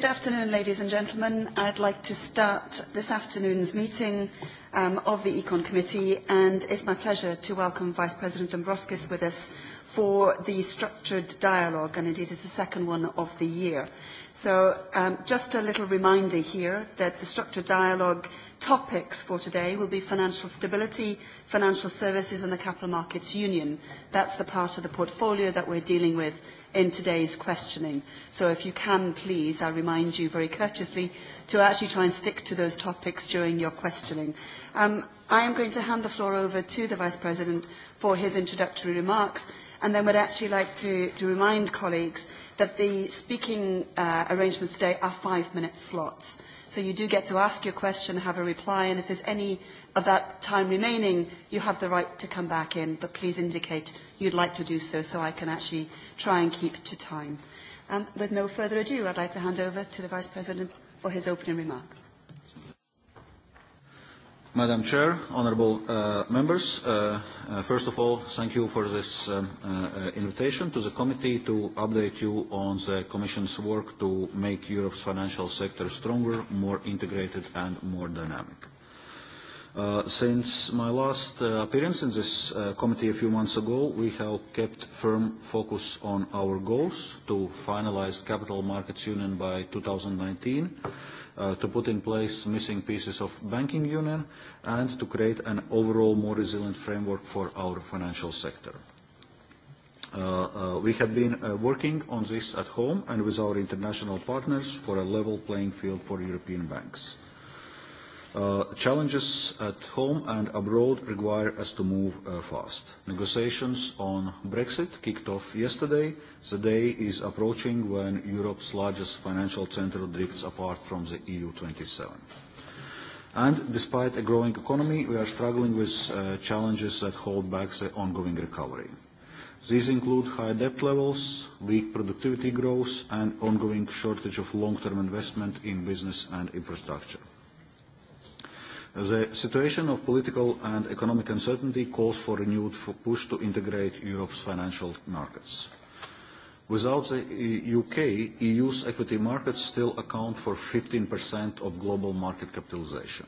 Good afternoon, ladies and gentlemen. I'd like to start this afternoon's meeting um, of the Econ Committee, and it's my pleasure to welcome Vice President Dombrovskis with us for the structured dialogue, and indeed it's the second one of the year. So um, just a little reminder here that the structured dialogue topics for today will be financial stability, financial services and the capital markets union. That's the part of the portfolio that we're dealing with in today's questioning. So if you can, please, I remind you very courteously to actually try and stick to those topics during your questioning. Um, I am going to hand the floor over to the Vice President for his introductory remarks. And then we'd actually like to, to remind colleagues that the speaking uh, arrangements today are five-minute slots. So you do get to ask your question, have a reply, and if there's any of that time remaining, you have the right to come back in, but please indicate you'd like to do so so I can actually try and keep to time. Um, with no further ado, I'd like to hand over to the Vice President for his opening remarks. Madam Chair, honorable uh, members, uh, uh, first of all, thank you for this uh, uh, invitation to the committee to update you on the Commission's work to make Europe's financial sector stronger, more integrated and more dynamic. Uh, since my last uh, appearance in this uh, committee a few months ago, we have kept firm focus on our goals to finalize capital markets union by 2019 uh, to put in place missing pieces of banking union and to create an overall more resilient framework for our financial sector. Uh, uh, we have been uh, working on this at home and with our international partners for a level playing field for European banks. Uh, Uh, challenges at home and abroad require us to move uh, fast. Negotiations on Brexit kicked off yesterday. The day is approaching when Europe's largest financial center drifts apart from the EU27. And despite a growing economy, we are struggling with uh, challenges that hold back the ongoing recovery. These include high debt levels, weak productivity growth, and ongoing shortage of long-term investment in business and infrastructure. The situation of political and economic uncertainty calls for a renewed push to integrate Europe's financial markets. Without the e-, UK, EU's equity markets still account for 15% of global market capitalization.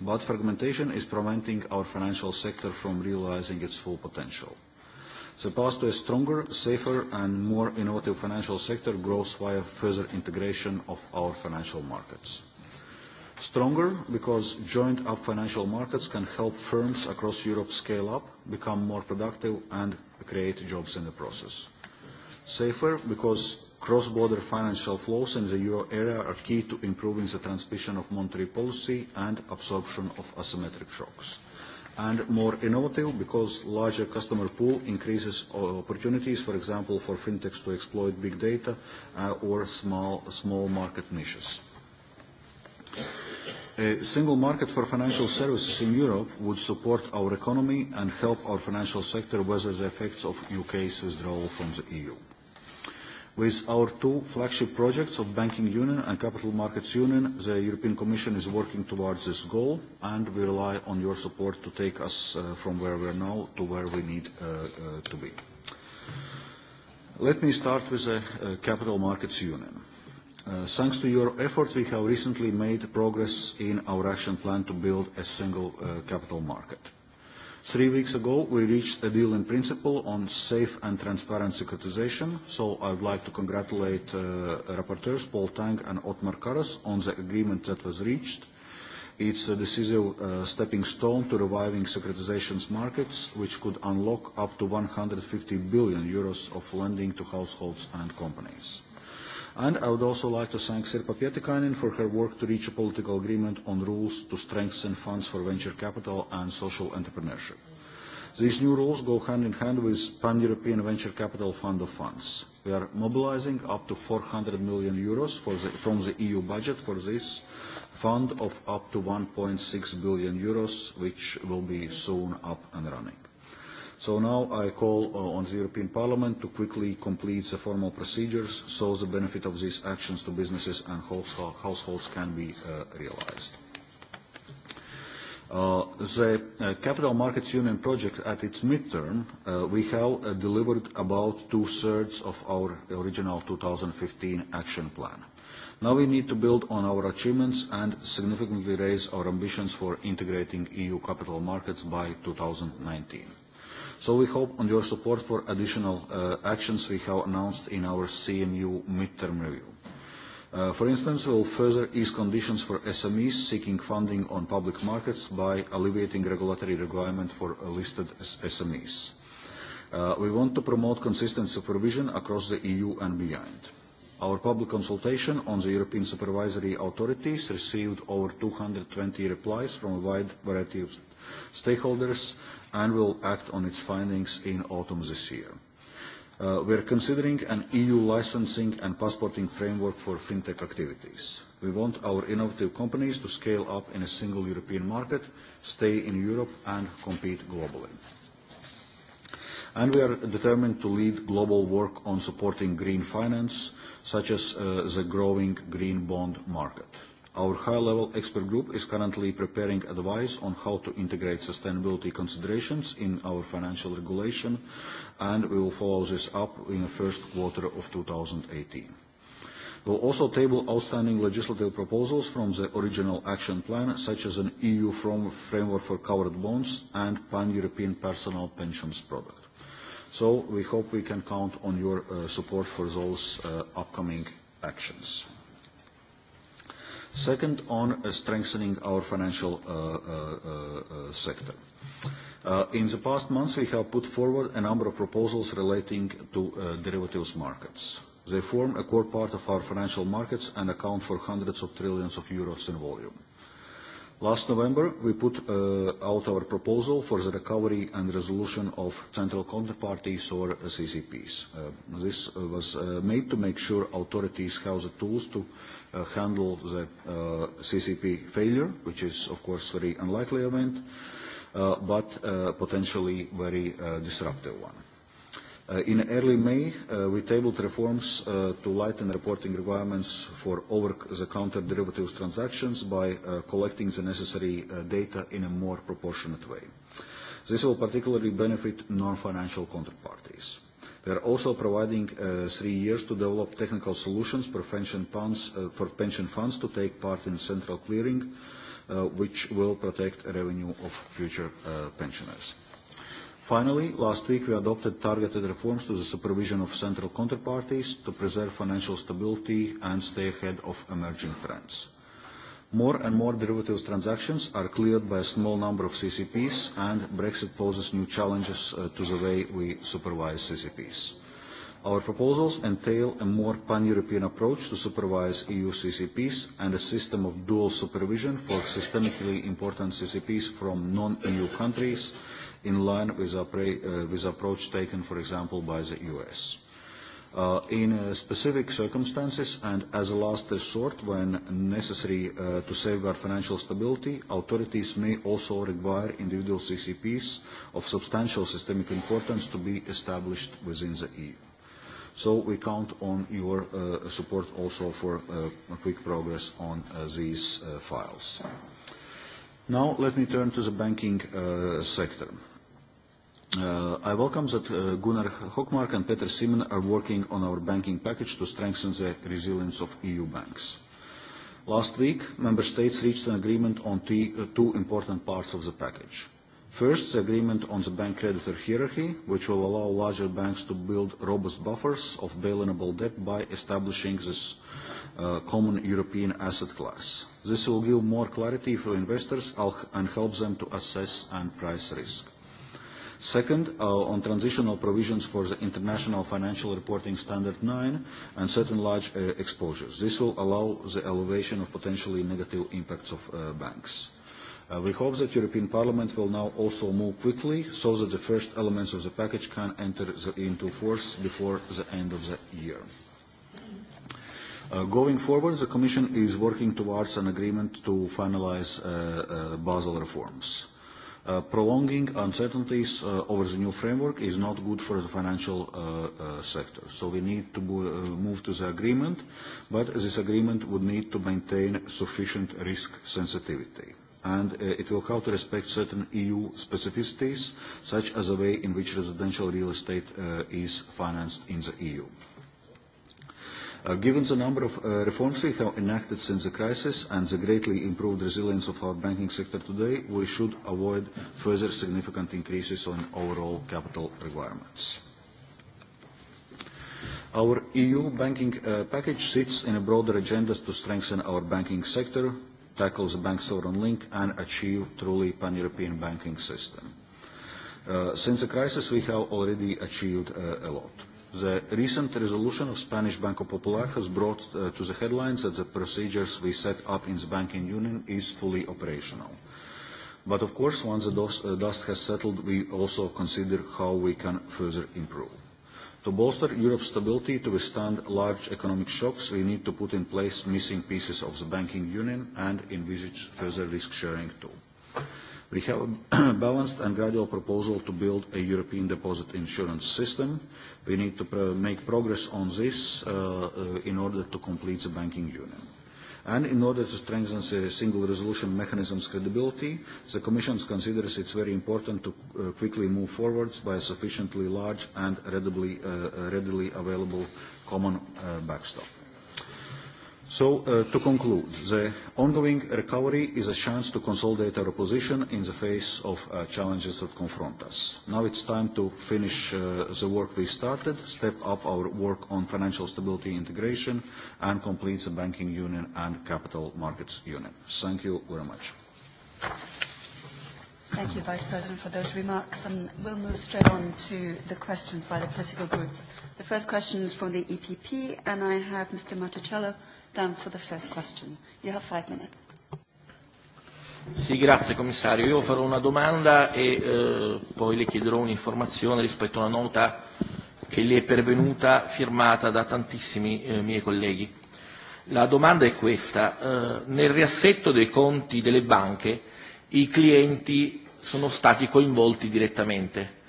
But fragmentation is preventing our financial sector from realizing its full potential. The path to a stronger, safer and more innovative financial sector grows via further integration of our financial markets stronger because joined up financial markets can help firms across Europe scale up, become more productive and create jobs in the process. Safer because cross-border financial flows in the euro area are key to improving the transmission of monetary policy and absorption of asymmetric shocks. And more innovative because larger customer pool increases opportunities, for example, for fintechs to exploit big data uh, or small, small market niches. Yeah. A single market for financial services in Europe would support our economy and help our financial sector weather the effects of UK's withdrawal from the EU. With our two flagship projects of Banking Union and Capital Markets Union, the European Commission is working towards this goal and we rely on your support to take us uh, from where we are now to where we need uh, uh, to be. Let me start with the uh, Capital Markets Union. Uh, thanks to your efforts, we have recently made progress in our Russian plan to build a single uh, capital market. Three weeks ago, we reached a deal in principle on safe and transparent securitization, so I would like to congratulate uh, rapporteurs Paul Tang and Othmar Karas on the agreement that was reached. It's a decisive stepping stone to reviving securitizations markets, which could unlock up to 150 billion euros of lending to households and companies. And I would also like to thank Sirpa Pietikainen for her work to reach a political agreement on rules to strengthen funds for venture capital and social entrepreneurship. These new rules go hand in hand with Pan-European Venture Capital Fund of Funds. We are mobilizing up to 400 million euros for the, from the EU budget for this fund of up to 1.6 billion euros, which will be soon up and running. So now I call uh, on the European Parliament to quickly complete the formal procedures so the benefit of these actions to businesses and households can be uh, realized. Uh, the uh, Capital Markets Union project at its midterm, uh, we have uh, delivered about two-thirds of our original 2015 action plan. Now we need to build on our achievements and significantly raise our ambitions for integrating EU capital markets by 2019. We hope on your support for additional uh, actions we have announced in our CMU midterm review. Uh, for instance, we'll further ease conditions for SMEs seeking funding on public markets by alleviating regulatory requirement for listed SMEs. Uh, we want to promote consistent supervision across the EU and beyond. Our public consultation on the European supervisory authorities received over 220 replies from a wide variety of stakeholders, and will act on its findings in autumn this year. Uh, we are considering an EU licensing and passporting framework for fintech activities. We want our innovative companies to scale up in a single European market, stay in Europe and compete globally. And we are determined to lead global work on supporting green finance, such as uh, the growing green bond market. Our high-level expert group is currently preparing advice on how to integrate sustainability considerations in our financial regulation, and we will follow this up in the first quarter of 2018. We will also table outstanding legislative proposals from the original action plan, such as an EU framework for covered bonds and pan-European personal pensions product. So we hope we can count on your uh, support for those uh, upcoming actions. Second, on strengthening our financial uh, uh, uh, sector. In the past months, we have put forward a number of proposals relating to derivatives markets. They form a core part of our financial markets and account for hundreds of trillions of EUR in volume. Last November, we put out our proposal for the recovery and resolution of central counterparties or CCPs. This was made to make sure authorities have the tools to uh, handle the uh, CCP failure, which is, of course, very unlikely event, uh, but uh, potentially very uh, disruptive one. Uh, in early May, uh, we tabled reforms uh, to lighten reporting requirements for over-the-counter derivatives transactions by uh, collecting the necessary uh, data in a more proportionate way. This will particularly benefit non-financial counterparties. We are also providing uh, three years to develop technical solutions for pension funds uh, for pension funds to take part in central clearing, uh, which will protect revenue of future pensioners. Finally, last week, we adopted targeted reforms to the supervision of central counterparties to preserve financial stability and stay ahead of emerging trends. More and more derivatives transactions are cleared by a small number of CCPs, and Brexit poses new challenges uh, to the way we supervise CCPs. Our proposals entail a more pan-European approach to supervise EU CCPs and a system of dual supervision for systemically important CCPs from non-EU countries in line with the uh, approach taken, for example, by the US. Uh, in uh, specific circumstances and as a last resort when necessary uh, to safeguard financial stability, authorities may also require individual CCPs of substantial systemic importance to be established within the EU. So we count on your uh, support also for uh, a quick progress on uh, these uh, files. Now let me turn to the banking uh, sector. Uh, Uh, I welcome that uh, Gunnar Hochmark and Peter Simon are working on our banking package to strengthen the resilience of EU banks. Last week, Member States reached an agreement on t- uh, two important parts of the package. First, the agreement on the bank creditor hierarchy, which will allow larger banks to build robust buffers of bail-inable debt by establishing this uh, common European asset class. This will give more clarity for investors and help them to assess and price risk. Second, uh, on transitional provisions for the International Financial Reporting Standard 9 and certain large uh, exposures. This will allow the elevation of potentially negative impacts of uh, banks. Uh, we hope that European Parliament will now also move quickly so that the first elements of the package can enter the, into force before the end of the year. Uh, going forward, the Commission is working towards an agreement to finalize uh, uh, Basel reforms. Uh, uh, prolonging uncertainties uh, over the new framework is not good for the financial uh, uh, sector. So we need to bo- uh, move to the agreement, but this agreement would need to maintain sufficient risk sensitivity. And uh, it will have to respect certain EU specificities, such as the way in which residential real estate uh, is financed in the EU. Uh, given the number of uh, reforms we have enacted since the crisis and the greatly improved resilience of our banking sector today, we should avoid further significant increases on overall capital requirements. Our EU banking uh, package sits in a broader agenda to strengthen our banking sector, tackle the bank sovereign link, and achieve truly pan-European banking system. Uh, since the crisis, we have already achieved uh, a lot. The recent resolution of Spanish Banco Popular has brought uh, to the headlines that the procedures we set up in the banking union is fully operational. But of course, once the uh, dust has settled, we also consider how we can further improve. To bolster Europe's stability to withstand large economic shocks, we need to put in place missing pieces of the banking union and envisage further risk-sharing, too. We have a balanced and gradual proposal to build a European deposit insurance system. We need to pr make progress on this uh, uh, in order to complete the banking union. And in order to strengthen the single resolution mechanism's credibility, the Commission considers it's very important to uh, quickly move forwards by a sufficiently large and readily, uh, uh readily available common uh, backstop. Uh, to conclude, the ongoing recovery is a chance to consolidate our position in the face of uh, challenges that confront us. Now it's time to finish uh, the work we started, step up our work on financial stability integration, and complete the banking union and capital markets union. Thank you very much. Thank you, Vice President, for those remarks, and we'll move straight on to the questions by the political groups. The first question is from the EPP, and I have Mr. Matticello Dan for the first question. You have five minutes. Sì, grazie Commissario. Io farò una domanda e eh, poi le chiederò un'informazione rispetto a una nota che le è pervenuta firmata da tantissimi eh, miei colleghi. La domanda è questa. Eh, nel riassetto dei conti delle banche i clienti sono stati coinvolti direttamente.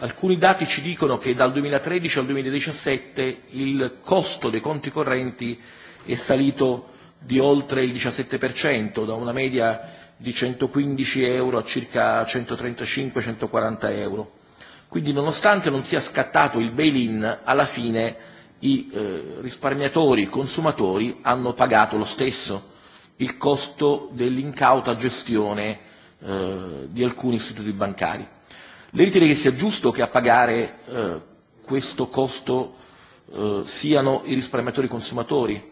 Alcuni dati ci dicono che dal 2013 al 2017 il costo dei conti correnti è salito di oltre il 17%, da una media di 115 euro a circa 135-140 euro. Quindi nonostante non sia scattato il bail-in, alla fine i eh, risparmiatori, i consumatori hanno pagato lo stesso il costo dell'incauta gestione eh, di alcuni istituti bancari. Le ritiene che sia giusto che a pagare eh, questo costo eh, siano i risparmiatori e consumatori?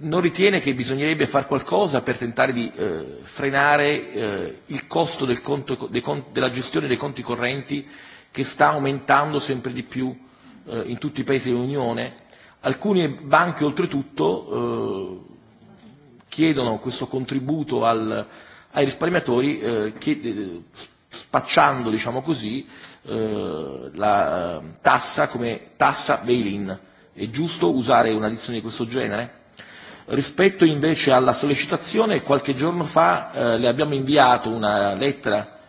non ritiene che bisognerebbe far qualcosa per tentare di eh, frenare eh, il costo del conto, de, della gestione dei conti correnti che sta aumentando sempre di più eh, in tutti i paesi dell'Unione? Alcune banche oltretutto eh, chiedono questo contributo al, ai risparmiatori eh, che, eh, spacciando diciamo così, eh, la eh, tassa come tassa bail-in. È giusto usare una dizione di questo genere? Rispetto invece alla sollecitazione, qualche giorno fa eh, le abbiamo inviato una lettera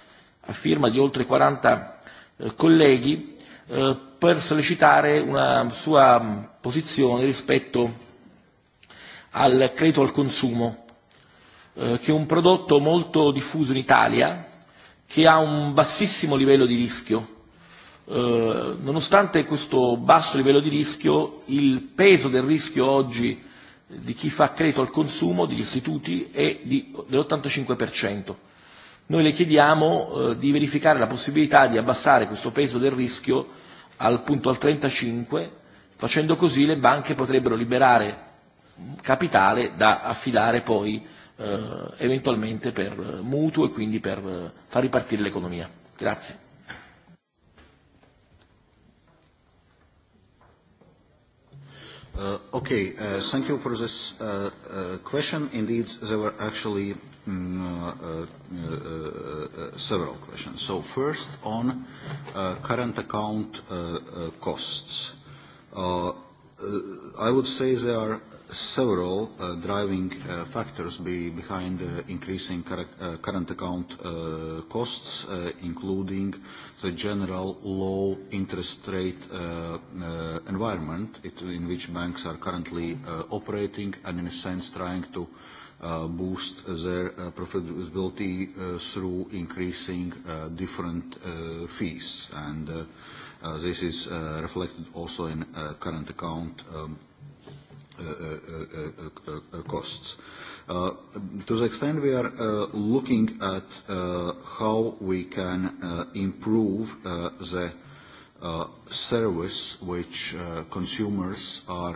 a firma di oltre 40 eh, colleghi eh, per sollecitare una sua mm, posizione rispetto al credito al consumo, eh, che è un prodotto molto diffuso in Italia, che ha un bassissimo livello di rischio. Eh, nonostante questo basso livello di rischio, il peso del rischio oggi eh, di chi fa credito al consumo, degli istituti, è di, dell'85%. Noi le chiediamo eh, di verificare la possibilità di abbassare questo peso del rischio al punto al 35%, facendo così le banche potrebbero liberare capitale da affidare poi eh, eventualmente per eh, mutuo e quindi per eh, far ripartire l'economia. Grazie. Uh, okay, uh, thank you for this uh, uh, question. Indeed, there were actually um, uh, uh, uh, uh, several questions. So first on uh, current account uh, uh, costs. Uh, uh, I would say there are uh, several uh, driving uh, factors behind uh, increasing current account costs, including the general low interest rate environment in which banks are currently operating, and in a sense, trying to boost their profitability through increasing different fees. This is reflected also in current account um, Uh, uh, uh, costs. To the extent we are looking at how we can improve the service which consumers are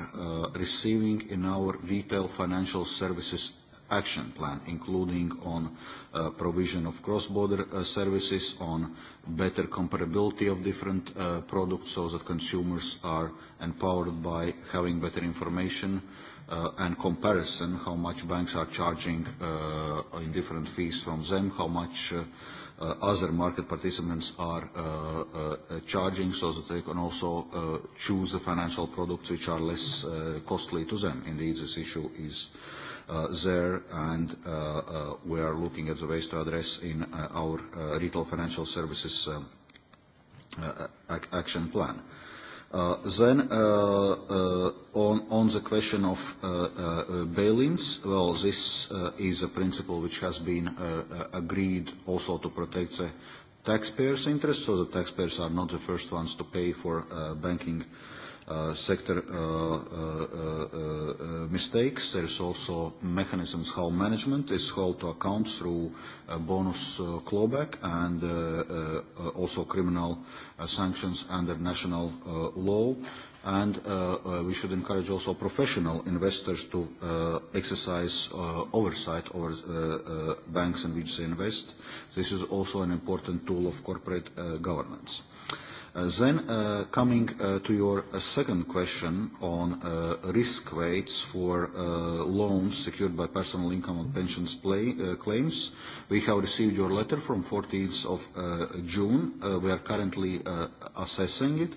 receiving in our retail financial services action plan, including on uh, provision of cross-border uh, services, on better comparability of different uh, products so that consumers are empowered by having better information uh, and comparison how much banks are charging uh, in different fees from them, how much uh, uh, other market participants are uh, uh, uh charging so that they can also uh, choose the financial products which are less uh, costly to them. Indeed, this issue is uh, Uh, there, and uh, uh, we are looking at the ways to address in our retail financial services action plan. Then, on the question of bail-ins, well, this is a principle which has been agreed also to protect the taxpayers' interests, so the taxpayers are not the first ones to pay for banking Uh, sector uh, uh, uh, uh mistakes. There is also mechanisms how management is held to account through a uh, bonus uh, clawback and uh, uh, also criminal uh, sanctions under national uh, law. And uh, uh, we should encourage also professional investors to uh, exercise uh, oversight over uh, uh, banks in which they invest. This is also an important tool of corporate uh, governance. Uh, Then, uh, uh, coming uh, to your second question on risk weights for loans secured by personal income and pensions claims, we have received your letter from 14th of June. We are currently assessing it.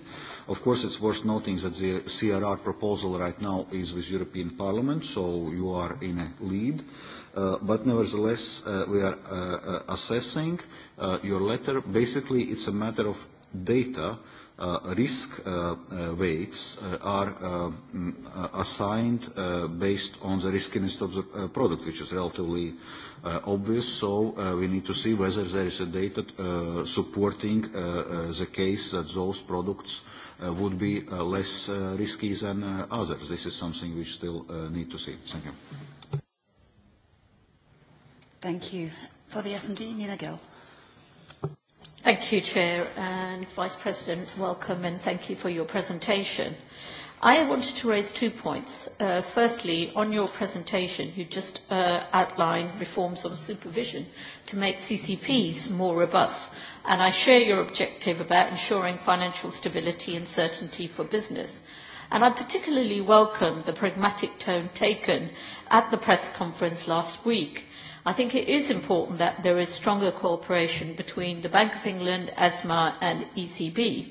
Of course, it's worth noting that the CRR proposal right now is with European Parliament, so you are in a lead. But nevertheless, we are assessing your letter. Basically, it's a matter of data uh, risk uh, uh, weights uh, are uh, um, uh, assigned uh, based on the riskiness of the uh, product, which is relatively uh, obvious. So uh, we need to see whether there is a data uh, supporting uh, uh, the case that those products uh, would be uh, less uh, risky than uh, others. This is something we still uh, need to see. Thank you. Thank you. For the S&D, Nina Gill. Thank you, Chair and Vice President. Welcome and thank you for your presentation. I wanted to raise two points. Uh, firstly, on your presentation, you just uh, outlined reforms of supervision to make CCPs more robust. And I share your objective about ensuring financial stability and certainty for business. And I particularly welcome the pragmatic tone taken at the press conference last week. I think it is important that there is stronger cooperation between the Bank of England, ESMA and ECB.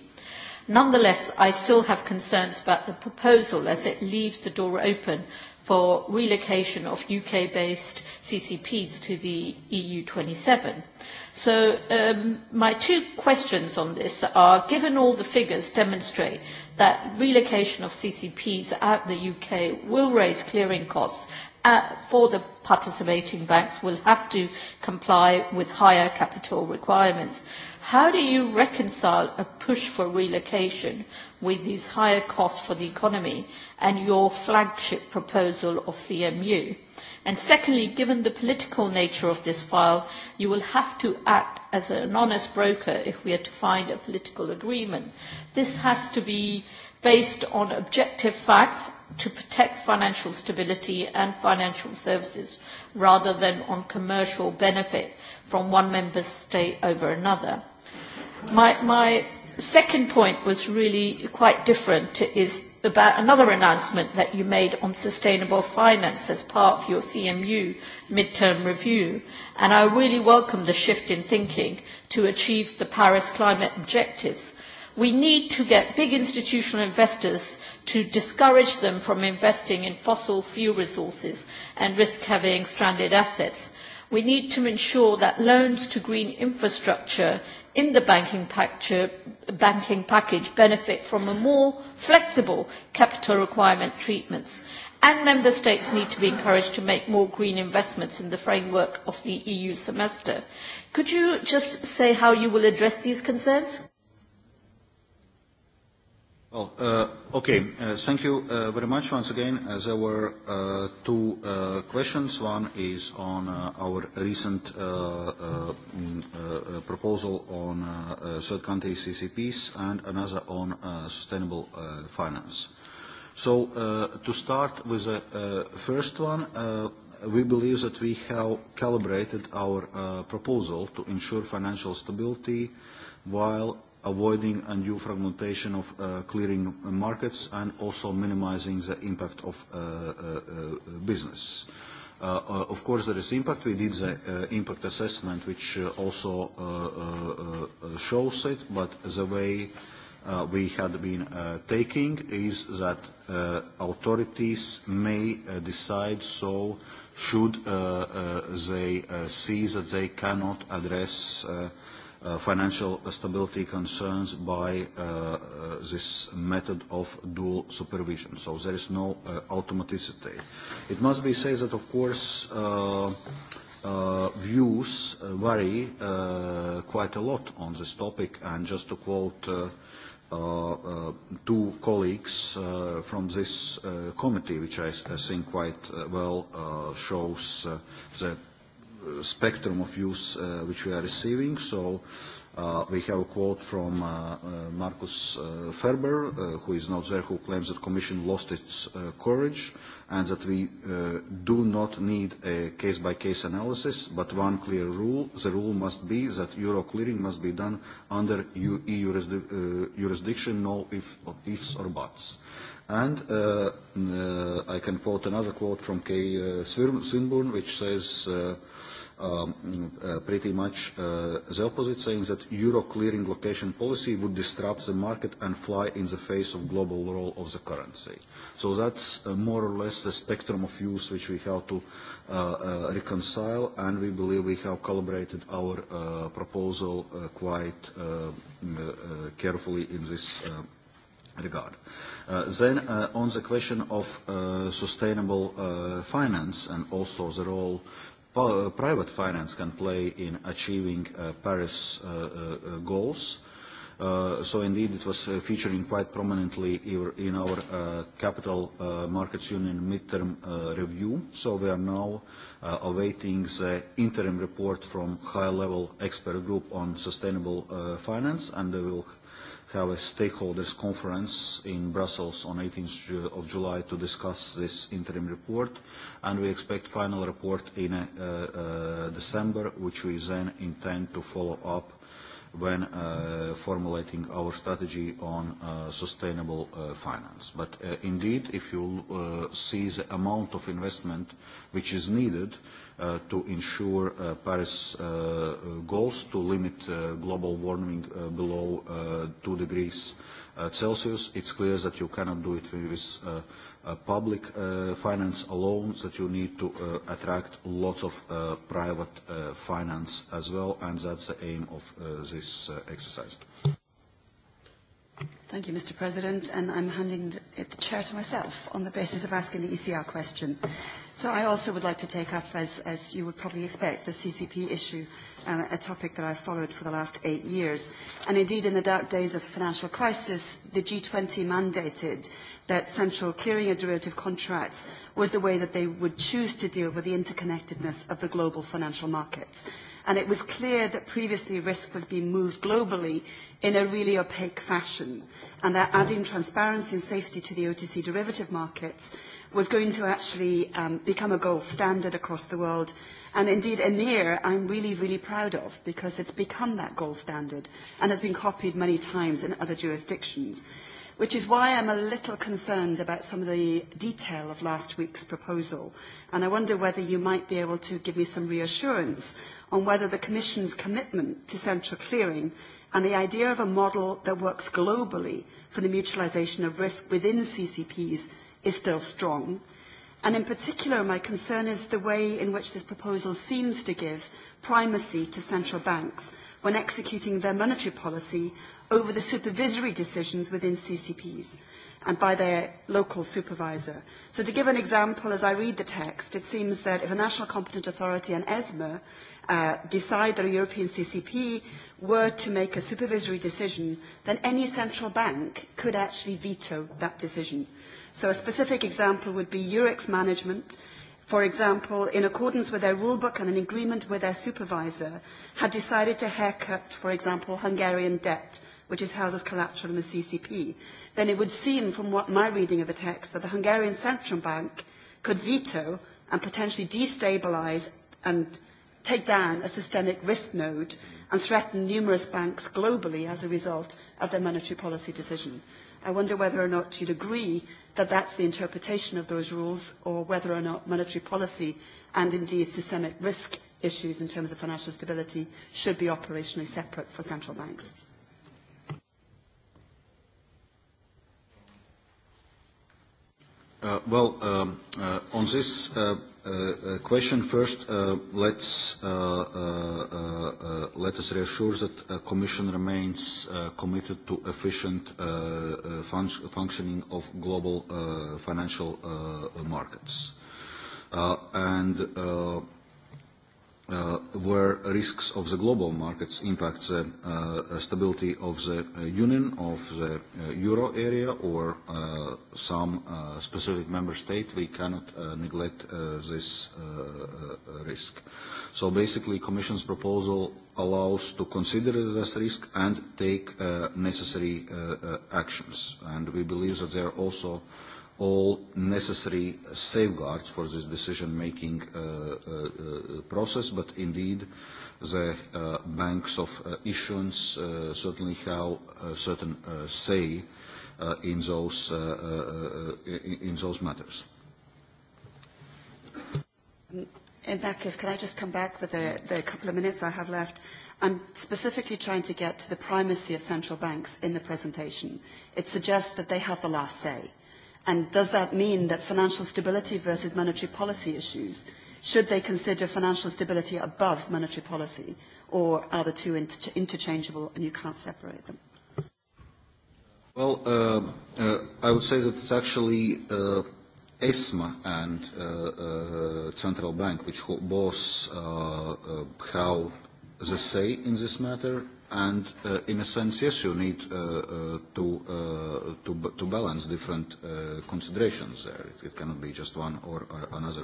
Nonetheless, I still have concerns about the proposal as it leaves the door open for relocation of UK-based CCPs to the EU27. So um, my two questions on this are, given all the figures demonstrate that relocation of CCPs out of the UK will raise clearing costs Uh, for the participating banks will have to comply with higher capital requirements. How do you reconcile a push for relocation with these higher costs for the economy and your flagship proposal of CMU? And secondly, given the political nature of this file, you will have to act as an honest broker if we are to find a political agreement. This has to be based on objective facts to protect financial stability and financial services rather than on commercial benefit from one member state over another. My, my second point was really quite different, is about another announcement that you made on sustainable finance as part of your CMU midterm review. And I really welcome the shift in thinking to achieve the Paris climate objectives. We need to get big institutional investors to discourage them from investing in fossil fuel resources and risk having stranded assets. We need to ensure that loans to green infrastructure in the banking, pacture, banking package benefit from a more flexible capital requirement treatments. And member states need to be encouraged to make more green investments in the framework of the EU semester. Could you just say how you will address these concerns? Well, uh, okay, uh, thank you uh, very much once again. Uh, there were uh, two uh, questions. One is on uh, our recent uh, uh, mm, uh, uh, proposal on uh, uh, third country CCPs and another on uh, sustainable uh, finance. So uh, to start with the uh, first one, uh, we believe that we have calibrated our uh, proposal to ensure financial stability while avoiding undue fragmentation of uh, clearing markets and also minimizing the impact of uh, uh, uh, business. Uh, uh, of course, there is impact. We did the uh, impact assessment, which uh, also uh, uh, uh, shows it, but the way uh, we had been uh, taking is that uh, authorities may uh, decide so should uh, uh, they uh, see that they cannot address uh, Uh, financial stability concerns by uh, uh, this method of dual supervision. So there is no uh, automaticity. It must be said that, of course, uh, uh, views uh, vary uh, quite a lot on this topic. And just to quote uh, uh, uh, two colleagues uh, from this uh, committee, which I, I think quite uh, well uh, shows uh, that spectrum of use uh, which we are receiving. So uh, we have a quote from uh, uh, Marcus uh, Ferber, uh, who is not there, who claims that Commission lost its uh, courage and that we uh, do not need a case-by-case -case analysis, but one clear rule. The rule must be that euro clearing must be done under EU jurisdi e uh, jurisdiction, no if, or ifs or buts. And uh, uh, I can quote another quote from Kay uh, Swinburne, which says, uh, Um, uh, pretty much uh, the opposite, saying that euro clearing location policy would disrupt the market and fly in the face of global role of the currency. So that's uh, more or less the spectrum of views which we have to uh, uh, reconcile, and we believe we have calibrated our uh, proposal uh, quite uh, uh, carefully in this uh, regard. Uh, then uh, on the question of uh, sustainable uh, finance and also the role Uh, private finance can play in achieving uh, Paris uh, uh, uh, goals. Uh, so indeed it was uh, featuring quite prominently in our uh, capital uh, markets union midterm uh, review. So we are now uh, awaiting the interim report from high-level expert group on sustainable uh, finance and we will have a stakeholders conference in Brussels on 18th of July to discuss this interim report and we expect final report in uh, uh, December which we then intend to follow up when uh, formulating our strategy on uh, sustainable uh, finance. But uh, indeed, if you uh, see the amount of investment which is needed, uh, uh, to ensure uh, Paris uh, goals to limit uh, global warming uh, below uh, 2 degrees uh, Celsius. It's clear that you cannot do it with uh, uh, public uh, finance alone, that you need to uh, attract lots of uh, private uh, finance as well, and that's the aim of uh, this uh, exercise. Thank you, Mr. President, and I'm handing the, the chair to myself on the basis of asking the ECR question. So I also would like to take up, as, as you would probably expect, the CCP issue, um, a topic that I've followed for the last eight years. And indeed, in the dark days of the financial crisis, the G20 mandated that central clearing and derivative contracts was the way that they would choose to deal with the interconnectedness of the global financial markets and it was clear that previously risk was being moved globally in a really opaque fashion, and that adding transparency and safety to the OTC derivative markets was going to actually um, become a gold standard across the world. And indeed, EMIR, I'm really, really proud of, because it's become that gold standard and has been copied many times in other jurisdictions, which is why I'm a little concerned about some of the detail of last week's proposal. And I wonder whether you might be able to give me some reassurance on whether the Commission's commitment to central clearing and the idea of a model that works globally for the mutualisation of risk within CCPs is still strong. And in particular, my concern is the way in which this proposal seems to give primacy to central banks when executing their monetary policy over the supervisory decisions within CCPs and by their local supervisor. So to give an example, as I read the text, it seems that if a national competent authority, an ESMA, Uh, decide that a European CCP were to make a supervisory decision, then any central bank could actually veto that decision. So a specific example would be Eurex management. For example, in accordance with their rulebook and an agreement with their supervisor, had decided to haircut, for example, Hungarian debt, which is held as collateral in the CCP. Then it would seem from what my reading of the text that the Hungarian Central Bank could veto and potentially destabilize and take down a systemic risk node and threaten numerous banks globally as a result of their monetary policy decision. I wonder whether or not you'd agree that that's the interpretation of those rules or whether or not monetary policy and indeed systemic risk issues in terms of financial stability should be operationally separate for central banks. Uh, well, um, uh, on this uh, Uh, uh, question first. Uh, let's uh, uh, uh, uh let us reassure that the uh, Commission remains uh, committed to efficient uh, uh, fun functioning of global uh, financial uh, markets. Uh, and uh, uh, were risks of the global markets impact the uh, stability of the union, of the uh, euro area, or uh, some uh, specific member state, we cannot uh, neglect uh, this uh, uh, risk. So basically, Commission's proposal allows to consider this risk and take uh, necessary uh, uh, actions. And we believe that there are also uh, all necessary safeguards for this decision-making uh, uh, uh, process, but indeed the uh, banks of uh, issuance uh, certainly have a uh, certain uh, say uh, in, those, uh, uh, uh in those matters. In that case, can I just come back with the, the couple of minutes I have left? I'm specifically trying to get to the primacy of central banks in the presentation. It suggests that they have the last say. And does that mean that financial stability versus monetary policy issues, should they consider financial stability above monetary policy, or are the two inter- interchangeable and you can't separate them? Well, uh, uh, I would say that it's actually uh, ESMA and uh, uh, Central Bank which both uh, uh, have the say in this matter, and uh, in a sense, yes, you need uh, uh, to, uh, to, b to balance different uh, considerations there. It, it cannot be just one or, or another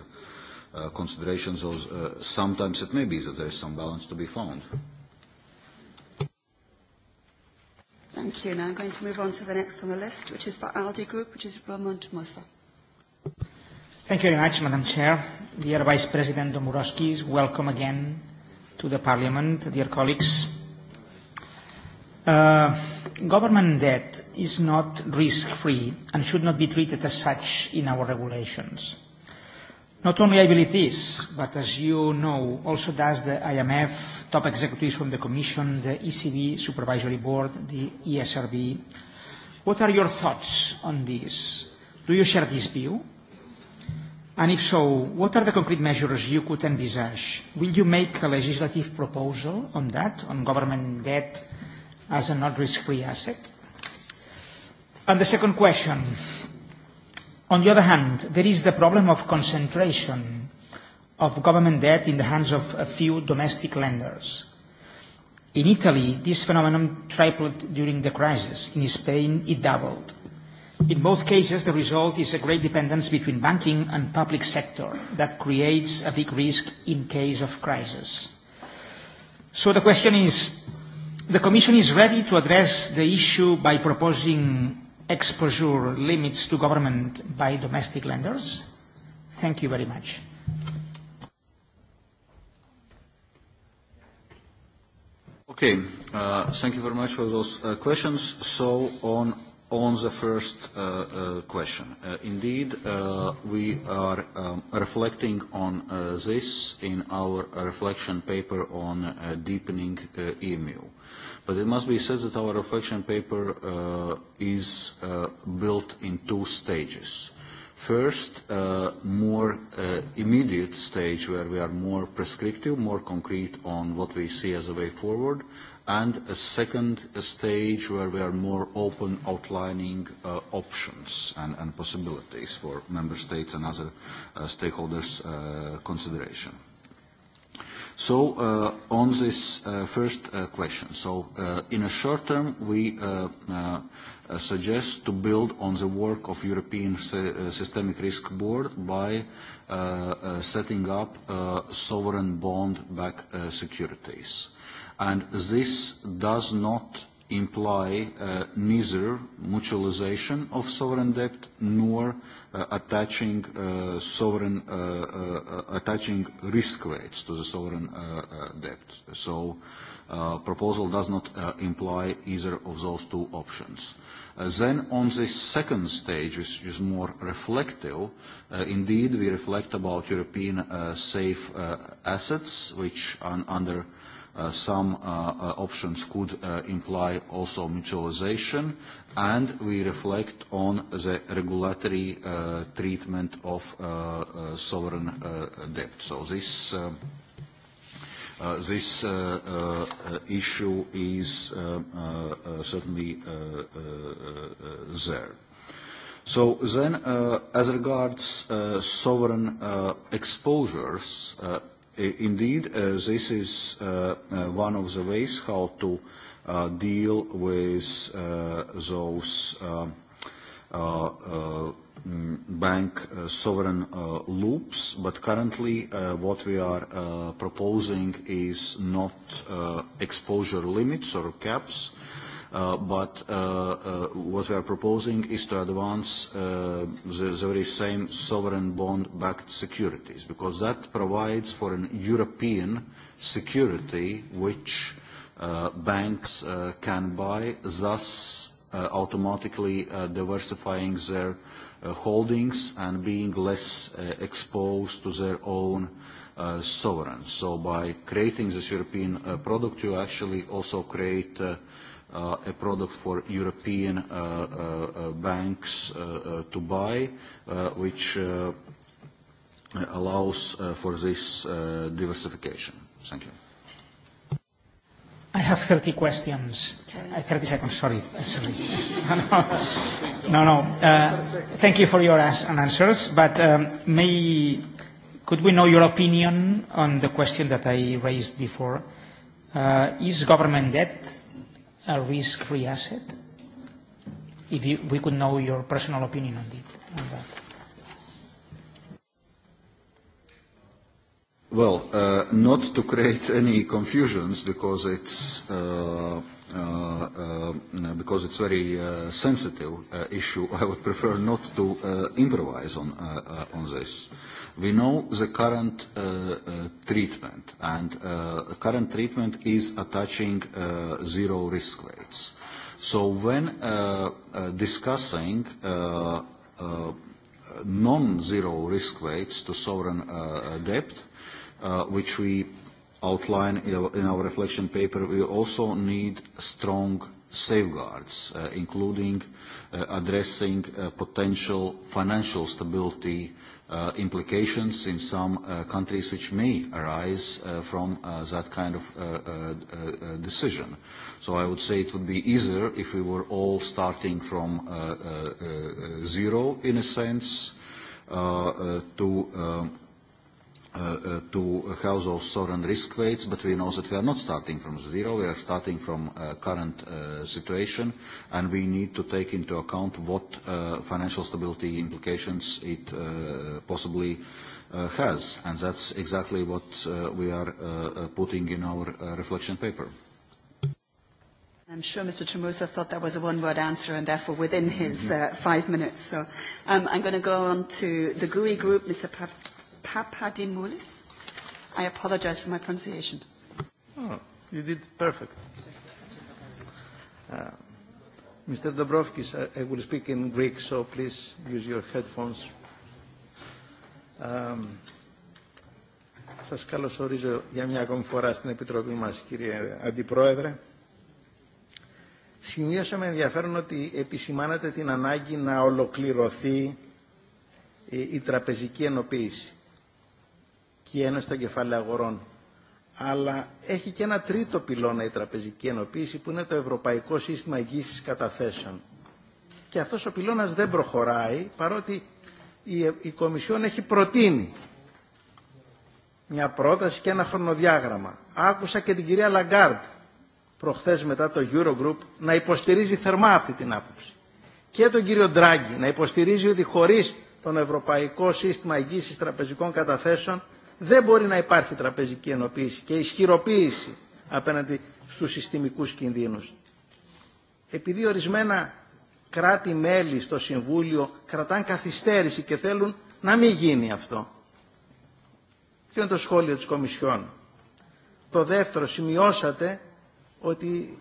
uh, consideration. So, uh, sometimes it may be that there is some balance to be found. Thank you. Now I'm going to move on to the next on the list, which is by Aldi Group, which is Ramon Tomosa. Thank you very much, Madam Chair. Dear Vice President Domorowski, welcome again to the Parliament, dear colleagues. Uh, government debt is not risk-free and should not be treated as such in our regulations. Not only I believe this, but as you know, also does the IMF, top executives from the Commission, the ECB, Supervisory Board, the ESRB. What are your thoughts on this? Do you share this view? And if so, what are the concrete measures you could envisage? Will you make a legislative proposal on that, on government debt as a non-risk-free asset? The second question, on the other hand, there is the problem of concentration of government debt in the hands of a few domestic lenders. In Italy, this phenomenon tripled during the crisis. In Spain, it doubled. In both cases, the result is a great dependence between banking and public sector that creates a big risk in case of crisis. The question is, The Commission is ready to address the issue by proposing exposure limits to government by domestic lenders. Thank you very much. Okay, uh, thank you very much for those uh, questions. So on, on the first uh, uh, question, uh, indeed, uh, we are um, reflecting on uh, this in our reflection paper on uh, deepening uh, EMU. Uh, But it must be said that our reflection paper uh, is uh, built in two stages. First, uh, more uh, immediate stage where we are more prescriptive, more concrete on what we see as a way forward, and a second a stage where we are more open outlining uh, options and, and possibilities for member states and other uh, stakeholders' uh, consideration. So uh, on this uh, first uh, question, so uh, in a short term, we uh, uh, suggest to build on the work of European S uh, Systemic Risk Board by uh, uh, setting up uh, sovereign bond-backed uh, securities. And this does not imply uh, neither mutualization of sovereign debt nor uh, attaching uh, sovereign uh, uh, uh, attaching risk weights to the sovereign uh, uh, debt so uh, proposal does not uh, imply either of those two options uh, then on the second stage which is more reflective uh, indeed we reflect about european uh, safe uh, assets which are under uh, Uh, some uh, uh, options could imply also mutualization, and we reflect on the regulatory uh, treatment of uh, uh, sovereign uh, debt. So this, uh, uh, this uh, uh, issue is uh, uh, certainly uh, uh, uh, there. So then, uh, as regards uh, sovereign uh, exposures, uh, indeed, uh, this is uh, uh, one of the ways how to uh, deal with uh, those um, uh, uh, uh, bank uh, sovereign uh, loops, but currently uh, what we are uh, proposing is not uh, exposure limits or caps, uh, Uh, but uh, uh, what we are proposing is to advance uh, the, the very same sovereign bond-backed securities, because that provides for a European security which uh, banks uh, can buy, thus uh, automatically uh, diversifying their uh, holdings and being less uh, exposed to their own uh, sovereign. So by creating this European uh, product, you actually also create uh, Uh, a product for European uh, uh, uh, banks uh, uh, to buy, uh, which uh, allows uh, for this uh, diversification. Thank you. I have 30 questions. Uh, 30 seconds, sorry. Uh, sorry. no, no. Uh, thank you for your as and answers, but um, may, could we know your opinion on the question that I raised before? Uh, is government debt a risk-free asset? If we could know your personal opinion on it, on that. Well, uh, not to create any confusions, because it's uh, uh, because it's very sensitive issue, I would prefer not to improvise on this. We know the current uh, uh, treatment, and uh, current treatment is attaching uh, zero risk weights. So when uh, uh, discussing uh, uh, non-zero risk weights to sovereign uh, debt, uh, which we outline in our reflection paper, we also need strong safeguards, uh, including uh, addressing uh, potential financial stability uh, uh, implications in some uh, countries which may arise uh, from uh, that kind of uh, uh, uh, decision. So I would say it would be easier if we were all starting from uh, uh, uh, zero, in a sense, uh, uh, to uh, Uh, uh, to house of sovereign risk weights, but we know that we are not starting from zero, we are starting from uh, current uh, situation, and we need to take into account what uh, financial stability implications it uh, possibly uh, has, and that's exactly what uh, we are uh, uh putting in our uh, reflection paper. I'm sure Mr. Tremosa thought that was a one-word answer and therefore within his mm-hmm. uh, five minutes. So um, I'm going to go on to the GUI group. Mr. Pap Papademoulis. I apologize for my pronunciation. Oh, you did perfect. Uh, Mr. Dobrovskis, I, I will speak in Greek, so please use your headphones. Um, σας καλωσορίζω για μια ακόμη φορά στην Επιτροπή μας, κύριε Αντιπρόεδρε. Σημείωσα με ενδιαφέρον ότι επισημάνατε την ανάγκη να ολοκληρωθεί η, η τραπεζική ενοποίηση και ένωση των κεφάλαια αγορών. Αλλά έχει και ένα τρίτο πυλώνα η τραπεζική ενοποίηση που είναι το Ευρωπαϊκό Σύστημα Εγγύηση Καταθέσεων. Και αυτό ο πυλώνα δεν προχωράει παρότι η, η Κομισιόν έχει προτείνει μια πρόταση και ένα χρονοδιάγραμμα. Άκουσα και την κυρία Λαγκάρντ προχθέ μετά το Eurogroup να υποστηρίζει θερμά αυτή την άποψη. Και τον κύριο Ντράγκη να υποστηρίζει ότι χωρί τον Ευρωπαϊκό Σύστημα Εγγύηση Τραπεζικών Καταθέσεων δεν μπορεί να υπάρχει τραπεζική ενοποίηση και ισχυροποίηση απέναντι στους συστημικούς κινδύνους. Επειδή ορισμένα κράτη-μέλη στο Συμβούλιο κρατάνε καθυστέρηση και θέλουν να μην γίνει αυτό. Ποιο είναι το σχόλιο της Κομισιόν. Το δεύτερο, σημειώσατε ότι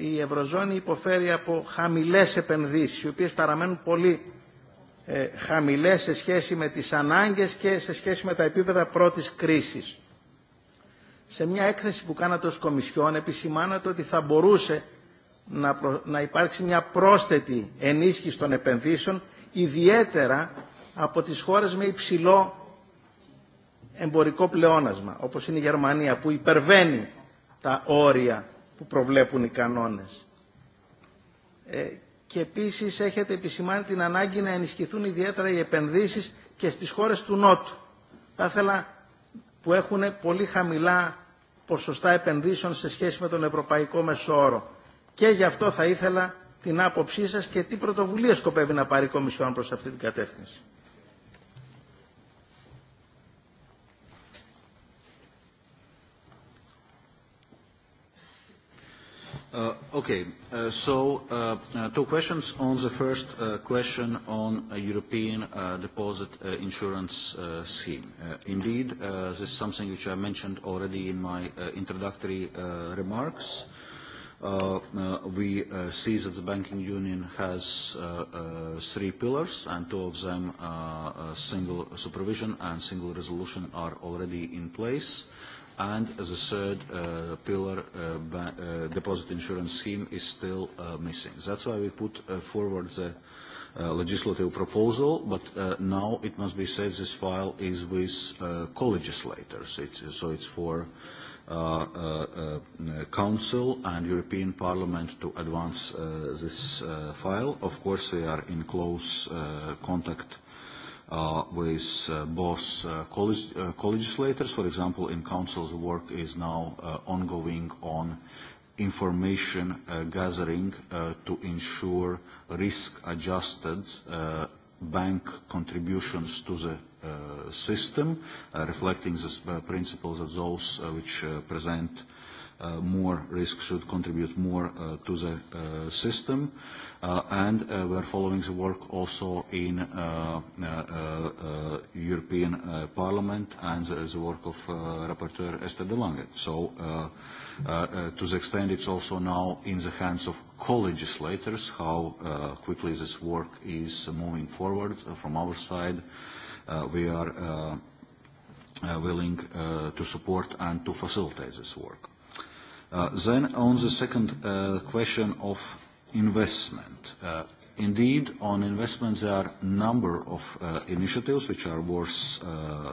η Ευρωζώνη υποφέρει από χαμηλές επενδύσεις, οι οποίες παραμένουν πολύ ε, χαμηλές σε σχέση με τις ανάγκες και σε σχέση με τα επίπεδα πρώτης κρίσης. Σε μια έκθεση που κάνατε ως Κομισιόν επισημάνατε ότι θα μπορούσε να, προ... να υπάρξει μια πρόσθετη ενίσχυση των επενδύσεων ιδιαίτερα από τις χώρες με υψηλό εμπορικό πλεόνασμα όπως είναι η Γερμανία που υπερβαίνει τα όρια που προβλέπουν οι κανόνες. Ε, και επίσης έχετε επισημάνει την ανάγκη να ενισχυθούν ιδιαίτερα οι επενδύσεις και στις χώρες του Νότου. Θα ήθελα που έχουν πολύ χαμηλά ποσοστά επενδύσεων σε σχέση με τον ευρωπαϊκό μέσο όρο. Και γι' αυτό θα ήθελα την άποψή σας και τι πρωτοβουλία σκοπεύει να πάρει η Κομισιόν προς αυτή την κατεύθυνση. Uh, okay. Uh, uh, two questions. On the first question on a European deposit insurance scheme. Indeed, this is something which I mentioned already in my introductory remarks. We see that the banking union has three pillars, and two of them, single supervision and single resolution, are already in place and as a third uh, pillar, uh, uh, deposit insurance scheme is still missing. That's why we put forward the legislative proposal, but now it must be said this file is with co-legislators. So it's for Council and European Parliament to advance this file. Of course, we are in close contact uh, with uh, both uh, college, uh, college legislators, for example, in councils work is now uh, ongoing on information uh, gathering uh, to ensure risk-adjusted uh, bank contributions to the uh, system, uh, reflecting the uh, principles of those uh, which uh, present uh, more risk should contribute more uh, to the uh, system. Uh, uh, and uh, we are following the work also in uh, uh, uh, uh, European uh, Parliament and the, the work of uh, Rapporteur Esther de Lange. So, uh, uh, uh, to the extent it's also now in the hands of co-legislators how uh, quickly this work is moving forward uh, from our side, uh, we are uh, uh, willing uh, to support and to facilitate this work. Uh, then on the second uh, question of investment. Uh, indeed, on investments, there are a number of uh, initiatives which are worth uh,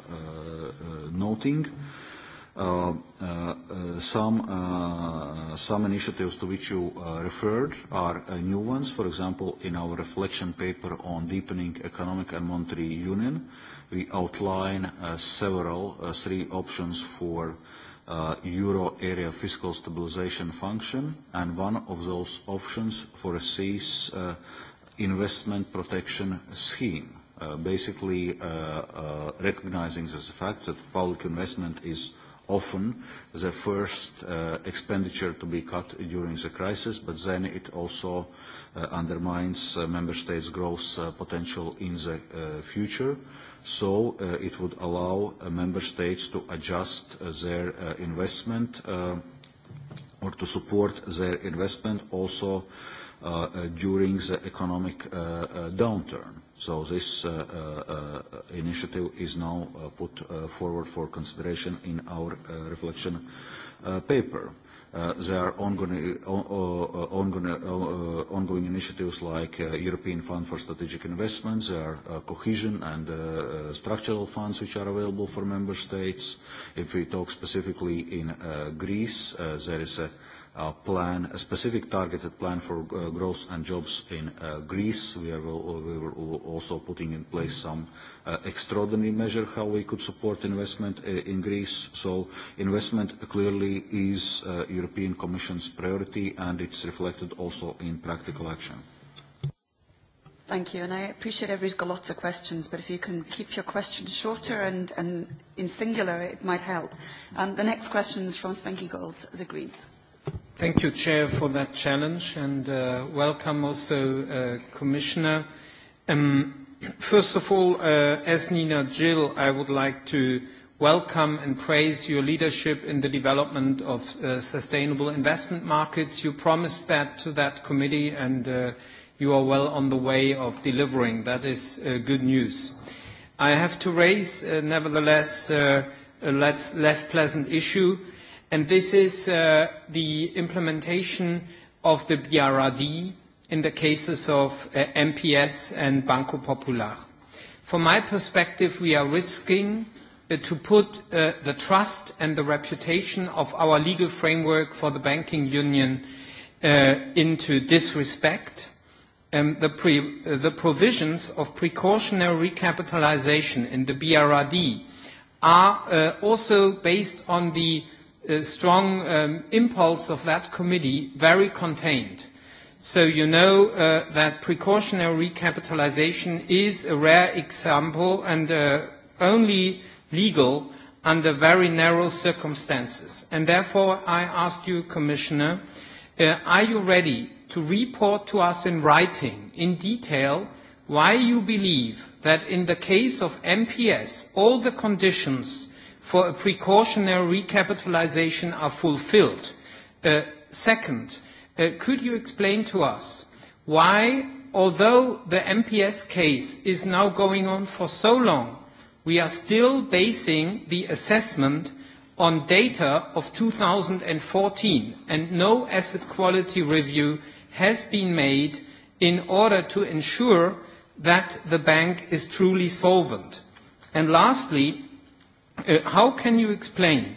noting. Some initiatives to which you referred are new ones. For example, in our reflection paper on deepening economic and monetary union, we outline several three options for uh, euro area fiscal stabilization function, and one of those options foresees uh, investment protection scheme, uh, basically uh, uh, recognizing the fact that public investment is often the first uh, expenditure to be cut during the crisis, but then it also uh, undermines uh, member states' growth uh, potential in the uh, future. Uh, so uh, it would allow uh, member states to adjust uh, their uh, investment uh, or to support their investment also uh, uh, during the economic uh, uh, downturn. So this uh, uh, uh, initiative is now uh, put uh, forward for consideration in our uh, reflection uh, paper uh, there are ongoing, uh, uh ongoing, uh, uh, ongoing initiatives like uh, European Fund for Strategic Investment, there are uh, cohesion and uh, uh, structural funds which are available for member states. If we talk specifically in uh, Greece, uh, there is a uh, plan, a specific targeted plan for uh, growth and jobs in uh, Greece. We are we were also putting in place some uh, extraordinary measure how we could support investment uh, in Greece. So investment clearly is uh, European Commission's priority and it's reflected also in practical action. Thank you. And I appreciate everybody's got lots of questions, but if you can keep your questions shorter and, and in singular, it might help. Um, the next question is from Spanky Gold, The Greens. Thank you, Chair, for that challenge, and uh, welcome also, uh, Commissioner. Um, first of all, uh, as Nina Jill, I would like to welcome and praise your leadership in the development of uh, sustainable investment markets. You promised that to that committee, and uh, you are well on the way of delivering. That is uh, good news. I have to raise, uh, nevertheless, uh, a less, less pleasant issue and this is uh, the implementation of the BRRD in the cases of uh, MPS and Banco Popular. From my perspective, we are risking uh, to put uh, the trust and the reputation of our legal framework for the banking union uh, into disrespect. Um, the, pre, uh, the provisions of precautionary recapitalization in the BRRD are uh, also based on the uh, strong um, impulse of that committee very contained. So you know uh, that precautionary recapitalization is a rare example and uh, only legal under very narrow circumstances. And therefore, I ask you, Commissioner, uh, are you ready to report to us in writing, in detail, why you believe that in the case of MPS, all the conditions for a precautionary recapitalization are fulfilled? Uh, second, uh, could you explain to us why, although the MPS case is now going on for so long, we are still basing the assessment on data of 2014, and no asset quality review has been made in order to ensure that the bank is truly solvent? Lastly, Uh, how can you explain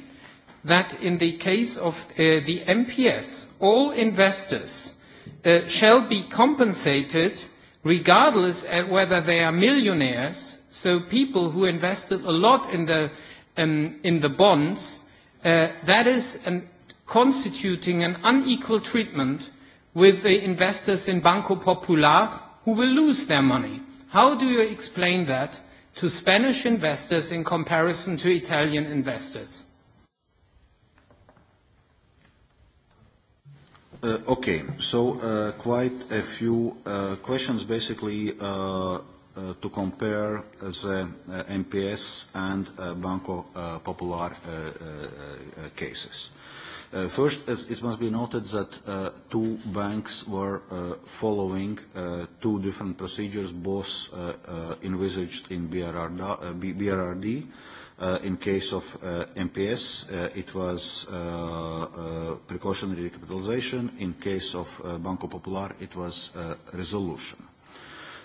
that in the case of uh, the MPS, all investors uh, shall be compensated regardless of whether they are millionaires, so people who invested a lot in the, um, in the bonds, uh, that is an, constituting an unequal treatment with the investors in Banco Popular who will lose their money. How do you explain that? to Spanish investors in comparison to Italian investors? Uh, okay, so uh, quite a few uh, questions basically uh, uh, to compare the uh, MPS uh, and uh, Banco uh, Popular uh, uh, uh, cases. Uh, Uh, first, it must be noted that uh, two banks were uh, following uh, two different procedures, both uh, uh, envisaged in BRRD. Uh, BRRD. Uh, in case of uh, MPS, uh, it was uh, uh, precautionary recapitalization. In case of uh, Banco Popular, it was uh, resolution.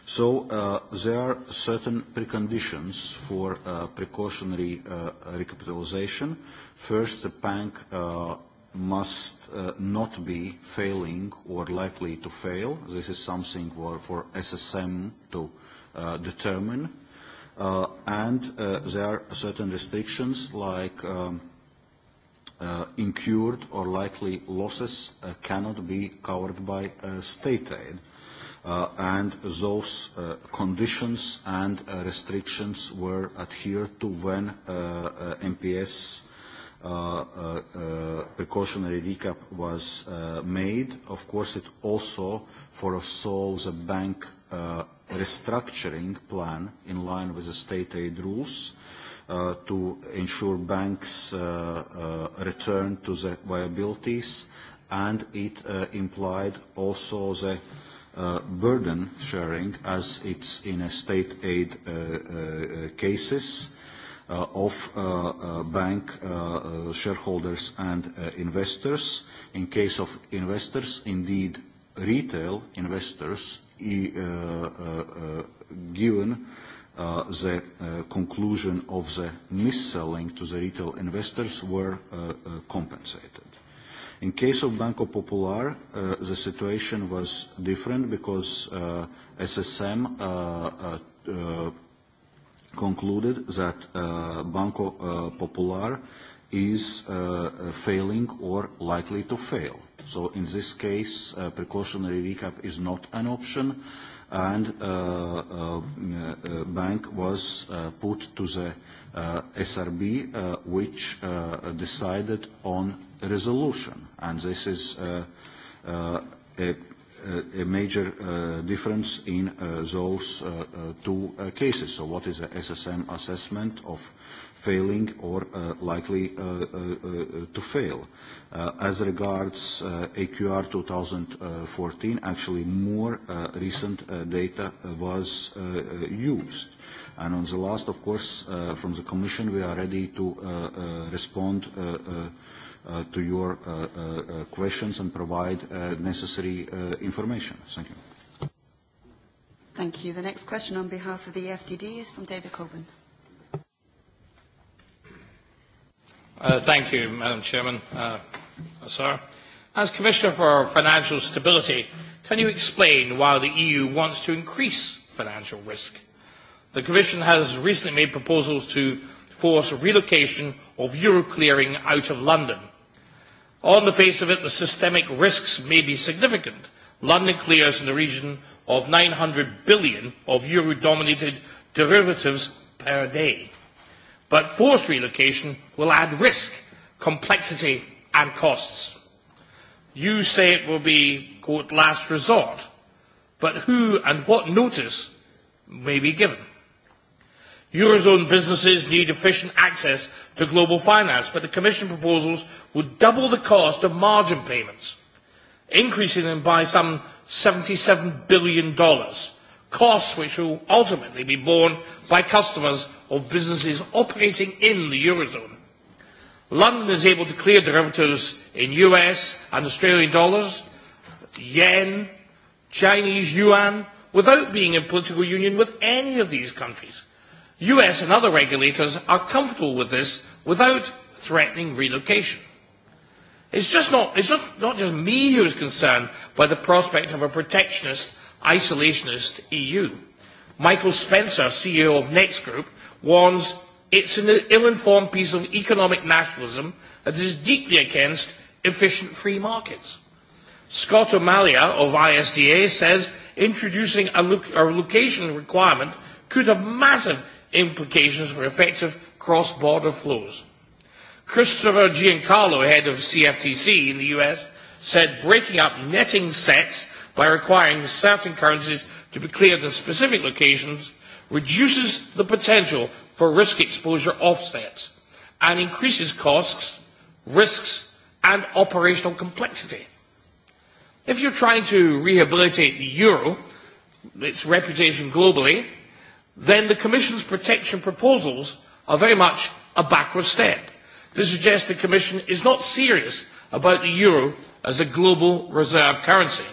So uh, there are certain preconditions for uh, precautionary uh, recapitalization. First, the bank uh, must uh, not be failing or likely to fail. This is something for, for SSM to uh, determine. Uh, and uh, there are certain restrictions like um, uh, incurred or likely losses uh, cannot be covered by uh, state aid. Uh, and those uh, conditions and uh, restrictions were adhered to when uh, uh, MPS uh, Uh, uh, uh, precautionary recap was uh, made. Of course, it also foresaws a bank uh, restructuring plan in line with the state aid rules. Uh, to ensure banks uh, uh, return to the viabilities and it uh, implied also the uh, burden sharing as it's in a state aid uh, uh, uh cases. Uh, of uh, uh, bank shareholders and investors. In case of investors, indeed, retail investors, given the conclusion of the mis-selling to the retail investors were compensated. In case of Banco Popular, the situation was different because SSM concluded that uh, Banco uh, Popular is uh, failing or likely to fail. So in this case, uh, precautionary recap is not an option, and uh, uh, uh, bank was uh, put to the uh, SRB, uh, which uh, decided on resolution. And this is uh, uh, a Uh, a major uh, difference in uh, those uh, uh two uh, cases. So what is the SSM assessment of failing or uh, likely uh, uh, uh, to fail? Uh, Uh, as regards uh, AQR 2014, actually more uh, recent uh, data was uh, uh, used. And on the last, of course, uh, from the Commission, we are ready to uh, uh, respond uh, uh, uh to your uh, uh, questions and provide uh, necessary uh, information. Thank you. Thank you. The next question on behalf of the FDD is from David Coburn. Uh, madam president uh, as commissioner for financial stability can you explain why the eu wants to increase financial risk? the commission has recently made proposals to force relocation of euro clearing out of london. on the face of it the systemic risks may be significant. london clears in the region of eur nine hundred billion of euro dominated derivatives per day but forced relocation will add risk, complexity and costs. You say it will be, quote, last resort, but who and what notice may be given? Eurozone businesses need efficient access to global finance, but the Commission proposals would double the cost of margin payments, increasing them by some $77 billion, costs which will ultimately be borne by customers of businesses operating in the Eurozone. London is able to clear derivatives in US and Australian dollars, yen, Chinese yuan, without being in political union with any of these countries. US and other regulators are comfortable with this without threatening relocation. It's, just not, it's just, not just me who is concerned by the prospect of a protectionist, isolationist EU. Michael Spencer, CEO of Next Group, warns it's an ill-informed piece of economic nationalism that is deeply against efficient free markets. Scott O'Malia of ISDA says introducing a, lo- a location requirement could have massive implications for effective cross-border flows. Christopher Giancarlo, head of CFTC in the US, said breaking up netting sets by requiring certain currencies to be cleared in specific locations reduces the potential for risk exposure offsets and increases costs, risks, and operational complexity. If you're trying to rehabilitate the euro, its reputation globally, then the Commission's protection proposals are very much a backward step. This suggests the Commission is not serious about the euro as a global reserve currency.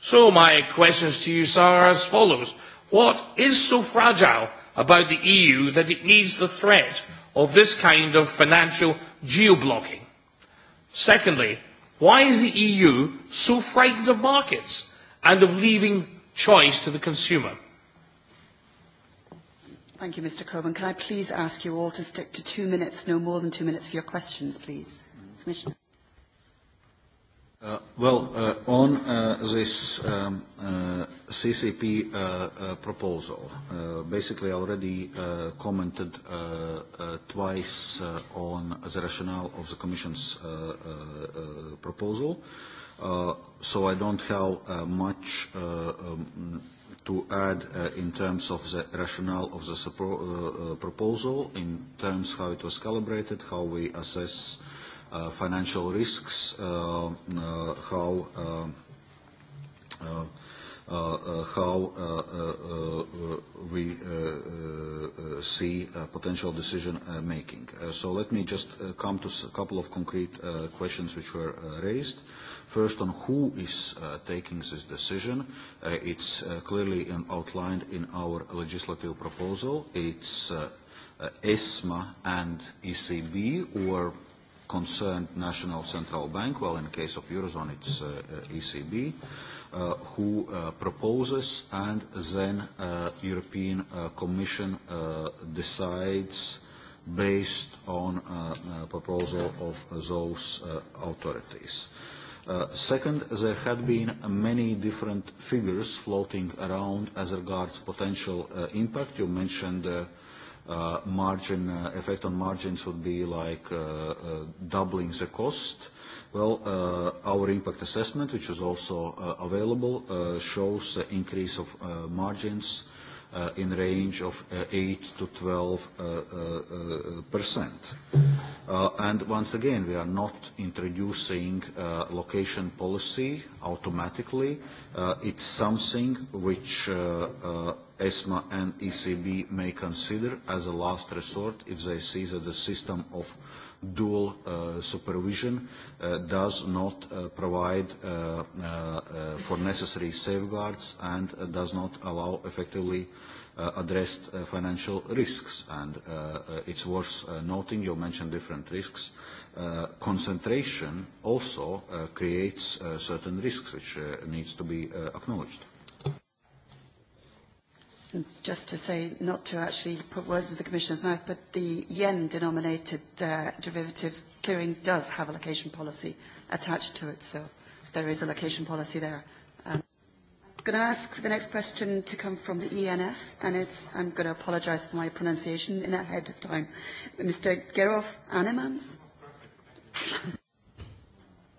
So my questions to you, sir, are as follows. What is so fragile about the EU that it needs the threat of this kind of financial geo-blocking? Secondly, why is the EU so frightened of markets and of leaving choice to the consumer? Thank you, Mr. Coburn. Can I please ask you all to stick to two minutes, no more than two minutes for your questions, please? Mm-hmm. Commissioner. Uh, well, uh, on uh, this um, uh, CCP uh, uh, proposal, uh, basically I already uh, commented uh, uh, twice uh, on the rationale of the Commission's uh, uh, uh, proposal, uh, so I don't have uh, much uh, um, to add uh, in terms of the rationale of the uh, uh, proposal, in terms how it was calibrated, how we assess uh, Uh, financial risks, how we see potential decision uh, making. Uh, so let me just come to a couple of concrete questions which were raised. First, on who is taking this decision? It's clearly outlined in our legislative proposal. It's ESMA and ECB, or concerned national central bank, well, in case of Eurozone, it's uh, uh ECB, uh, who uh, proposes and then uh, European uh, Commission uh, decides based on uh, uh, proposal of those uh, authorities. Uh, second, there had been many different figures floating around as regards potential uh, impact. You mentioned uh, Uh, margin uh, effect on margins would be like uh, doubling the cost. Well, our impact assessment, which is also available, shows an increase of margins in range of 8%-12%. And once again, we are not introducing location policy automatically. It's something which ESMA and ECB may consider as a last resort if they see that the system of dual uh, supervision uh, does not uh, provide uh, uh, uh, for necessary safeguards and uh, does not allow effectively uh, addressed uh, financial risks. And uh, uh, it's worth uh, noting, you mentioned different risks, uh, concentration also uh, creates uh, certain risks which uh, needs to be uh, acknowledged. Just to say, not to actually put words in the Commissioner's mouth, but the yen-denominated uh, derivative clearing does have a location policy attached to it, so there is a location policy there. Um, I'm going to ask the next question to come from the ENF, and it's, I'm going to apologise for my pronunciation in ahead of time. Mr Gerov Annemans?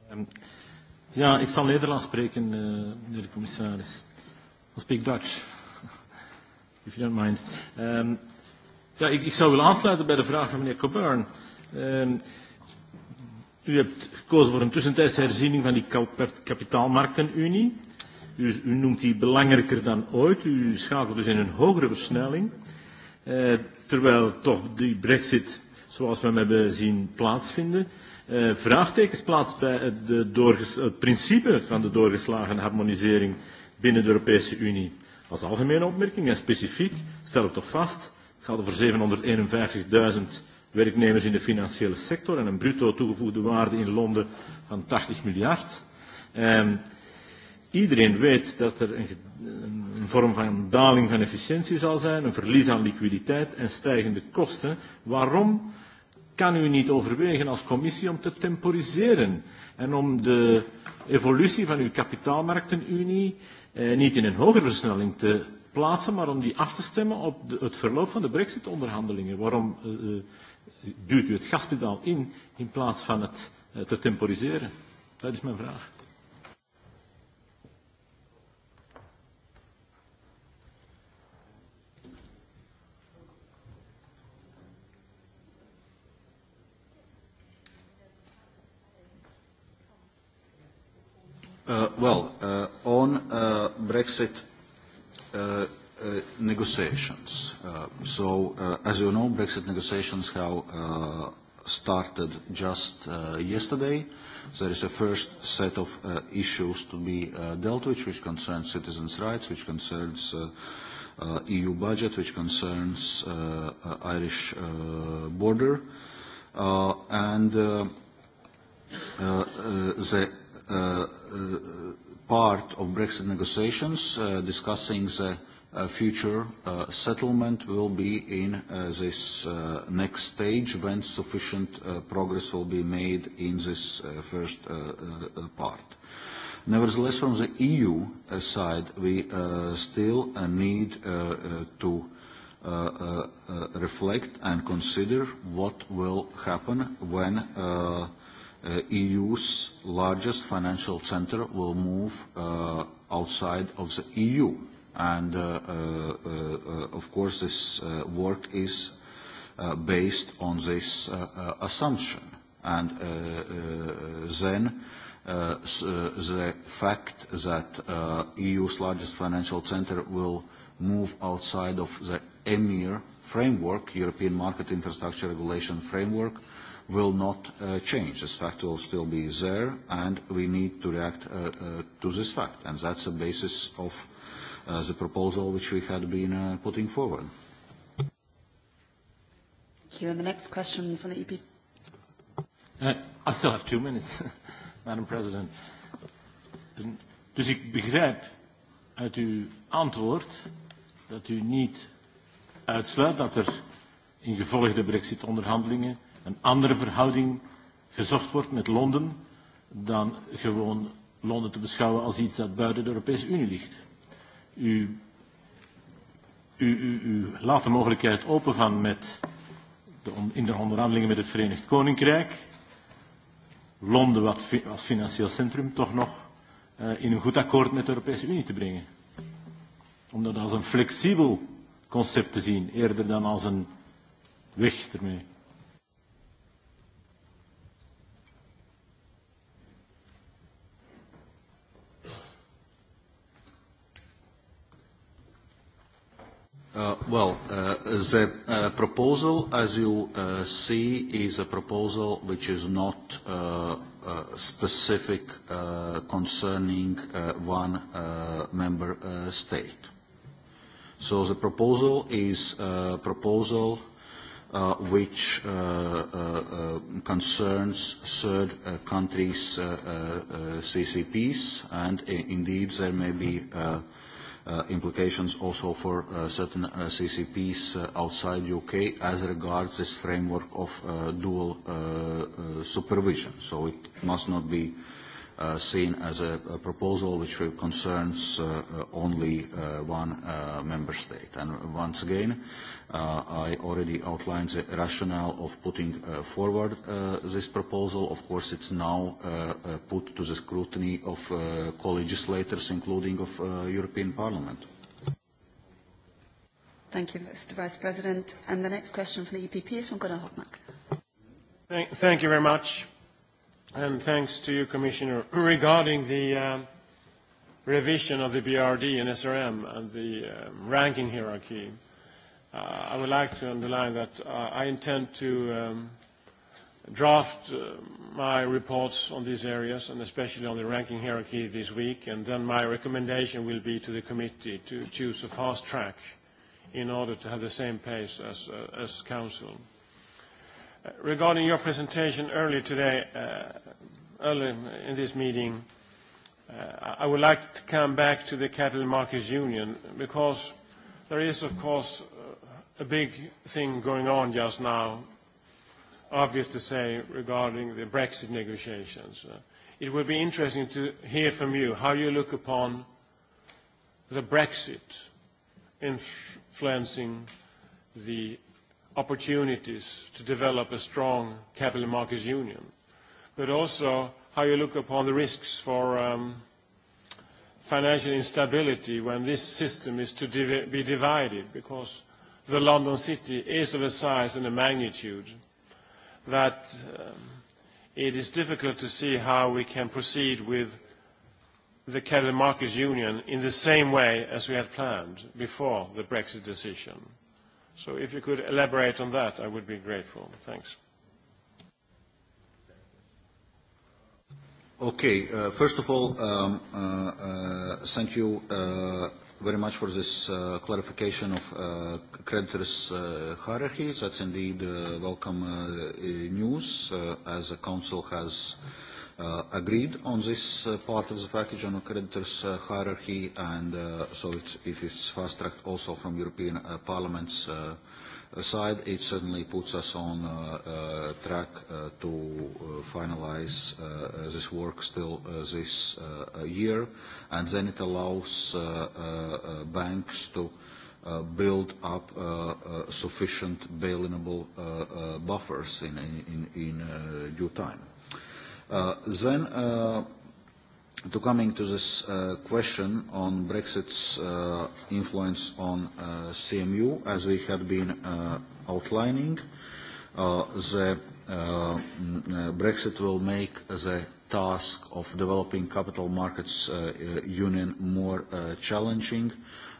um, ehm, yeah, ja, it's a Nederlands speaking, uh, eh, Mr Commissaris. I speak Dutch if you don't mind. Um, ja, ik, ik zou willen aansluiten bij de vraag van meneer Coburn. Um, u hebt gekozen voor een tussentijdse herziening van die kapitaalmarktenunie. U, u noemt die belangrijker dan ooit. U schakelt dus in een hogere versnelling. Uh, terwijl toch die brexit, zoals we hem hebben zien plaatsvinden, uh, vraagtekens plaatst bij het, de het principe van de doorgeslagen harmonisering binnen de Europese Unie. Als algemene opmerking en specifiek, stel het toch vast, het gaat over 751.000 werknemers in de financiële sector en een bruto toegevoegde waarde in Londen van 80 miljard. Um, iedereen weet dat er een, een vorm van een daling van efficiëntie zal zijn, een verlies aan liquiditeit en stijgende kosten. Waarom kan u niet overwegen als commissie om te temporiseren en om de evolutie van uw kapitaalmarktenunie eh, niet in een hogere versnelling te plaatsen, maar om die af te stemmen op de, het verloop van de brexit-onderhandelingen. Waarom eh, eh duwt u het gaspedaal in in plaats van het eh, te temporiseren? Dat is mijn vraag. Uh, well, uh, on uh, Brexit uh, uh, negotiations. Uh, so, uh, as you know, Brexit negotiations have uh, started just uh, yesterday. There is a first set of uh, issues to be uh, dealt with, which concerns citizens' rights, which concerns uh, uh, EU budget, which concerns uh, uh, Irish uh, border, uh, and uh, uh, uh the. Uh, Uh, part of Brexit negotiations uh, discussing the uh, future uh, settlement will be in uh, this uh, next stage when sufficient uh, progress will be made in this uh, first uh, uh, uh part. Nevertheless, from the EU uh, side, we uh, still uh, need uh, uh, to uh, uh, reflect and consider what will happen when uh, uh, EU's largest financial center will move uh, outside of the EU. And uh, uh, uh, of course, this uh, work is uh, based on this uh, uh, assumption. And uh, uh, then uh, so uh, the fact that uh, EU's largest financial center will move outside of the EMIR framework, European Market Infrastructure Regulation framework, uh, will not uh, change. This fact will still be there, and we need to react uh, uh, to this fact. And that's the basis of uh, the proposal which we had been uh, putting forward. Thank you. And the next question from the EP. Uh, I still have two minutes, Madam President. Dus ik begrijp uit uw antwoord dat u niet uitsluit dat er in gevolg de brexit-onderhandelingen een andere verhouding gezocht wordt met Londen dan gewoon Londen te beschouwen als iets dat buiten de Europese Unie ligt. U, u, u, u laat de mogelijkheid open van met de, in de onderhandelingen met het Verenigd Koninkrijk Londen wat, als financieel centrum toch nog uh, in een goed akkoord met de Europese Unie te brengen. Om dat als een flexibel concept te zien, eerder dan als een weg ermee. Uh, well, uh, the uh, proposal, as you see, is a proposal which is not specific concerning one member state. So the proposal is a proposal which concerns third countries' CCPs, and indeed, there may be uh, implications also for uh, certain uh, CCPs uh, outside UK as regards this framework of uh, dual uh, uh, supervision. So it must not be uh, uh, seen as a, a proposal which concerns uh, only uh, one uh, member state. And once again, uh, I already outlined the rationale of putting uh, forward uh, this proposal. Of course, it's now uh, uh, put to the scrutiny of uh, co-legislators, including of uh, European Parliament. Thank you, Mr. Vice President. And the next question from the EPP is from Gunnar Hockmark. Thank, thank you very much. And thanks to you, Commissioner. Regarding the um, revision of the BRD and SRM and the um, ranking hierarchy, uh, I would like to underline that uh, I intend to um, draft uh, my reports on these areas and especially on the ranking hierarchy this week, and then my recommendation will be to the committee to choose a fast track in order to have the same pace as, uh, as Council. Regarding your presentation earlier today, uh, earlier in this meeting, uh, I would like to come back to the Capital Markets Union, because there is, of course, uh, a big thing going on just now, obvious to say, regarding the Brexit negotiations. It would be interesting to hear from you how you look upon the Brexit influencing the opportunities to develop a strong capital markets union, but also how you look upon the risks for um, financial instability when this system is to divi be divided because the London city is of a size and a magnitude that um, it is difficult to see how we can proceed with the capital markets union in the same way as we had planned before the Brexit decision. If you could elaborate on that, I would be grateful. Thanks. Okay. Uh, first of all, um, uh, uh, thank you very much for this clarification of creditors' hierarchy. That's indeed welcome news, as the council has uh, agreed on this uh, part of the package on a creditor's uh, hierarchy, and uh, so it's, if it's fast-tracked also from European uh, Parliament's uh, side, it certainly puts us on uh, uh, track uh, to uh, finalize uh, uh, this work still uh, this uh, uh year, and then it allows uh, uh, uh, banks to uh, build up uh, uh, sufficient bailable uh, uh, buffers in, in, in uh, due time then uh, uh, to coming to this uh, question on Brexit's uh, influence on uh, CMU, as we had been uh, outlining, uh, the uh, mm, Brexit will make the task of developing capital markets uh, uh, union more uh, challenging,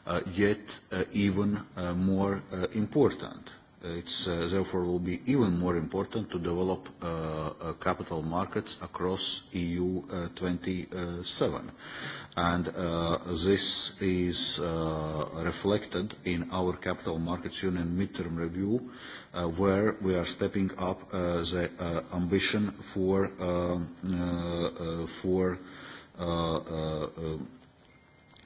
uh, yet uh, even uh, more uh, important. Uh, it's uh, therefore will be even more important to develop uh, capital markets across EU 27. This is reflected in our Capital Markets Union midterm review, where we are stepping up the ambition for um,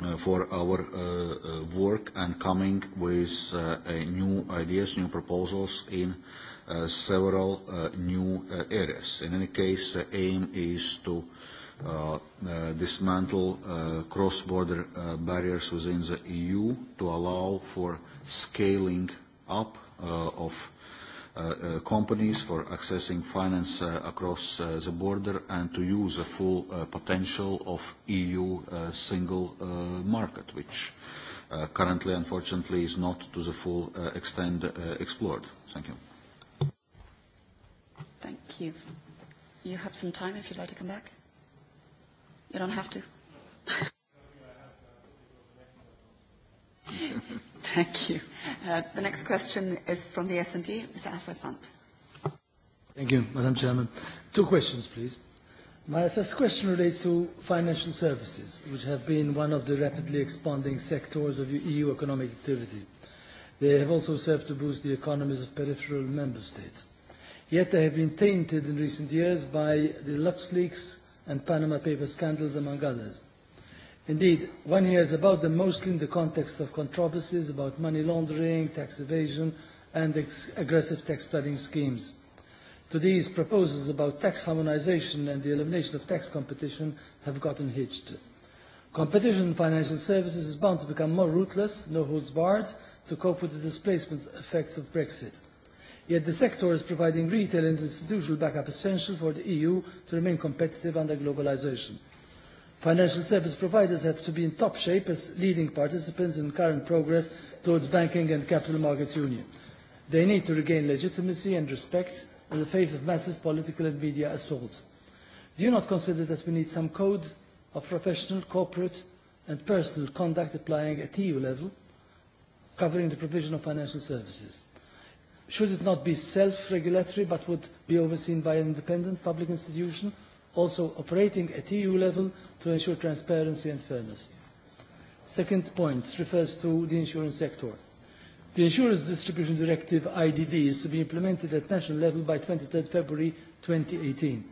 Uh, for our uh, uh, work and coming with uh, uh, new ideas, new proposals in uh, several uh, new uh, areas. In any case, the uh, aim is to uh, uh, dismantle uh, cross-border uh, barriers within the EU to allow for scaling up uh, of uh, Uh, uh, companies for accessing finance uh, across uh, the border and to use the full uh, potential of EU uh, single uh, market, which uh, currently, unfortunately, is not to the full uh, extent uh, explored. Thank you. Thank you. You have some time if you'd like to come back. You don't have to. Thank you. Uh, the next question is from the S&D, Mr. Alfred Thank you, Madam Chairman. Two questions, please. My first question relates to financial services, which have been one of the rapidly expanding sectors of EU economic activity. They have also served to boost the economies of peripheral member states. Yet they have been tainted in recent years by the LuxLeaks and Panama Papers scandals, among others. Indeed, one here is about them mostly in the context of controversies about money laundering, tax evasion, and ex aggressive tax planning schemes. To these, proposals about tax harmonization and the elimination of tax competition have gotten hitched. Competition in financial services is bound to become more ruthless, no holds barred, to cope with the displacement effects of Brexit. Yet the sector is providing retail and institutional backup essential for the EU to remain competitive under globalization financial service providers have to be in top shape as leading participants in current progress towards banking and capital markets union. They need to regain legitimacy and respect in the face of massive political and media assaults. Do you not consider that we need some code of professional, corporate and personal conduct applying at EU level, covering the provision of financial services? Should it not be self-regulatory but would be overseen by an independent public institution also operating at EU level to ensure transparency and fairness. Second point refers to the insurance sector. The Insurance Distribution Directive, IDD, is to be implemented at national level by 23rd February 2018,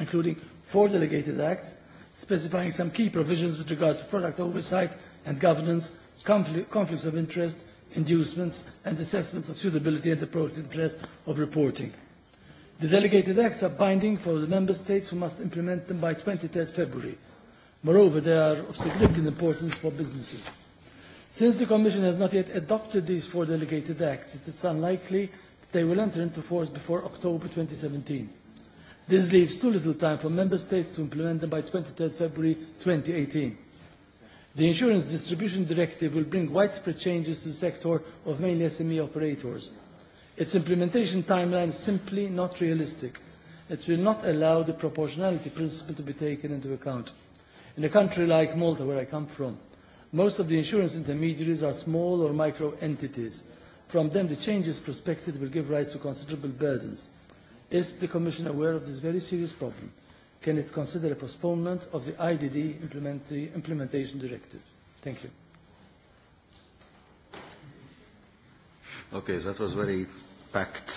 including four delegated acts specifying some key provisions with regard to product oversight and governance, conflict, conflicts of interest, inducements, and assessments of suitability and appropriateness of reporting. The delegated acts are binding for the member states who must implement them by 23rd February. Moreover, they are of significant importance for businesses. Since the Commission has not yet adopted these four delegated acts, it is unlikely that they will enter into force before October 2017. This leaves too little time for member states to implement them by 23rd February 2018. The Insurance Distribution Directive will bring widespread changes to the sector of mainly SME operators its implementation timeline simply not realistic. It will not allow the proportionality principle to be taken into account. In a country like Malta, where I come from, most of the insurance intermediaries are small or micro entities. From them, the changes prospected will give rise to considerable burdens. Is the Commission aware of this very serious problem? Can it consider a postponement of the IDD implementation directive? Thank you. Okay, that was very packed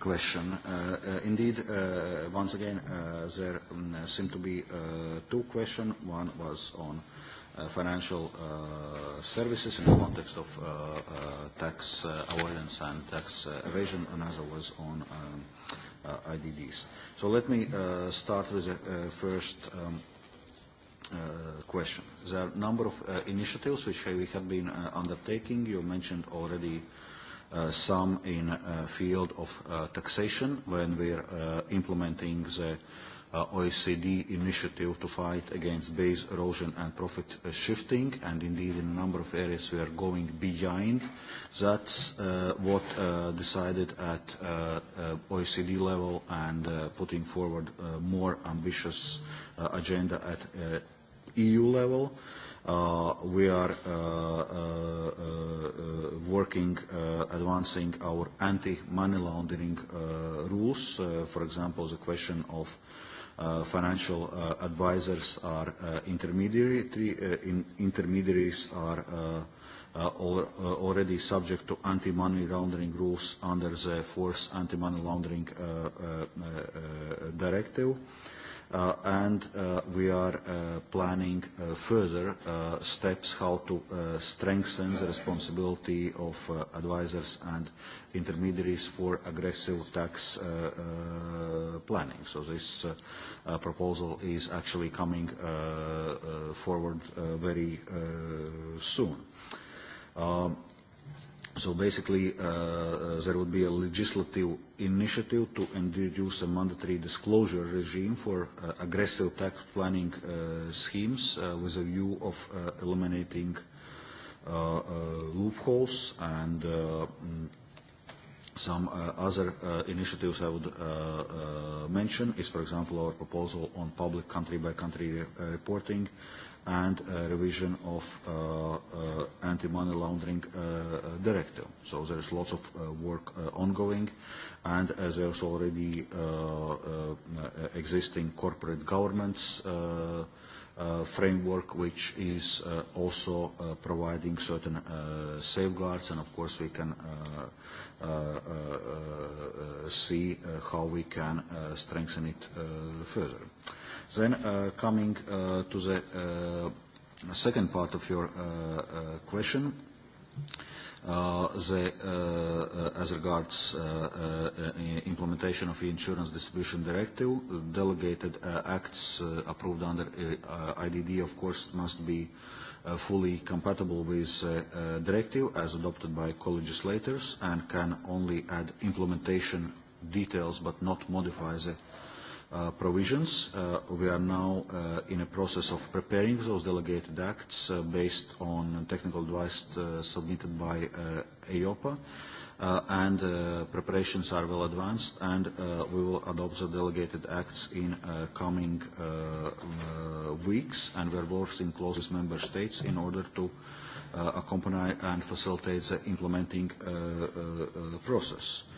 question. Uh, uh, indeed, uh, once again, uh, there um, seem to be uh, two questions. One was on uh, financial uh, services in the context of uh, uh, tax uh, avoidance and tax uh, evasion. Another was on um, uh, IDDs. So let me uh, start with the uh, first um, uh, question. There are a number of uh, initiatives which we have been uh, undertaking. You mentioned already uh, Uh, some in uh, field of uh, taxation when we're uh, implementing the uh, OECD initiative to fight against base erosion and profit uh, shifting and indeed in a number of areas we are going behind. That's uh, what uh, decided at uh, uh, OECD level and uh, putting forward a uh, more ambitious uh, agenda at uh, EU level. Uh, Uh, we are uh, uh, working, advancing our anti-money laundering rules. For example, the question of financial advisors are intermediaries are already subject to anti-money laundering rules under the fourth anti-money laundering directive. Uh, and uh, we are uh, planning further steps how to strengthen the responsibility of advisors and intermediaries for aggressive tax planning. So this proposal is actually coming forward very soon. Um, So basically, uh, uh, there would be a legislative initiative to introduce a mandatory disclosure regime for uh, aggressive tax planning uh, schemes uh, with a view of uh, eliminating uh, uh, loopholes and uh, mm, some uh, other uh, initiatives I would uh, uh, mention is, for example, our proposal on public country-by-country -country re uh, reporting and uh, revision of uh, uh, anti-money laundering uh, uh directive. So there is lots of uh, work uh, ongoing, and uh, there is already uh, uh, existing corporate governments. Uh, uh, framework which is uh, also uh, providing certain uh, safeguards and of course we can uh, uh, uh, uh, see uh, how we can uh, strengthen it uh, further. Then uh, coming uh, to the uh, second part of your uh, uh, question, uh, uh, the, uh, as regards uh, uh, implementation of the Insurance Distribution Directive. Delegated uh, acts uh, approved under uh, IDD, of course, must be uh, fully compatible with the uh, uh, directive as adopted by co-legislators and can only add implementation details but not modify the uh, Uh, provisions. Uh, we are now uh, in a process of preparing those delegated acts uh, based on technical advice uh, submitted by uh, AOPA. Uh, and uh, preparations are well advanced, and uh, we will adopt the delegated acts in uh, coming uh, uh, weeks, and we are working closest member states in order to uh, accompany and facilitate the implementing uh, uh, uh, process. Uh,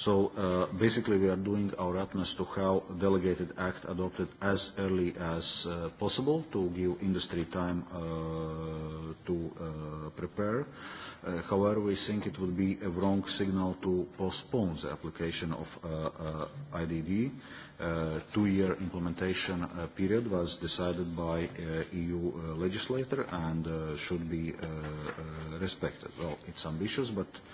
So uh, basically we are doing our utmost to have delegated act adopted as early as uh, possible to give industry time uh, to uh, prepare. Uh, however, we think it would be a wrong signal to postpone the application of uh, uh, IDD. Uh, two-year implementation uh, period was decided by uh, EU uh, legislator and uh, should be uh, uh, respected. Well, it's ambitious, but uh,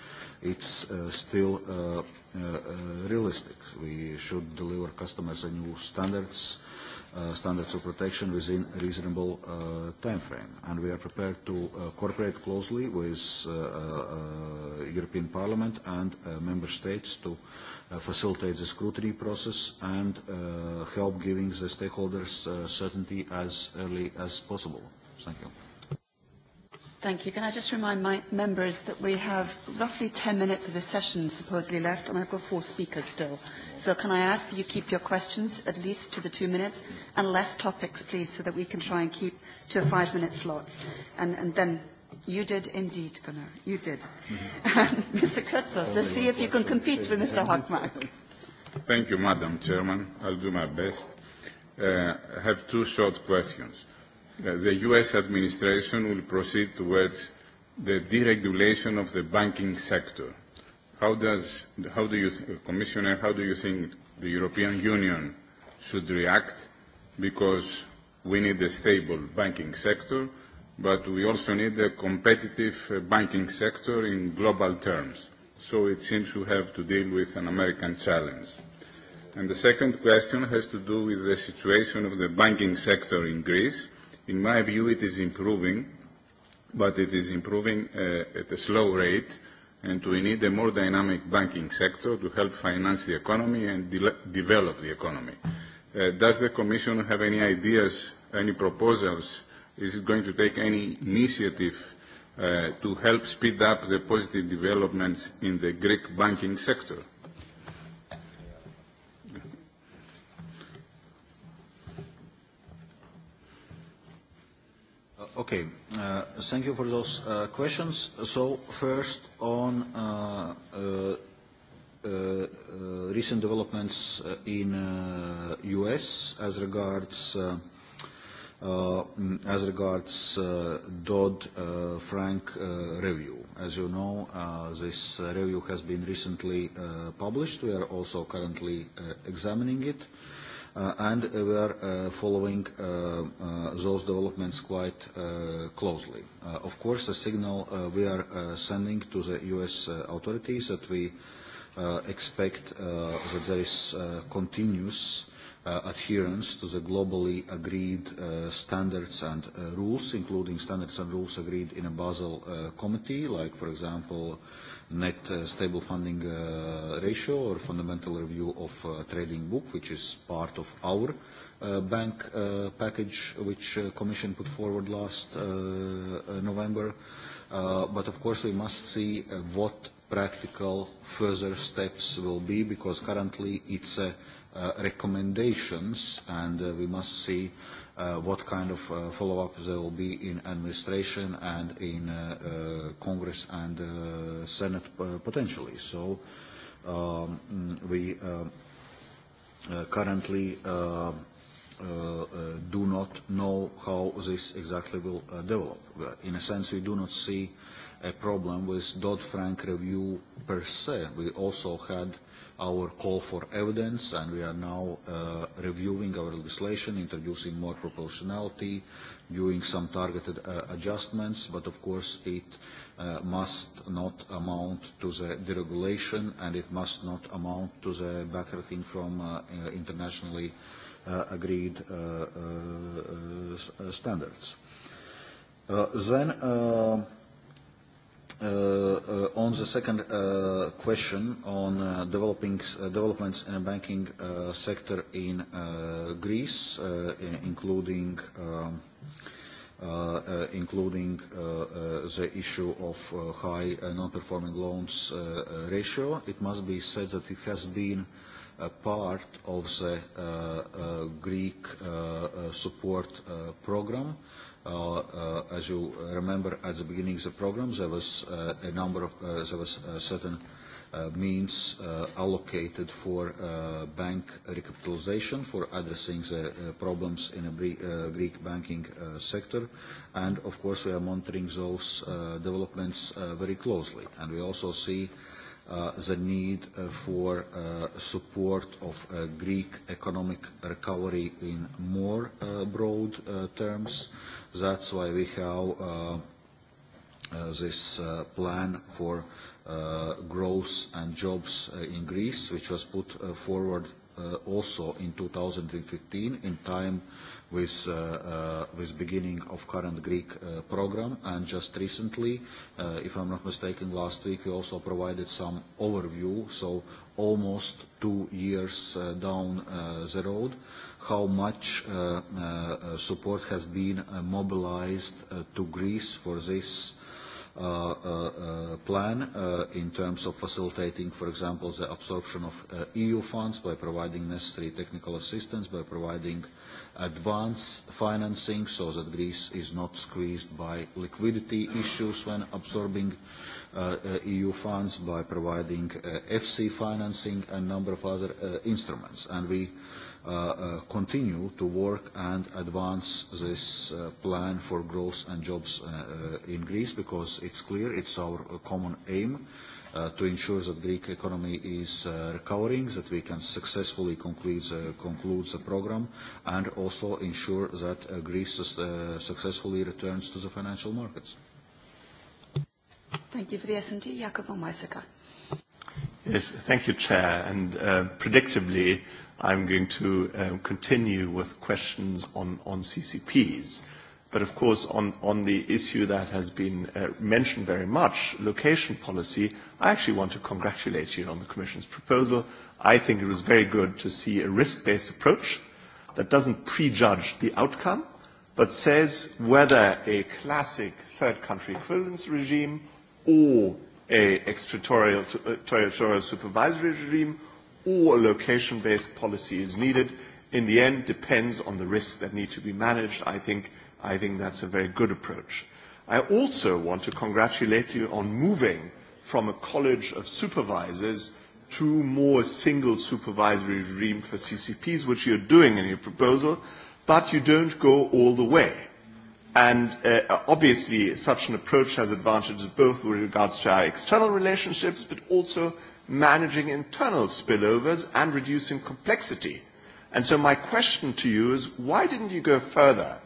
it's uh, still uh, uh, realistic. We should deliver customers a new standards, uh, standards of protection within a reasonable uh, time frame. And we are prepared to uh, cooperate closely with uh, uh, European Parliament and uh, Member States to uh, facilitate the scrutiny process and uh, help giving the stakeholders uh, certainty as early as possible. Thank you. Thank you. Can I just remind my members that we have roughly 10 minutes of this session supposedly left, and I've got four speakers still. So can I ask that you keep your questions at least to the two minutes, and less topics, please, so that we can try and keep to a five-minute slots. And, and then you did indeed, Gunnar. You did. Mm -hmm. Mr. Kurtzos, let's see if question. you can compete with Mr. Hockmark. Thank you, Madam Chairman. I'll do my best. Uh, I have two short questions. Uh, Uh, the U.S. administration will proceed towards the deregulation of the banking sector. How does, how do you, th uh, Commissioner, how do you think the European Union should react? Because we need a stable banking sector, but we also need a competitive uh, banking sector in global terms. So it seems we have to deal with an American challenge. And the second question has to do with the situation of the banking sector in Greece. In my view, it is improving, but it is improving uh, at a slow rate, and we need a more dynamic banking sector to help finance the economy and de develop the economy. Uh, does the Commission have any ideas, any proposals? Is it going to take any initiative uh, to help speed up the positive developments in the Greek banking sector? Okay, uh, thank you for those uh, questions. So first on uh, uh, uh, recent developments uh, in uh, US as regards uh, uh, as regards uh, Dodd uh, Frank uh, review. As you know, uh, this uh, review has been recently uh, published. We are also currently uh, examining it uh, and uh, were uh, following uh, uh, those developments quite uh, closely. Uh, of course, the signal uh, we are uh, sending to the U.S. Uh, authorities that we uh, expect uh, that there is uh, continuous uh, adherence to the globally agreed uh, standards and uh, rules, including standards and rules agreed in a Basel uh, committee, like, for example, uh, net uh, stable funding uh, ratio or fundamental review of uh, trading book, which is part of our bank package, which Commission put forward last November. But of course, we must see what practical further steps will be, because currently it's recommendations, and we must see uh, what kind of uh, follow-up there will be in administration and in uh, uh, Congress and uh, Senate uh, potentially. So um, we uh, uh, currently uh, uh, uh, do not know how this exactly will uh, develop. In a sense, we do not see uh, a problem with Dodd-Frank review per se. We also had our call for evidence, and we are now uh, reviewing our legislation, introducing more proportionality, doing some targeted uh, adjustments, but of course it uh, must not amount to the deregulation and it must not amount to the backtracking from uh, uh, internationally uh, agreed uh, uh, uh, standards. Uh, then uh, Uh, uh, on the second uh, question on uh, developing uh, developments in the banking uh, sector in uh, Greece, uh, including um, uh, uh, including uh, uh, the issue of uh, high uh, non-performing loans uh, uh, ratio, it must be said that it has been a part of the uh, uh, Greek uh, uh, support uh, program uh, Uh, uh, as you remember at the beginning of the program, there was uh, a number of, uh, there was a uh, certain uh, means uh, allocated for uh, bank recapitalization for addressing the uh, problems in the uh, Greek banking uh, sector. And of course, we are monitoring those uh, developments uh, very closely. And we also see uh, Uh, the need uh, for uh, support of uh, Greek economic recovery in more uh, broad uh, terms. That's why we have uh, uh, this uh, plan for uh, growth and jobs uh, in Greece, which was put uh, forward uh, also in 2015 in time with, uh, uh, with beginning of current Greek uh, program. And just recently, uh, if I'm not mistaken, last week we also provided some overview, so almost two years uh, down uh, the road, how much uh, uh, support has been uh, mobilized uh, to Greece for this uh, uh, uh plan uh, in terms of facilitating, for example, the absorption of uh, EU funds by providing necessary technical assistance, by providing uh, advance financing so that Greece is not squeezed by liquidity issues when absorbing uh, uh, EU funds by providing uh, FC financing and a number of other uh, instruments. And we uh, uh, continue to work and advance this uh, plan for growth and jobs uh, uh, in Greece because it's clear it's our uh, common aim. Uh, Uh, to ensure that Greek economy is uh, recovering, that we can successfully conclude the, conclude the program, and also ensure that uh, Greece uh, successfully returns to the financial markets. Thank you for the S&T. Jakob Omaisaka. Yes, thank you, Chair. And uh, predictably, I'm going to uh, continue with questions on, on CCPs. But of course, on, on the issue that has been uh, mentioned very much, location policy, I actually want to congratulate you on the Commission's proposal. I think it was very good to see a risk-based approach that doesn't prejudge the outcome, but says whether a classic third country equivalence regime or a extraterritorial supervisory regime or a location-based policy is needed. In the end, depends on the risks that need to be managed. I think I think that's a very good approach. I also want to congratulate you on moving from a college of supervisors to more single supervisory regime for CCPs, which you're doing in your proposal, but you don't go all the way. And uh, obviously, such an approach has advantages both with regards to our external relationships, but also managing internal spillovers and reducing complexity. And so my question to you is, why didn't you go further?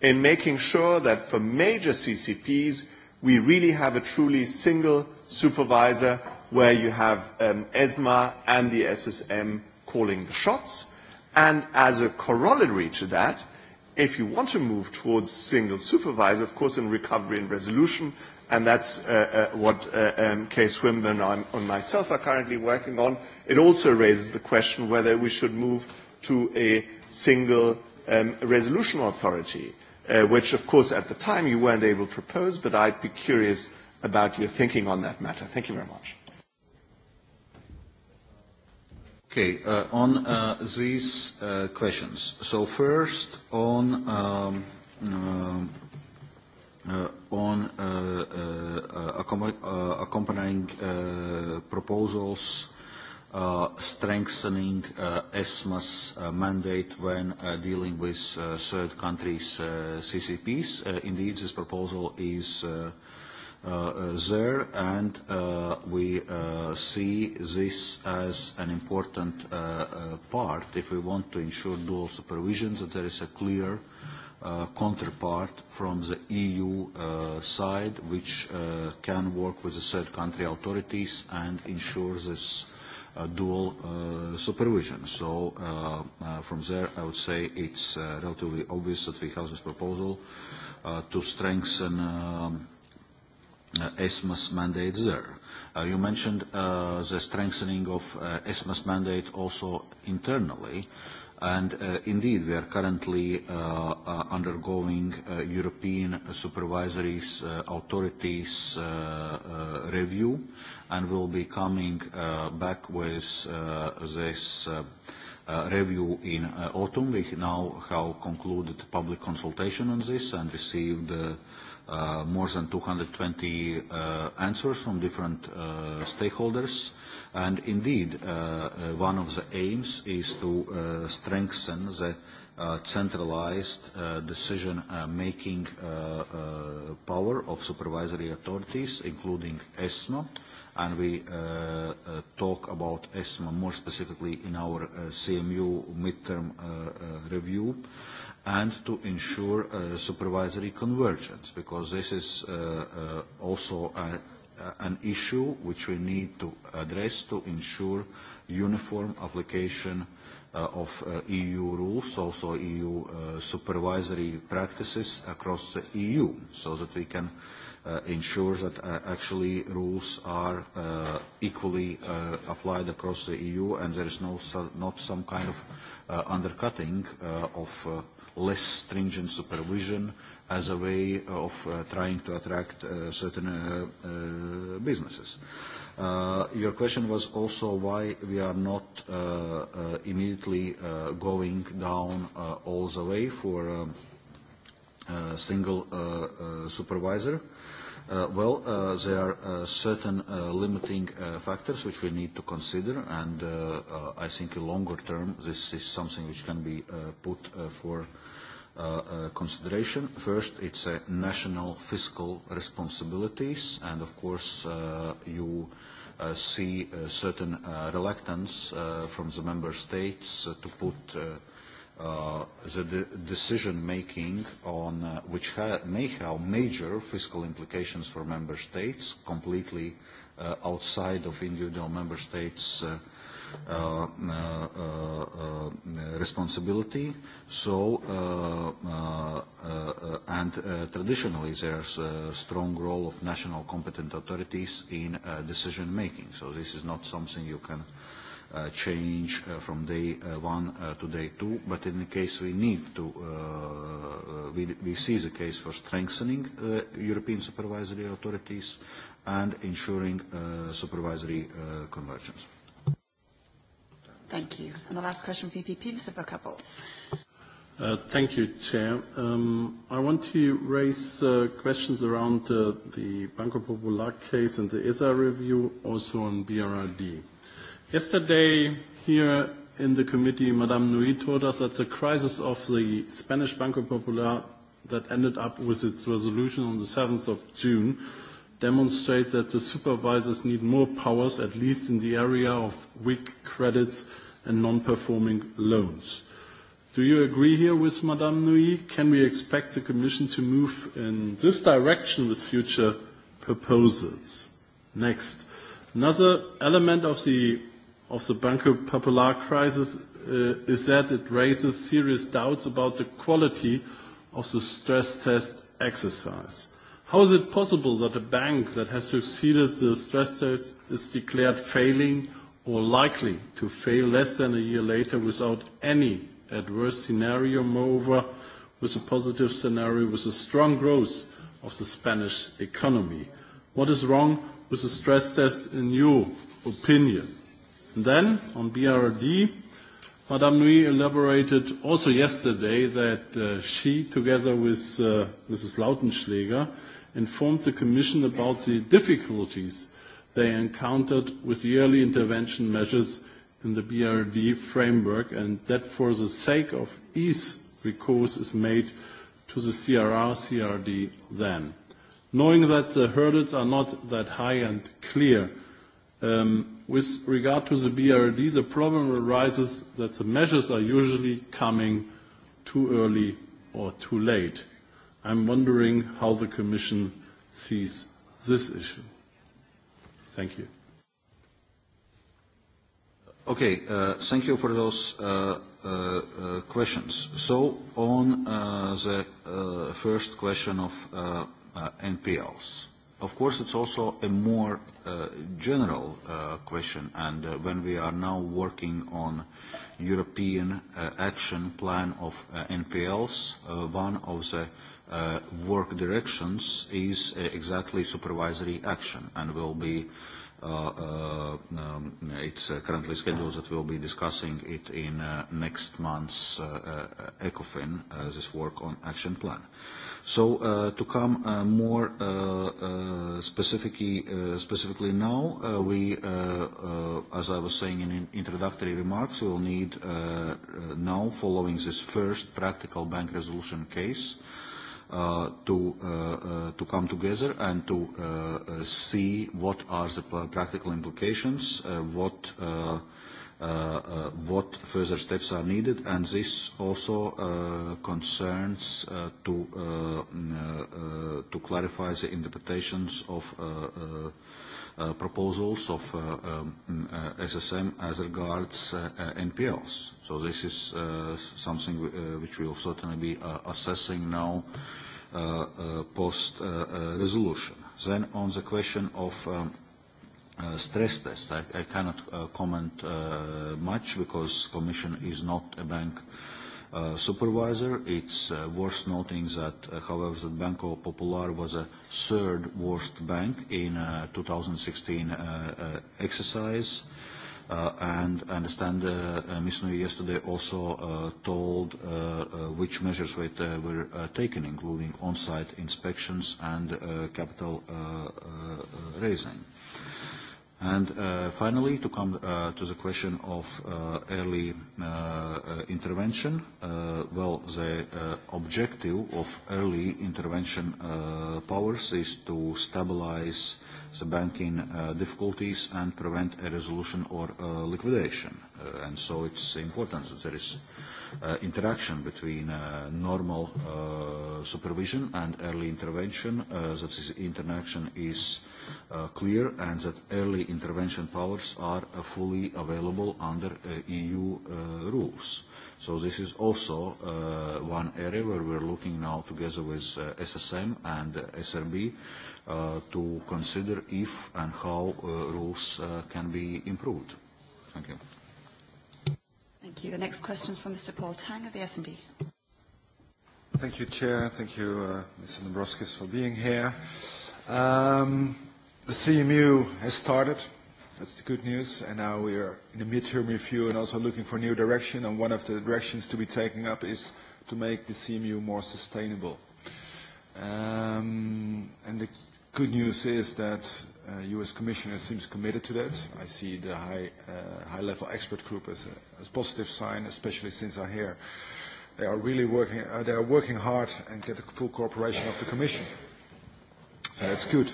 in making sure that for major CCPs, we really have a truly single supervisor where you have um, ESMA and the SSM calling the shots. As a corollary to that, if you want to move towards single supervisor, of course, in recovery and resolution, and that's uh, uh, what uh, um, Kay Swinburne and myself are currently working on, it also raises the question whether we should move to a single um, resolution authority uh, which, of course, at the time you weren't able to propose, but I'd be curious about your thinking on that matter. Thank you very much. Okay, uh, on uh, these uh, questions. So first on um, uh, uh, on uh, uh, uh, uh accompanying uh, proposals uh, Uh, strengthening uh, ESMA's uh, mandate when uh, dealing with uh, third countries' uh, CCPs. Uh, indeed, this proposal is uh, uh, uh, there, and uh, we uh, see this as an important uh, uh, part if we want to ensure dual supervision, that there is a clear uh, counterpart from the EU uh, side, which uh, can work with the third country authorities and ensure this uh, uh, dual uh, supervision. So uh, uh, from there, I would say it's uh, relatively obvious that we have this proposal uh, to strengthen um, uh, ESMA's mandate there. Uh, you mentioned uh, the strengthening of uh, ESMA's mandate also internally. Uh, And uh, indeed, we are currently uh, uh, undergoing uh, European supervisories uh, authorities uh, uh, review and will be coming uh, back with uh, this uh, uh, review in uh, autumn. We now have concluded public consultation on this and received uh, uh, more than 220 uh, answers from different uh, stakeholders. And indeed, uh, uh, one of the aims is to uh, strengthen the uh, centralized uh, decision uh, making uh, uh, power of supervisory authorities, including ESMA. And we uh, uh, talk about ESMA more specifically in our uh, CMU midterm uh, uh, review and to ensure uh, supervisory convergence, because this is uh, uh, also a uh, an issue which we need to address to ensure uniform application uh, of uh, EU rules, also EU uh, supervisory practices across the EU, so that we can uh, ensure that uh, actually rules are uh, equally uh, applied across the EU and there is no, so not some kind of uh, undercutting uh, of uh, less stringent supervision uh, as a way of uh, trying to attract uh, certain uh, uh, businesses. Uh, your question was also why we are not uh, uh, immediately uh, going down uh, all the way for um, a uh, single uh, uh, supervisor. Uh, well, uh, there are uh, certain uh, limiting uh, factors which we need to consider, and uh, uh, I think in longer term this is something which can be uh, put uh, for uh, Uh, uh, consideration. First, it's a national fiscal responsibilities, and of course, uh, you uh, see a uh, certain uh, reluctance uh, from the member states uh, to put uh, uh, the de decision making on uh, which ha may have major fiscal implications for member states, completely uh, outside of individual member states. Uh, uh, uh, uh, responsibility. So, uh, uh, uh, and uh, traditionally, there's a strong role of national competent authorities in uh, decision making. So, this is not something you can uh, change uh, from day uh, one uh, to day two. But in the case we need to, uh, uh we, we see the case for strengthening uh, European supervisory authorities and ensuring uh, supervisory uh, convergence. Thank you. And the last question from VPP, Mr. Booker Bowles. Uh, thank you, Chair. Um, I want to raise uh, questions around uh, the Banco Popular case and the ESA review, also on BRRD. Yesterday, here in the committee, Madame Nui told us that the crisis of the Spanish Banco Popular that ended up with its resolution on the 7th of June demonstrate that the supervisors need more powers, at least in the area of weak credits and non-performing loans. Do you agree here with Madame Nui? Can we expect the Commission to move in this direction with future proposals? Next. Another element of the, of the Banco Popular crisis uh, is that it raises serious doubts about the quality of the stress test exercise. How is it possible that a bank that has succeeded the stress test is declared failing or likely to fail less than a year later without any adverse scenario? Moreover, with a positive scenario, with a strong growth of the Spanish economy. What is wrong with the stress test in your opinion? And then on BRD, Madame Nui elaborated also yesterday that uh, she, together with uh, Mrs. Lautenschläger, informed the Commission about the difficulties they encountered with the early intervention measures in the BRD framework and that for the sake of ease recourse is made to the CRR CRD then. Knowing that the hurdles are not that high and clear, um, with regard to the BRD, the problem arises that the measures are usually coming too early or too late. I'm wondering how the Commission sees this issue. Thank you. Okay, uh, thank you for those uh, uh, uh, questions. So, on uh, the uh, first question of uh, uh, NPLs, of course, it's also a more uh, general uh, question, and uh, when we are now working on European uh, action plan of uh, NPLs, uh, one of the uh, uh, work directions is uh, exactly supervisory action and will be uh, uh, um, it's uh, currently scheduled that we'll be discussing it in uh, next month's uh, uh, ECOFIN, uh, this work on action plan. So uh, to come uh, more uh, uh, specifically, uh, specifically now, uh, we, uh, uh, as I was saying in introductory remarks, we'll need uh, uh, now following this first practical bank resolution case uh, Uh, to uh, uh, to come together and to uh, uh, see what are the practical implications, uh, what uh, uh, uh, what further steps are needed, and this also uh, concerns uh, to uh, mm, uh, uh, to clarify the interpretations of. Uh, uh, Uh, proposals of uh, um, uh, SSM as regards uh, uh, NPLs. So this is uh, something w uh, which we will certainly be uh, assessing now uh, uh, post-resolution. Uh, uh, then on the question of um, uh, stress tests, I, I cannot uh, comment uh, much because Commission is not a bank uh, Uh, supervisor. It's uh, worth noting that, uh, however, that Banco Popular was a third worst bank in uh, 2016 uh, uh, exercise. Uh, and I understand uh, uh, Ms. Nui yesterday also uh, told uh, uh, which measures were, uh, were uh, taken, including on-site inspections and uh, capital uh, uh, raising. Uh, Uh, finally, to come uh, to the question of uh, early intervention. Well, the objective of early intervention powers is to stabilize the banking difficulties and prevent a resolution or liquidation. It's important that there is interaction between normal supervision and early intervention, that this interaction is uh, clear and that early intervention powers are uh, fully available under uh, EU uh, rules. So this is also uh, one area where we're looking now together with uh, SSM and uh, SRB uh, to consider if and how uh, rules uh, can be improved. Thank you. Thank you. The next question is from Mr. Paul Tang of the S&D. Thank you, Chair. Thank you, uh, Mr. Nabroskis, for being here. Um, The CMU has started. That's the good news. And now we are in a midterm review and also looking for new direction. And one of the directions to be taken up is to make the CMU more sustainable. Um, and the good news is that uh, U.S. Commissioner seems committed to that. I see the high-level uh, high expert group as a, as a positive sign, especially since I hear they are really working, uh, they are working hard and get the full cooperation of the Commission. So that's good.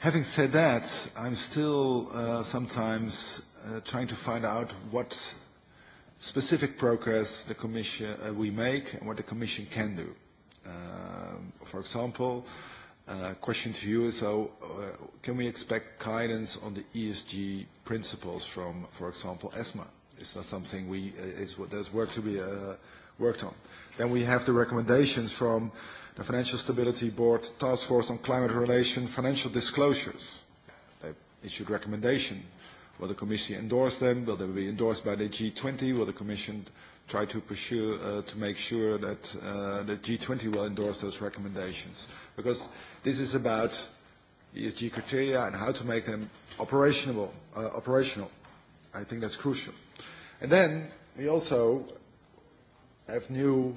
Having said that, I'm still uh, sometimes uh, trying to find out what specific progress the Commission uh, we make and what the Commission can do. Uh, for example, a uh, question to you is, so, uh, can we expect guidance on the ESG principles from, for example, ESMA? Is that something we, uh, is what there's work to be uh, worked on? Then we have the recommendations from uh, a Financial Stability Board Task Force on Climate Relation Financial Disclosures. They issued recommendation. Will the Commission endorse them? Will they be endorsed by the G20? Will the Commission try to pursue uh, to make sure that uh, the G20 will endorse those recommendations? Because this is about ESG criteria and how to make them operationable, uh, operational. I think that's crucial. And then we also have new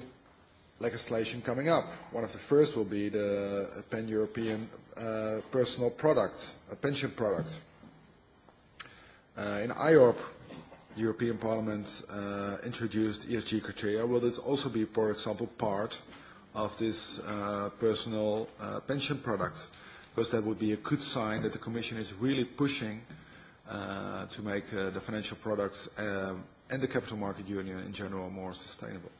legislation coming up. One of the first will be the uh, pan-European uh, personal product, a pension product. Uh, in IORP, European Parliament uh, introduced ESG criteria. Will this also be, for example, part of this uh, personal uh, pension product? Because that would be a good sign that the Commission is really pushing uh, to make uh, the financial products uh, and the capital market union in general more sustainable.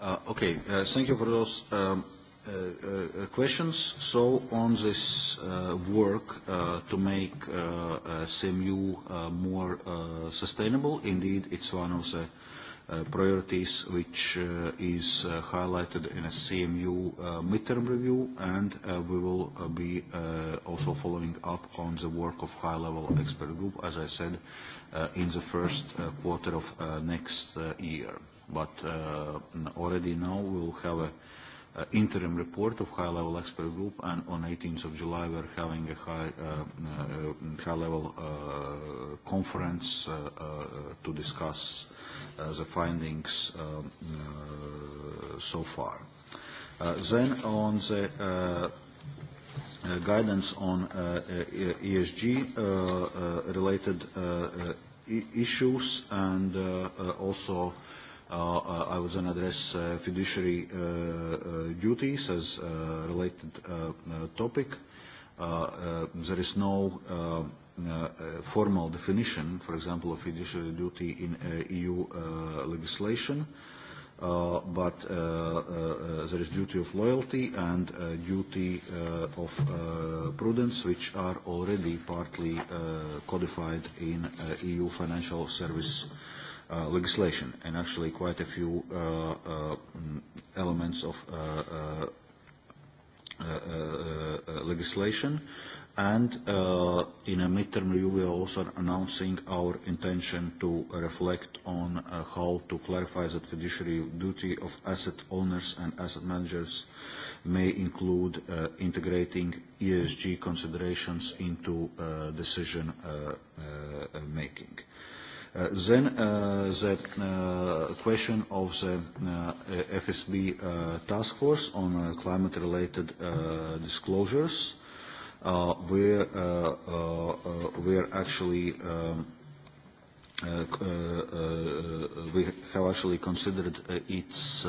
Uh, okay, uh, thank you for those um, uh, uh, uh, questions. So on this uh, work uh, to make uh, uh, CMU uh, more uh, sustainable, indeed it's one of the uh, priorities which uh, is uh, highlighted in a CMU uh, midterm review and uh, we will uh, be uh, also following up on the work of high-level expert group, as I said, uh, in the first uh, quarter of uh, next uh, year but uh, already now we'll have a, a interim report of high level expert group and on 18th of July we're having a high, uh, uh, high level uh, conference uh, uh, to discuss uh, the findings um, uh, so far. Uh, then on the uh, uh, guidance on uh, uh, ESG uh, uh, related uh, uh, issues and uh, uh, also uh, Uh, uh, I was on address uh, fiduciary uh, uh, duties as a uh, related uh, uh, topic. Uh, uh, there is no uh, uh, formal definition, for example, of fiduciary duty in uh, EU uh, legislation. Uh, but uh, uh, uh, there is duty of loyalty and uh, duty uh, of uh, prudence, which are already partly uh, codified in uh, EU financial service uh, legislation and actually quite a few uh, uh, elements of uh, uh, uh, uh, legislation. And uh, in a midterm review, we are also announcing our intention to reflect on uh, how to clarify that fiduciary duty of asset owners and asset managers may include uh, integrating ESG considerations into uh, decision uh, uh, making. Uh, uh, the uh, question of the FSB task force on climate-related disclosures, where actually um, we have actually considered its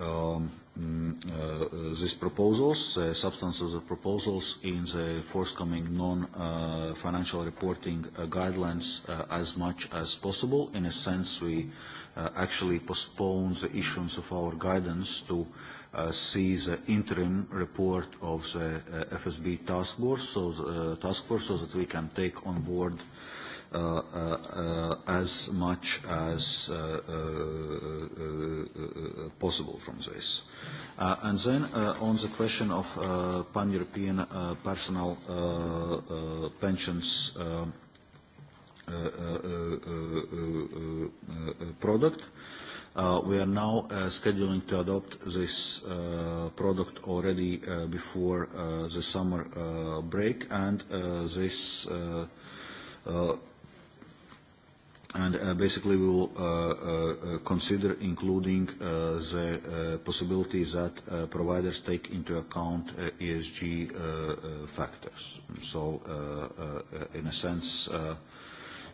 um, um, uh, these proposals, the substance of the proposals in the forthcoming non-financial uh, reporting uh, guidelines uh, as much as possible. In a sense, we uh, actually postpone the issuance of our guidance to uh, see the interim report of the uh, FSB task force, so the, uh, task force so that we can take on board uh, uh, as much as uh, uh, uh, uh, possible from this. Uh, and then uh, on the question of uh, pan-European uh, personal uh, uh, pensions product, we are now uh, scheduling to adopt this uh, product already uh, before uh, the summer uh, break, and uh, this uh, uh, and uh, basically we will uh, uh, uh, consider including uh, the uh, possibilities that uh, providers take into account uh, ESG uh, uh, factors. So uh, uh, in a sense, uh,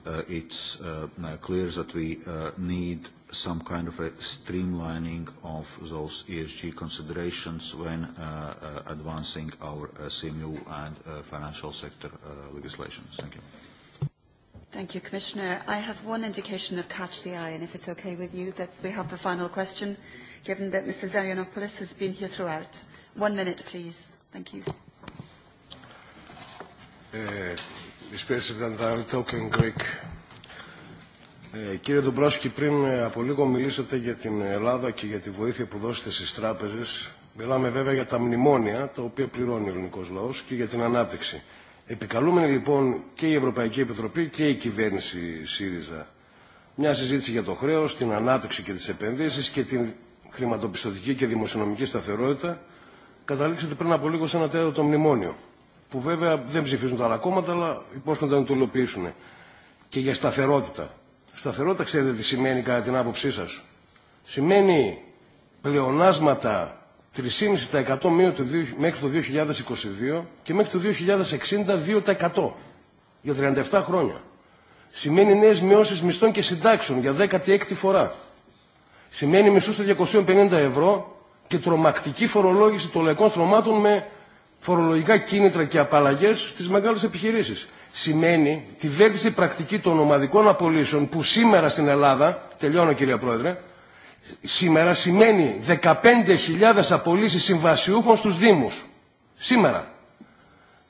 uh, it's uh, clear that we uh, need some kind of a streamlining of those ESG considerations when uh, uh, advancing our uh, CMU and uh, financial sector uh, legislations. Thank you. Thank you, Commissioner. I have one indication of catch the eye, and if it's okay with you, that we have the final question, given that Mr. Zarianopoulos has been here throughout. One minute, please. Thank you. Uh, Mr. President, I'm talking Greek. Uh, κύριε Ντομπρόσκη, πριν από λίγο μιλήσατε για την Ελλάδα και για τη βοήθεια που δώσετε στις τράπεζες, μιλάμε βέβαια για τα μνημόνια, τα οποία πληρώνει ο ελληνικός λαός, και για την ανάπτυξη. Επικαλούμενη λοιπόν και η Ευρωπαϊκή Επιτροπή και η κυβέρνηση ΣΥΡΙΖΑ μια συζήτηση για το χρέος, την ανάπτυξη και τις επενδύσεις και την χρηματοπιστωτική και δημοσιονομική σταθερότητα καταλήξεται πριν από λίγο σε ένα τέταρτο το μνημόνιο που βέβαια δεν ψηφίζουν τα άλλα κόμματα αλλά υπόσχονται να το υλοποιήσουν και για σταθερότητα. Σταθερότητα ξέρετε τι σημαίνει κατά την άποψή σας. Σημαίνει πλεονάσματα 3,5% μείωτε μέχρι το 2022 και μέχρι το 2060 2% για 37 χρόνια. Σημαίνει νέε μειώσει μισθών και συντάξεων για 16η φορά. Σημαίνει μισού στα 250 ευρώ και τρομακτική φορολόγηση των λαϊκών στρωμάτων με φορολογικά κίνητρα και απαλλαγέ στι μεγάλε επιχειρήσει. Σημαίνει τη βέλτιστη πρακτική των ομαδικών απολύσεων που σήμερα στην Ελλάδα, τελειώνω κύριε Πρόεδρε, σήμερα σημαίνει 15.000 απολύσεις συμβασιούχων στους Δήμους. Σήμερα.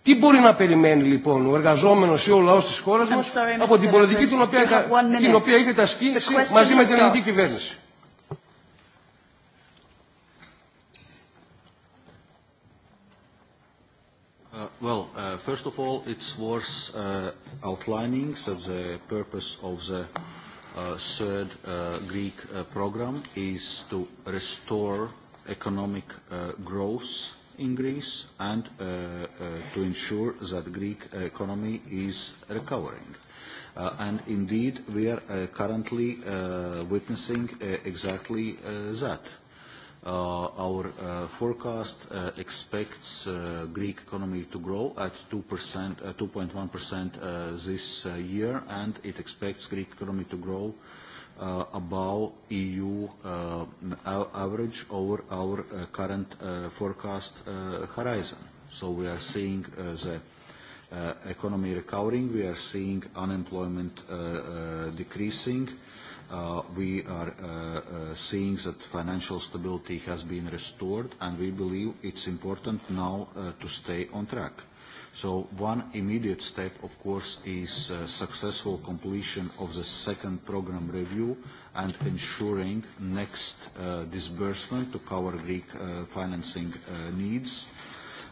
Τι μπορεί να περιμένει λοιπόν ο εργαζόμενο ή ο λαό τη χώρα μα από την πολιτική την οποία, την οποία είχε τα ασκήσει μαζί με την ελληνική κυβέρνηση. Uh, well, uh, first of all, it's worth uh, outlining so the purpose of the uh, third uh, Greek uh, program is to restore economic uh, growth in Greece and uh, uh, to ensure that Greek uh, economy is recovering. Uh, and indeed, we are uh, currently uh, witnessing uh, exactly uh, that. Uh, Uh, our uh, forecast uh, expects Greek economy to grow at 2.1% this year, and it expects Greek economy to grow above EU average over our current forecast horizon. We are seeing the economy recovering, we are seeing unemployment decreasing, Uh, we are uh, uh, seeing that financial stability has been restored, and we believe it's important now to stay on track. So one immediate step, of course, is successful completion of the second program review and ensuring next disbursement to cover Greek financing needs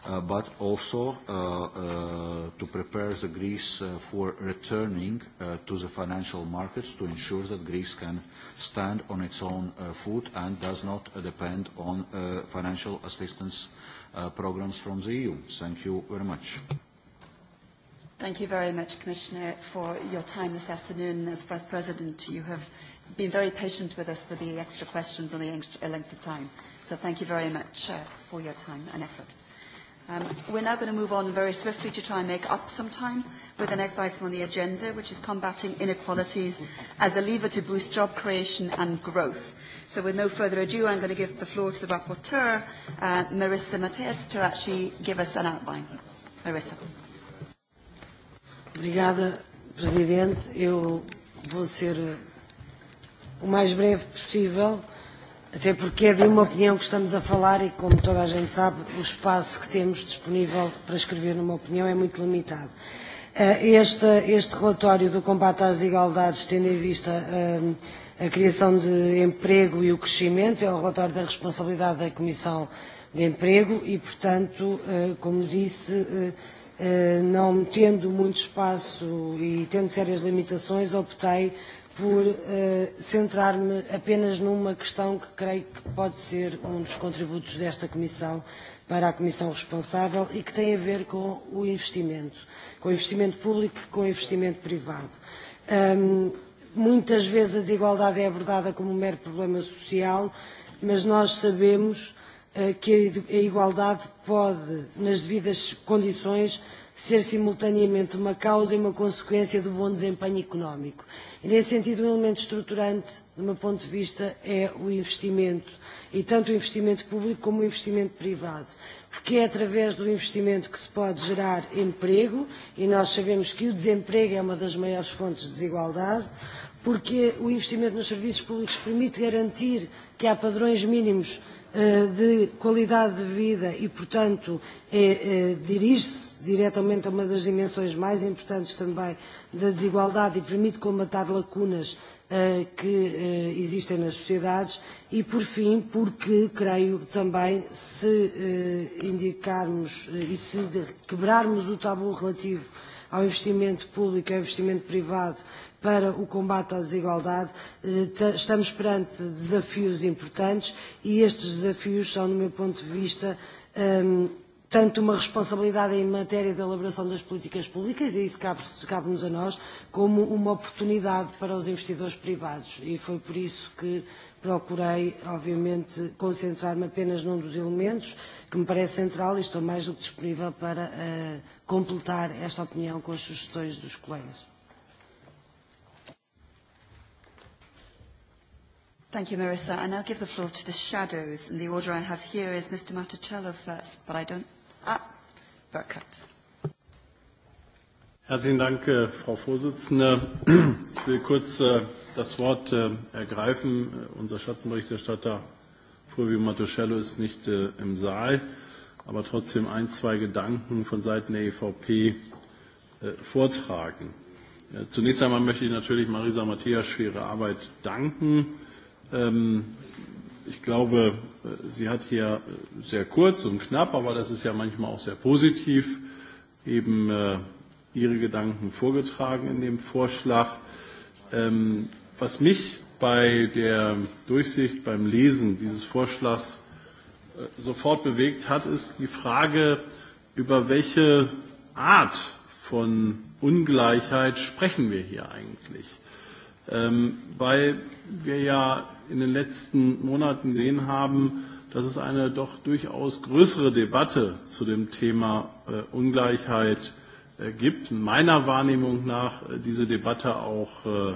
uh, but also uh, uh, to prepare the Greece uh, for returning uh, to the financial markets to ensure that Greece can stand on its own uh, foot and does not uh, depend on uh, financial assistance uh, programs from the EU. Thank you very much. Thank you very much, Commissioner, for your time this afternoon. As First President, you have been very patient with us for the extra questions and the extra length of time. So thank you very much uh, for your time and effort. Um, we're now going to move on very swiftly to try and make up some time with the next item on the agenda, which is combating inequalities as a lever to boost job creation and growth. So with no further ado, I'm going to give the floor to the rapporteur, uh, Marissa Mateus, to actually give us an outline. Marissa. Obrigada, Presidente. Eu vou ser o mais breve possível. Até porque é de uma opinião que estamos a falar e, como toda a gente sabe, o espaço que temos disponível para escrever numa opinião é muito limitado. Eh, este, este relatório do combate às desigualdades, tendo em vista a, eh, a criação de emprego e o crescimento, é o relatório da responsabilidade da Comissão de Emprego e, portanto, eh, como disse, não tendo muito espaço e tendo sérias limitações, optei por uh, centrar-me apenas numa questão que creio que pode ser um dos contributos desta Comissão para a Comissão responsável e que tem a ver com o investimento, com o investimento público e com o investimento privado. Um, muitas vezes a desigualdade é abordada como um mero problema social, mas nós sabemos uh, que a, a igualdade pode, nas devidas condições, uh, ser simultaneamente uma causa e uma consequência do bom desempenho económico. E, nesse sentido, um elemento estruturante, do meu ponto de vista, é o investimento, e tanto o investimento público como o investimento privado, porque é através do investimento que se pode gerar emprego, e nós sabemos que o desemprego é uma das maiores fontes de desigualdade, porque o investimento nos serviços públicos permite garantir que há padrões mínimos eh, de qualidade de vida e, portanto, é, é, eh, dirige-se diretamente a uma das dimensões mais importantes também da desigualdade e permite combatar lacunas uh, que uh, existem nas sociedades. E, por fim, porque creio também, se uh, indicarmos uh, e se quebrarmos o tabu relativo ao investimento público e ao investimento privado para o combate à desigualdade, estamos perante desafios importantes e estes desafios são, do meu ponto de vista, ehm, tanto uma responsabilidade em matéria de elaboração das políticas públicas, e isso cabe-nos cabe a nós, como uma oportunidade para os investidores privados. E foi por isso que procurei, obviamente, concentrar-me apenas num dos elementos que me parece central e estou mais do que disponível para uh, completar esta opinião com as sugestões dos colegas. Thank you, Marissa. I now give the floor to the shadows, and the order I have here is Mr. Matticello first, but I don't Ah, Burkhardt. Herzlichen Dank, äh, Frau Vorsitzende. Ich will kurz äh, das Wort äh, ergreifen. Unser Schattenberichterstatter Fulvio Matoscello ist nicht im Saal, aber trotzdem ein, zwei Gedanken von Seiten der EVP vortragen. Zunächst einmal möchte ich natürlich Marisa Matthias für ihre Arbeit danken. Ähm, ich glaube, äh, sie hat hier äh, sehr kurz und knapp, aber das ist ja manchmal auch sehr positiv, eben äh, ihre Gedanken vorgetragen in dem Vorschlag. Ähm, was mich bei der Durchsicht, beim Lesen dieses Vorschlags sofort bewegt hat, ist die Frage, über welche Art von Ungleichheit sprechen wir hier eigentlich. Ähm, weil wir ja in den letzten Monaten gesehen haben, dass es eine doch durchaus größere Debatte zu dem Thema äh, Ungleichheit äh, gibt. Meiner Wahrnehmung nach äh, diese Debatte auch äh, äh,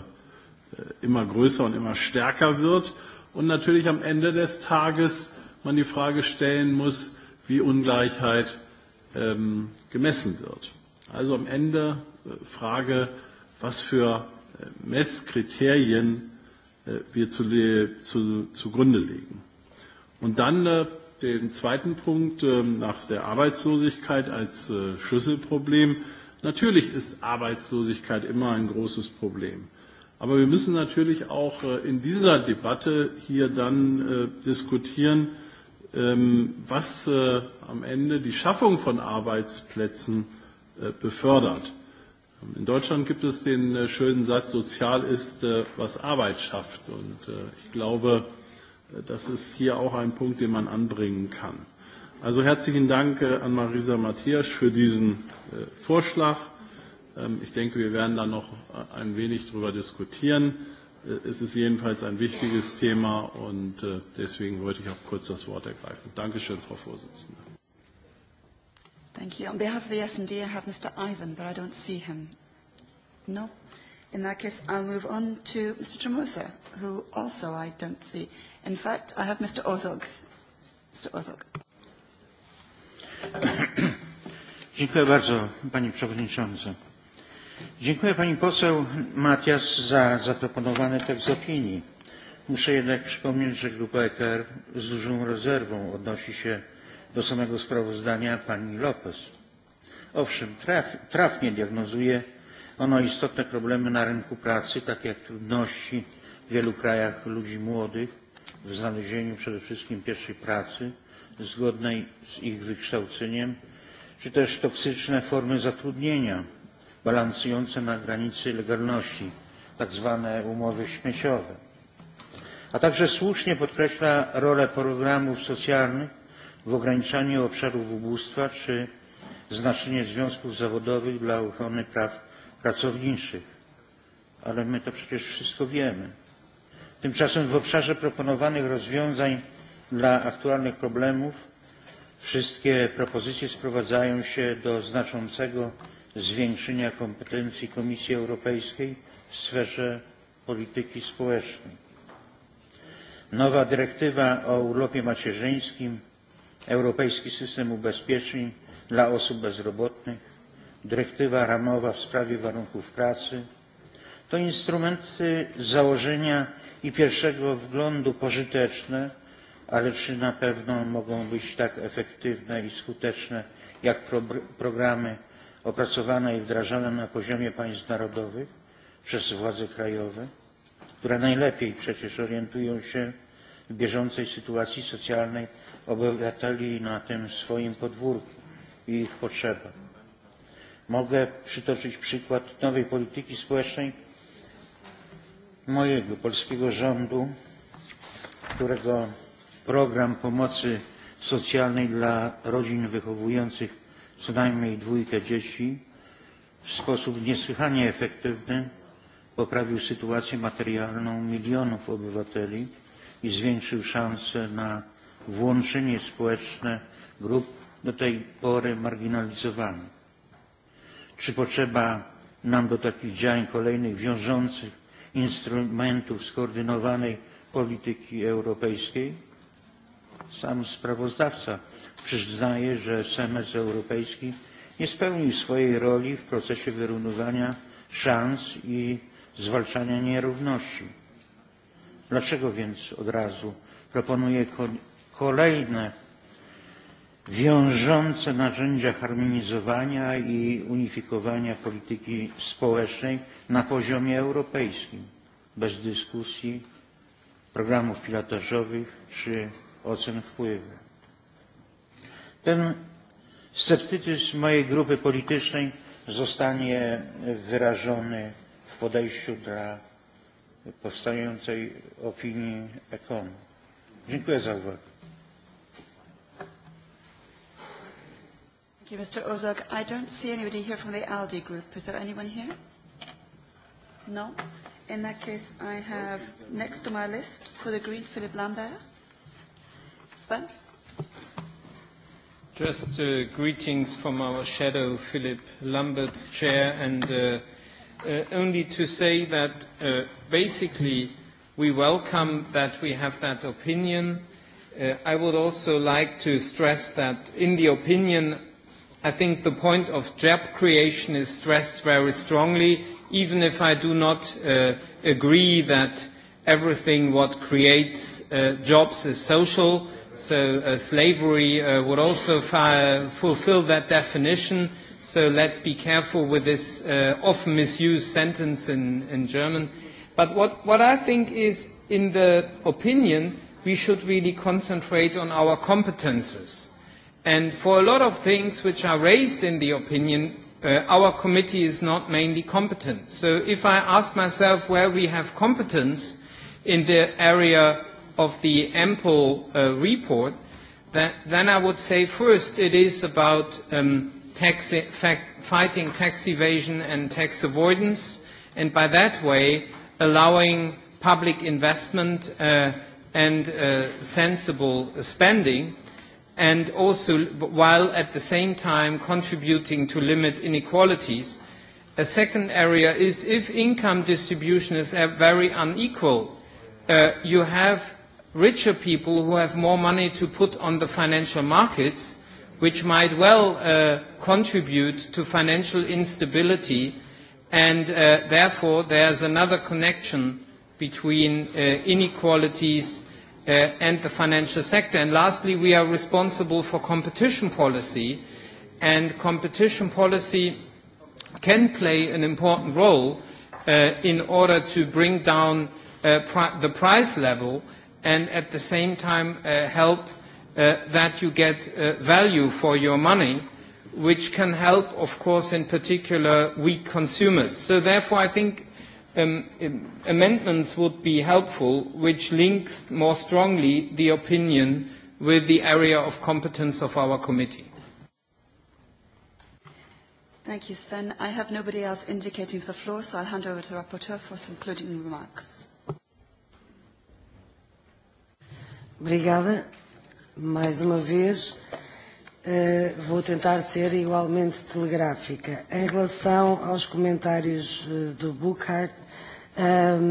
immer größer und immer stärker wird. Und natürlich am Ende des Tages man die Frage stellen muss, wie Ungleichheit ähm, gemessen wird. Also am Ende äh, Frage, was für äh, Messkriterien Äh, wir zu, zu, zugrunde legen. Und dann äh, den zweiten Punkt äh, nach der Arbeitslosigkeit als äh, Schlüsselproblem. Natürlich ist Arbeitslosigkeit immer ein großes Problem. Aber wir müssen natürlich auch äh, in dieser Debatte hier dann äh, diskutieren, ähm, was äh, am Ende die Schaffung von Arbeitsplätzen äh, befördert. In Deutschland gibt es den äh, schönen Satz, sozial ist, äh, was Arbeit schafft. Und äh, ich glaube, das ist hier auch ein Punkt, den man anbringen kann. Also herzlichen Dank an Marisa Matthias für diesen Vorschlag. Ähm, ich denke, wir werden da noch ein wenig drüber diskutieren. Es ist jedenfalls ein wichtiges Thema und deswegen wollte ich auch kurz das Wort ergreifen. Dankeschön, Frau Vorsitzende. Thank you. On behalf of the S&D, I have Mr. Ivan, but I don't see him. No? In that case, I'll move on to Mr. Tremosa, who also I don't see. In fact, I have Mr. Ozog. Mr. Ozog. Dziękuję bardzo, Pani Przewodnicząca. Dziękuję Pani Poseł Matias za zaproponowany tekst opinii. Muszę jednak przypomnieć, że Grupa EKR z dużą rezerwą odnosi się do do samego sprawozdania pani Lopez. Owszem, traf, trafnie diagnozuje ono istotne problemy na rynku pracy, takie jak trudności w wielu krajach ludzi młodych w znalezieniu przede wszystkim pierwszej pracy zgodnej z ich wykształceniem, czy też toksyczne formy zatrudnienia balansujące na granicy legalności, tak zwane umowy śmieciowe. A także słusznie podkreśla rolę programów socjalnych w ograniczaniu obszarów ubóstwa czy znaczenie związków zawodowych dla ochrony praw pracowniczych. Ale my to przecież wszystko wiemy. Tymczasem w obszarze proponowanych rozwiązań dla aktualnych problemów wszystkie propozycje sprowadzają się do znaczącego zwiększenia kompetencji Komisji Europejskiej w sferze polityki społecznej. Nowa dyrektywa o urlopie macierzyńskim Europejski System Ubezpieczeń dla Osób Bezrobotnych, Dyrektywa Ramowa w sprawie warunków pracy to instrumenty założenia i pierwszego wglądu pożyteczne, ale czy na pewno mogą być tak efektywne i skuteczne jak pro programy opracowane i wdrażane na poziomie państw narodowych przez władze krajowe, które najlepiej przecież orientują się w bieżącej sytuacji socjalnej obywateli na tym swoim podwórku i ich potrzebach. Mogę przytoczyć przykład nowej polityki społecznej mojego polskiego rządu, którego program pomocy socjalnej dla rodzin wychowujących co najmniej dwójkę dzieci w sposób niesłychanie efektywny poprawił sytuację materialną milionów obywateli i zwiększył szanse na włączenie społeczne grup do tej pory marginalizowanych? Czy potrzeba nam do takich działań kolejnych wiążących instrumentów skoordynowanej polityki europejskiej? Sam sprawozdawca przyznaje, że SMS europejski nie spełnił swojej roli w procesie wyrównywania szans i zwalczania nierówności. Dlaczego więc od razu proponuje kolejne wiążące narzędzia harmonizowania i unifikowania polityki społecznej na poziomie europejskim, bez dyskusji, programów pilotażowych czy ocen wpływu. Ten sceptycyzm mojej grupy politycznej zostanie wyrażony w podejściu dla powstającej opinii ekonomii. Dziękuję za uwagę. you, Mr. Ozog. I don't see anybody here from the ALDE group. Is there anyone here? No? In that case, I have next to my list for the Greens, Philip Lambert. Sven? Just uh, greetings from our shadow, Philip Lambert, chair, and uh, uh, only to say that uh, basically we welcome that we have that opinion. Uh, I would also like to stress that in the opinion I think the point of job creation is stressed very strongly, even if I do not uh, agree that everything what creates uh, jobs is social. So uh, slavery uh, would also fi- fulfill that definition. So let's be careful with this uh, often misused sentence in, in German. But what, what I think is, in the opinion, we should really concentrate on our competences. And for a lot of things which are raised in the opinion, uh, our committee is not mainly competent. So if I ask myself where we have competence in the area of the ample uh, report, that, then I would say first it is about um, tax e fact fighting tax evasion and tax avoidance, and by that way allowing public investment uh, and uh, sensible spending and also while at the same time contributing to limit inequalities. A second area is if income distribution is very unequal, uh, you have richer people who have more money to put on the financial markets, which might well uh, contribute to financial instability, and uh, therefore there's another connection between uh, inequalities Uh, and the financial sector. And lastly, we are responsible for competition policy, and competition policy can play an important role uh, in order to bring down uh, pri the price level and at the same time uh, help uh, that you get uh, value for your money, which can help, of course, in particular weak consumers. So therefore, I think um, amendments would be helpful which links more strongly the opinion with the area of competence of our committee. Thank you, Sven. I have nobody else indicating for the floor, so I'll hand over to the rapporteur for some concluding remarks. Obrigada, mais uma vez. Eh, vou tentar ser igualmente telegráfica. Em relação aos comentários eh, do Bookhart um,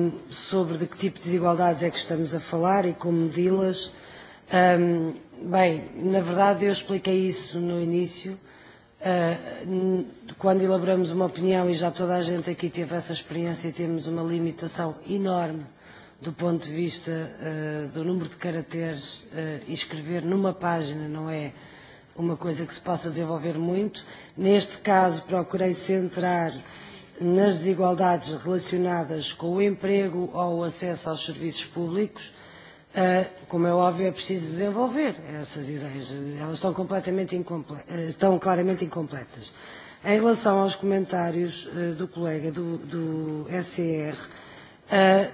ehm, sobre de que tipo de desigualdades é que estamos a falar e como medi-las, um, bem, na verdade eu expliquei isso no início, uh, quando elaboramos uma opinião e já toda a gente aqui teve essa experiência e temos uma limitação enorme do ponto de vista uh, do número de caracteres, uh, escrever numa página não é uh, uma coisa que se possa desenvolver muito. Neste caso, procurei centrar nas desigualdades relacionadas com o emprego ou o acesso aos serviços públicos. Uh, como é óbvio, é preciso desenvolver essas ideias. Elas estão, completamente incomple estão claramente incompletas. Em relação aos comentários uh, do colega do, do SER, uh, ah,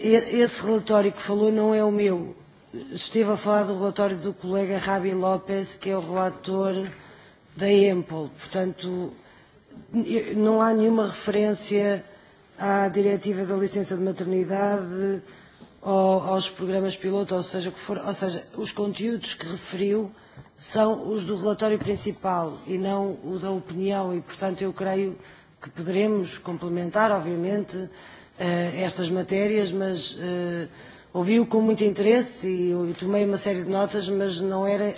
e, esse relatório que falou não é o meu. Estive a falar do relatório do colega Rabi López, que é o relator da EMPOL. Portanto, não há nenhuma referência à diretiva da licença de maternidade ou aos programas-piloto, ou, ou seja, os conteúdos que referiu são os do relatório principal e não o da opinião. E, portanto, eu creio que poderemos complementar, obviamente, eh, estas matérias, mas. Eh, ouvi-o com muito interesse e eu tomei uma série de notas, mas não era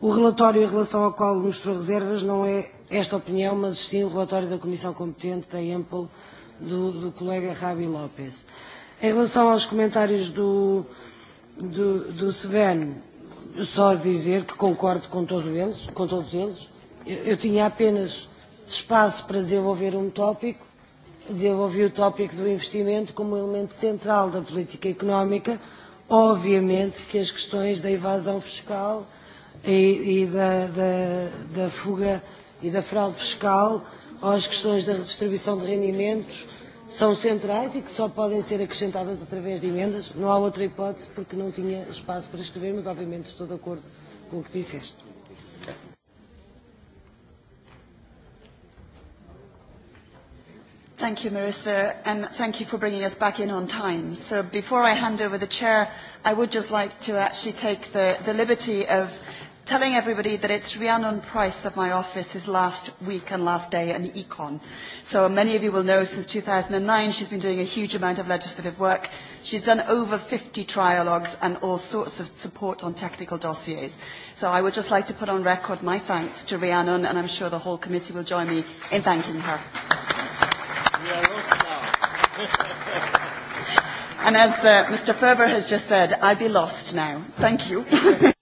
o relatório em relação ao qual mostrou reservas, não é esta opinião, mas sim o relatório da Comissão Competente da EMPOL do, do colega Rabi López. Em relação aos comentários do, do, do Seven, só dizer que concordo com todos eles. Com todos eles. Eu, eu tinha apenas espaço para desenvolver um tópico, desenvolvi o tópico do investimento como elemento central da política económica, obviamente que as questões da evasão fiscal e, e da, da, da fuga e da fraude fiscal ou as questões da redistribuição de rendimentos são centrais e que só podem ser acrescentadas através de emendas. Não há outra hipótese porque não tinha espaço para escrever, mas obviamente estou de acordo com o que disseste. Thank you, Marissa, and thank you for bringing us back in on time. So before I hand over the chair, I would just like to actually take the, the liberty of telling everybody that it's Rhiannon Price of my office, his last week and last day in Econ. So many of you will know since 2009 she's been doing a huge amount of legislative work. She's done over 50 trialogues and all sorts of support on technical dossiers. So I would just like to put on record my thanks to Rhiannon, and I'm sure the whole committee will join me in thanking her. Thank you and as uh, Mr. Ferber has just said, I'd be lost now. Thank you.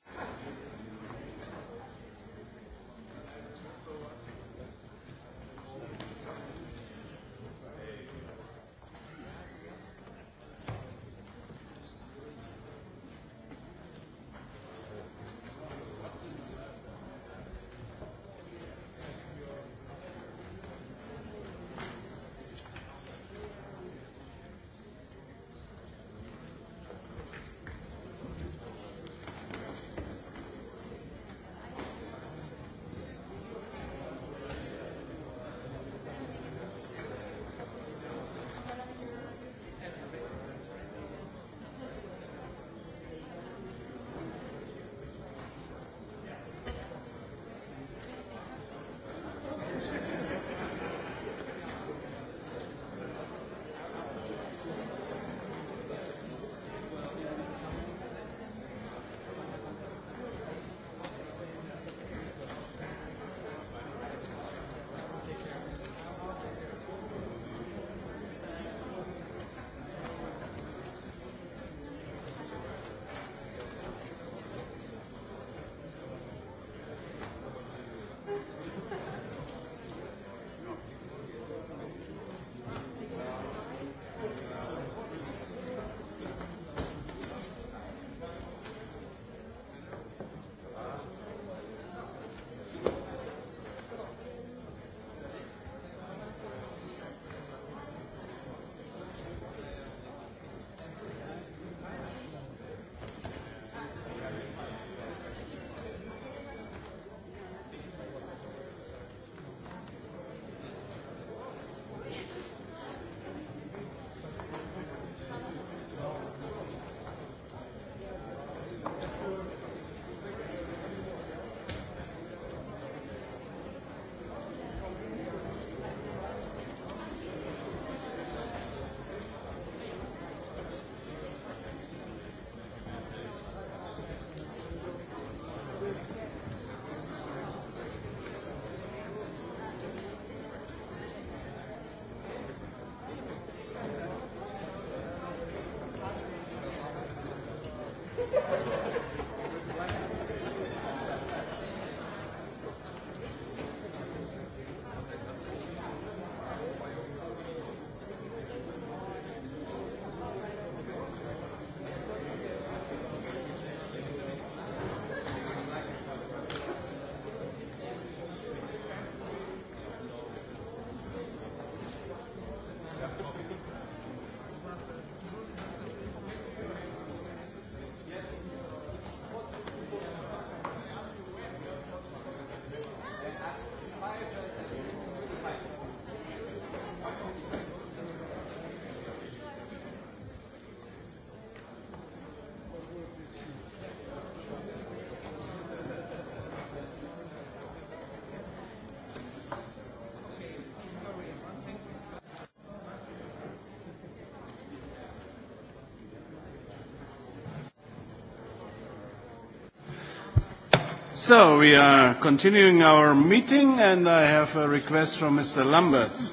So we are continuing our meeting, and I have a request from Mr. Lamberts.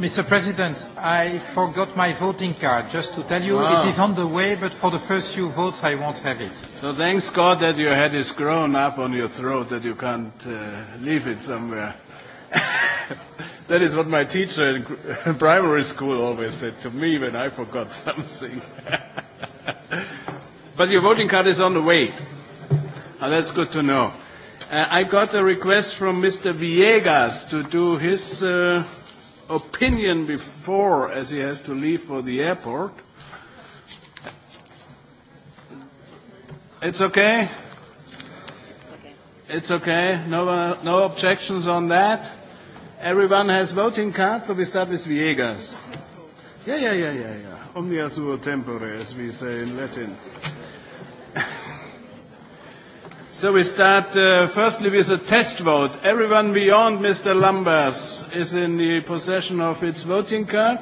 Mr. President, I forgot my voting card. Just to tell you, wow. Ah. it is on the way, but for the first few votes, I won't have it. So thanks God that your head is grown up on your throat, that you can't uh, leave it somewhere. that is what my teacher in primary school always said to me when I forgot something. but your voting card is on the way. Well, that's good to know. Uh, I got a request from Mr. Villegas to do his uh, opinion before, as he has to leave for the airport. It's okay? It's okay. It's okay. No, uh, no objections on that? Everyone has voting cards, so we start with Villegas. Yeah, yeah, yeah, yeah, yeah. Omnia suo tempore, as we say in Latin. So we start uh, firstly with a test vote. Everyone beyond Mr. Lambers is in the possession of its voting card.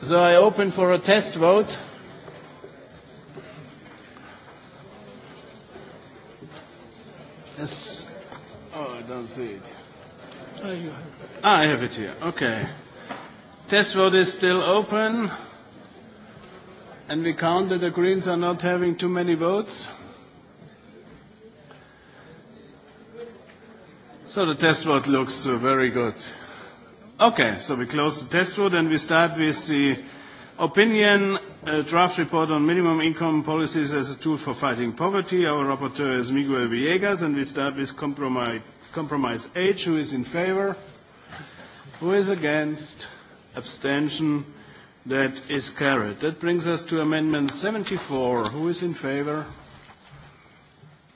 So I open for a test vote. Yes. Oh, I don't see it. Oh, you have it. Ah, I have it here. Okay. Test vote is still open. And we count that the Greens are not having too many votes. The test vote looks uh, very good. Okay, we close the test vote, and we start with the opinion, uh, draft report on minimum income policies as a tool for fighting poverty. Our rapporteur is Miguel Villegas, and we start with compromise H. Who is in favor? Who is against? Abstention. That is carried. That brings us to amendment 74. Who is in favor?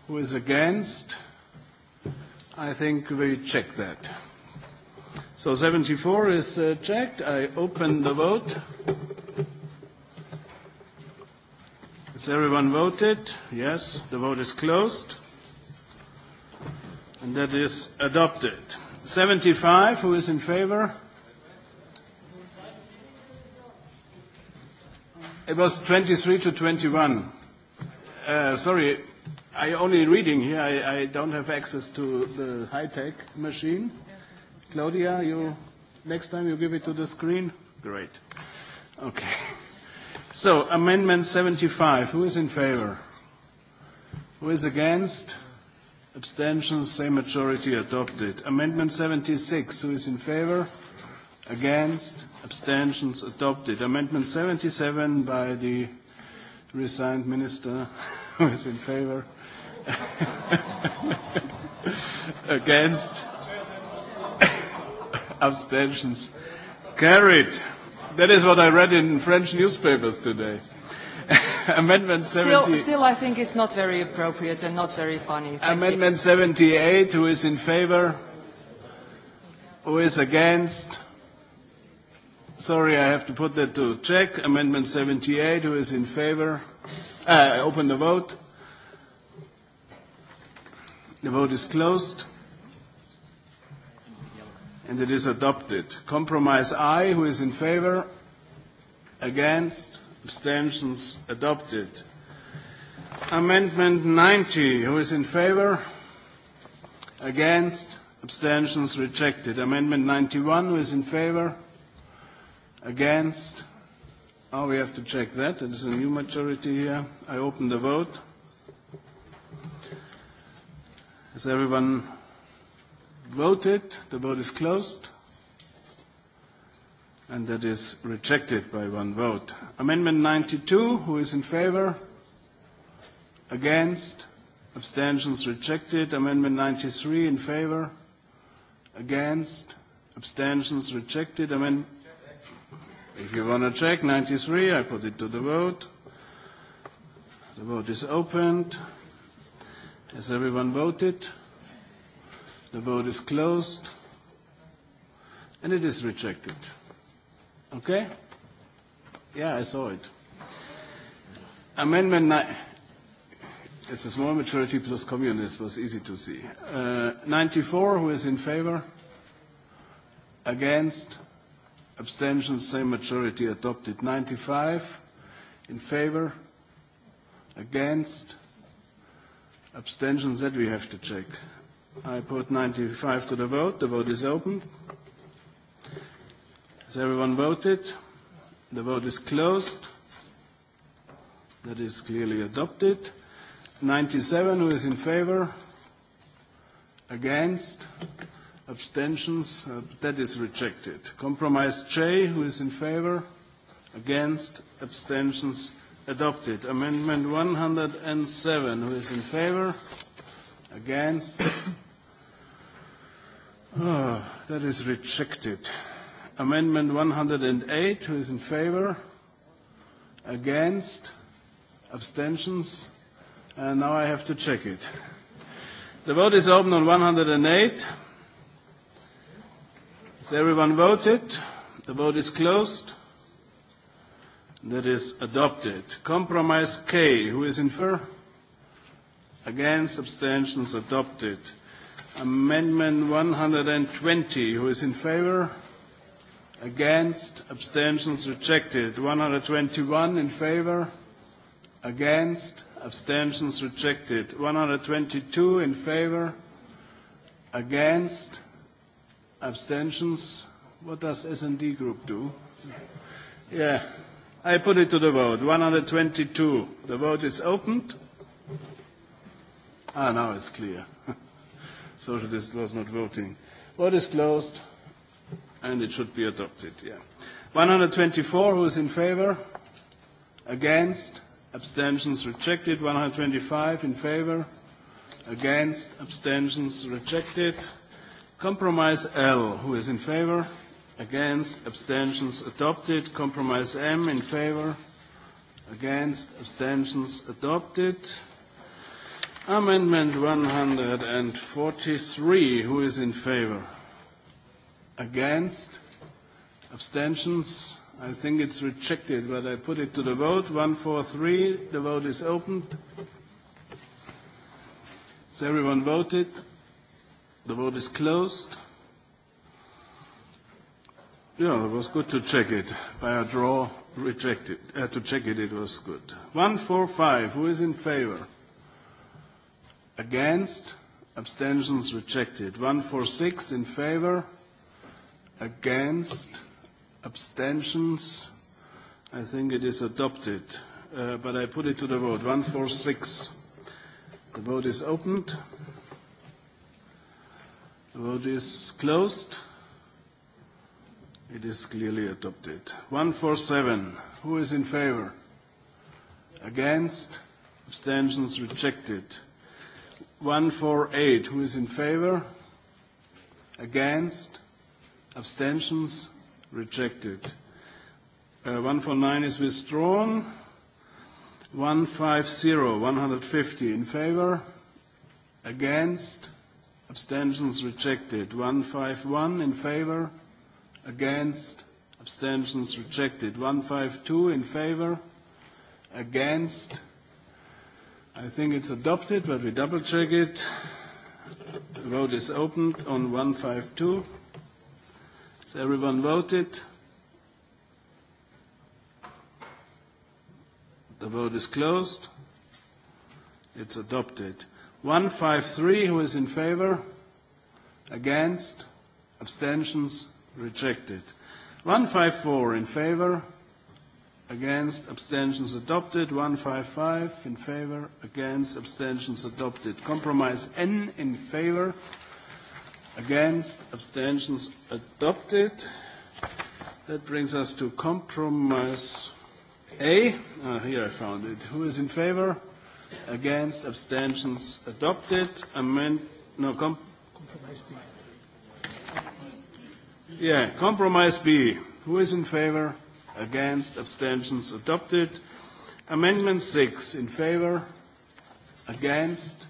Who is against? I think we check that. So 74 is uh, checked. I open the vote. Has everyone voted? Yes. The vote is closed. And that is adopted. 75, who is in favor? It was 23 to 21. Uh, sorry. I only reading here. I, I don't have access to the high-tech machine. Claudia, you next time you give it to the screen. Great. Okay. So amendment 75. Who is in favor? Who is against? Abstentions. Same majority adopted. Amendment 76. Who is in favor? Against. Abstentions. Adopted. Amendment 77 by the resigned minister. Who is in favor? against abstentions carried that is what i read in french newspapers today amendment 70 still, still i think it's not very appropriate and not very funny Thank amendment you. 78 who is in favor who is against sorry i have to put that to check amendment 78 who is in favor uh, open the vote The vote is closed. And it is adopted. Compromise I, who is in favor? Against? Abstentions? Adopted. Amendment 90, who is in favor? Against? Abstentions? Rejected. Amendment 91, who is in favor? Against? Oh, we have to check that. It is a new majority here. I open the vote. Has everyone voted? The vote is closed. And that is rejected by one vote. Amendment 92, who is in favor? Against? Abstentions rejected. Amendment 93, in favor? Against? Abstentions rejected. Amend if you want to check, 93, I put it to the vote. The vote is opened. Has everyone voted? The vote is closed. And it is rejected. Okay? Yeah, I saw it. Amendment 9. It's a small majority plus communists, was easy to see. Uh, 94, who is in favor? Against? Abstentions, same majority adopted. 95, in favor? Against? abstentions that we have to check. I put 95 to the vote. The vote is open. Has everyone voted? The vote is closed. That is clearly adopted. 97, who is in favor? Against? Abstentions? Uh, that is rejected. Compromise J, who is in favor? Against? Abstentions? Abstentions? adopted. Amendment 107. Who is in favor? Against? oh, that is rejected. Amendment 108. Who is in favor? Against? Abstentions? And uh, now I have to check it. The vote is open on 108. Has everyone voted? The vote is closed that is adopted. Compromise K, who is in favor? Against, abstentions adopted. Amendment 120, who is in favor? Against, abstentions rejected. 121 in favor? Against, abstentions rejected. 122 in favor? Against, abstentions. What does S&D group do? Yeah. I put it to the vote. 122. The vote is opened. Ah, now it's clear. Socialist was not voting. Vote is closed and it should be adopted. Yeah. 124. Who is in favor? Against? Abstentions rejected. 125. In favor? Against? Abstentions rejected. Compromise L. Who is in favor? Against? Against, abstentions adopted. Compromise M in favor. Against, abstentions adopted. Amendment 143, who is in favor? Against, abstentions. I think it's rejected, but I put it to the vote. 143, the vote is opened. Has everyone voted? The vote is closed. Yeah, it was good to check it. By a draw, rejected. Uh, to check it, it was good. One, four, five. Who is in favor? Against? Abstentions rejected. One, four, six. In favor? Against? Abstentions? I think it is adopted. Uh, but I put it to the vote. One, four, six. The vote is opened. The vote is closed. It is clearly adopted. 147. Who is in favor? Against? Abstentions rejected. 148. Who is in favor? Against? Abstentions rejected. Uh, 149 is withdrawn. 150. 150 in favor? Against? Abstentions rejected. 151 in favor? Against? Against. Abstentions rejected. 152 in favor. Against. I think it's adopted, but we double check it. The vote is opened on 152. Has everyone voted? The vote is closed. It's adopted. 153, who is in favor? Against? Abstentions? rejected. 154 in favor, against, abstentions adopted. 155 in favor, against, abstentions adopted. Compromise N in favor, against, abstentions adopted. That brings us to compromise A. Ah, here I found it. Who is in favor? Against, abstentions adopted. No, Yeah, compromise B. Who is in favor? Against? Abstentions? Adopted. Amendment 6. In favor? Against?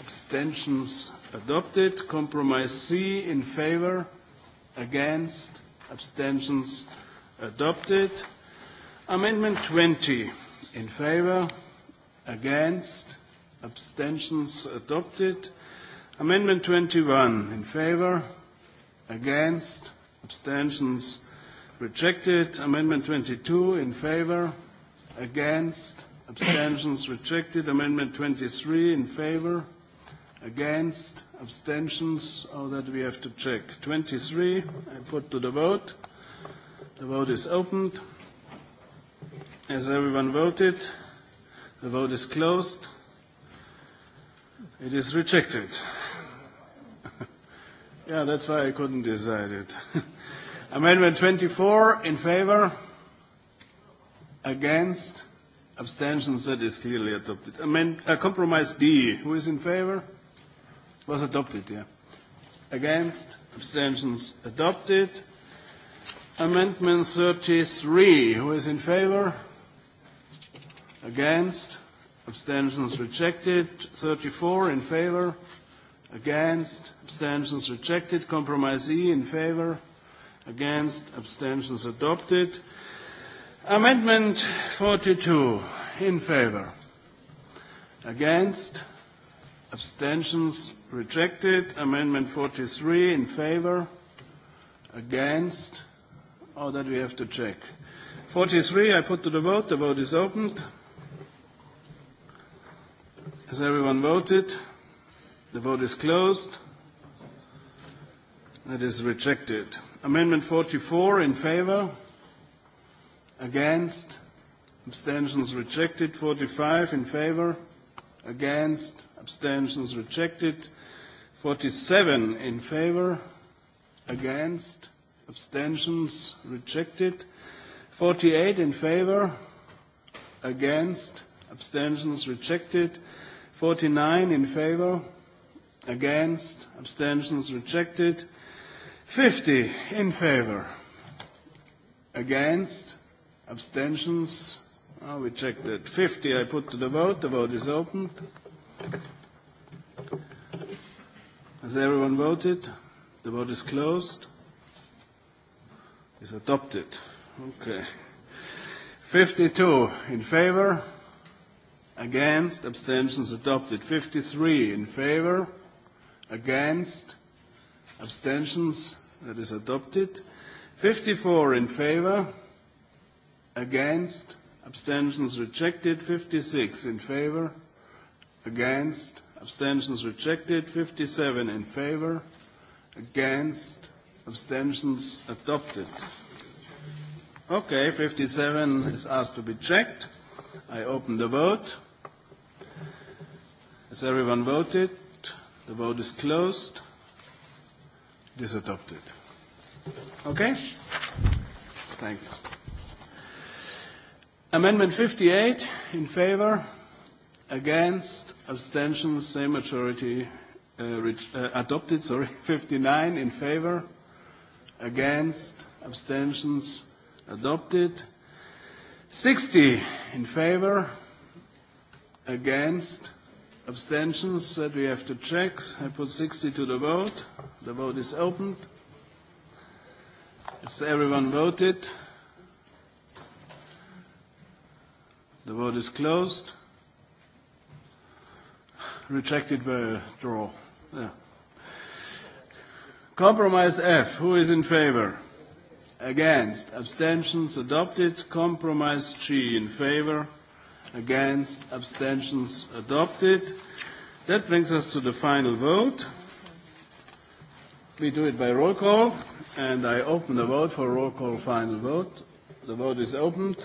Abstentions? Adopted. Compromise C. In favor? Against? Abstentions? Adopted. Amendment 20. In favor? Against? Abstentions? Adopted. Amendment 21. In favor? Against? Against? Abstentions? Rejected. Amendment 22 in favor? Against? Abstentions rejected. Amendment 23 in favor? Against? Abstentions? Oh, that we have to check. 23, I put to the vote. The vote is opened. Has everyone voted? The vote is closed. It is rejected. Yeah, that's why I couldn't decide it. Amendment 24, in favor? Against? Abstentions, that is clearly adopted. Amend, uh, compromise D, who is in favor? Was adopted, yeah. Against? Abstentions, adopted. Amendment 33, who is in favor? Against? Abstentions, rejected. 34, in favor? Against. Abstentions rejected. Compromise E in favor. Against. Abstentions adopted. Amendment 42 in favor. Against. Abstentions rejected. Amendment 43 in favor. Against. Oh, that we have to check. 43, I put to the vote. The vote is opened. Has everyone voted? The vote is closed. That is rejected. Amendment 44 in favor. Against. Abstentions rejected. 45 in favor. Against. Abstentions rejected. 47 in favor. Against. Abstentions rejected. 48 in favor. Against. Abstentions rejected. 49 in favor. Against, against, abstentions rejected, 50 in favor, against, abstentions oh, rejected, 50 I put to the vote, the vote is opened. Has everyone voted? The vote is closed. Is adopted. Okay. 52 in favor, against, abstentions adopted. 53 in favor against, abstentions, that is adopted. 54 in favor, against, abstentions rejected. 56 in favor, against, abstentions rejected. 57 in favor, against, abstentions adopted. Okay, 57 is asked to be checked. I open the vote. Has everyone voted? The vote is closed. It is adopted. Okay? Thanks. Amendment 58, in favor, against, abstentions, same majority, uh, reach, uh, adopted, sorry, 59, in favor, against, abstentions, adopted, 60, in favor, against, abstentions that uh, we have to check. I put 60 to the vote. The vote is opened. Has everyone voted? The vote is closed. Rejected by a draw. Yeah. Compromise F. Who is in favor? Against. Abstentions adopted. Compromise G in favor against, abstentions adopted. That brings us to the final vote. We do it by roll call, and I open the vote for roll call final vote. The vote is opened.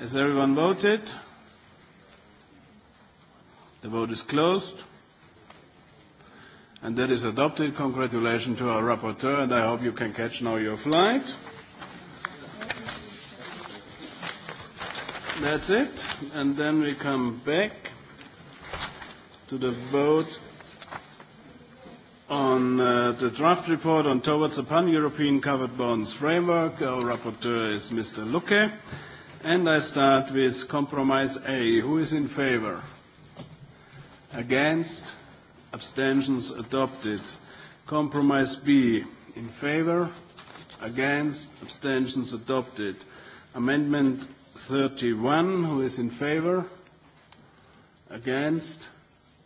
Has everyone voted? The vote is closed. And that is adopted. Congratulations to our rapporteur, and I hope you can catch now your flight. That's it. And then we come back to the vote on uh, the draft report on towards the pan-European covered bonds framework. Our rapporteur is Mr. Luque. And I start with compromise A. Who is in favor? Against? Abstentions adopted. Compromise B. In favor? Against? Abstentions adopted. Amendment 31. Who is in favor? Against?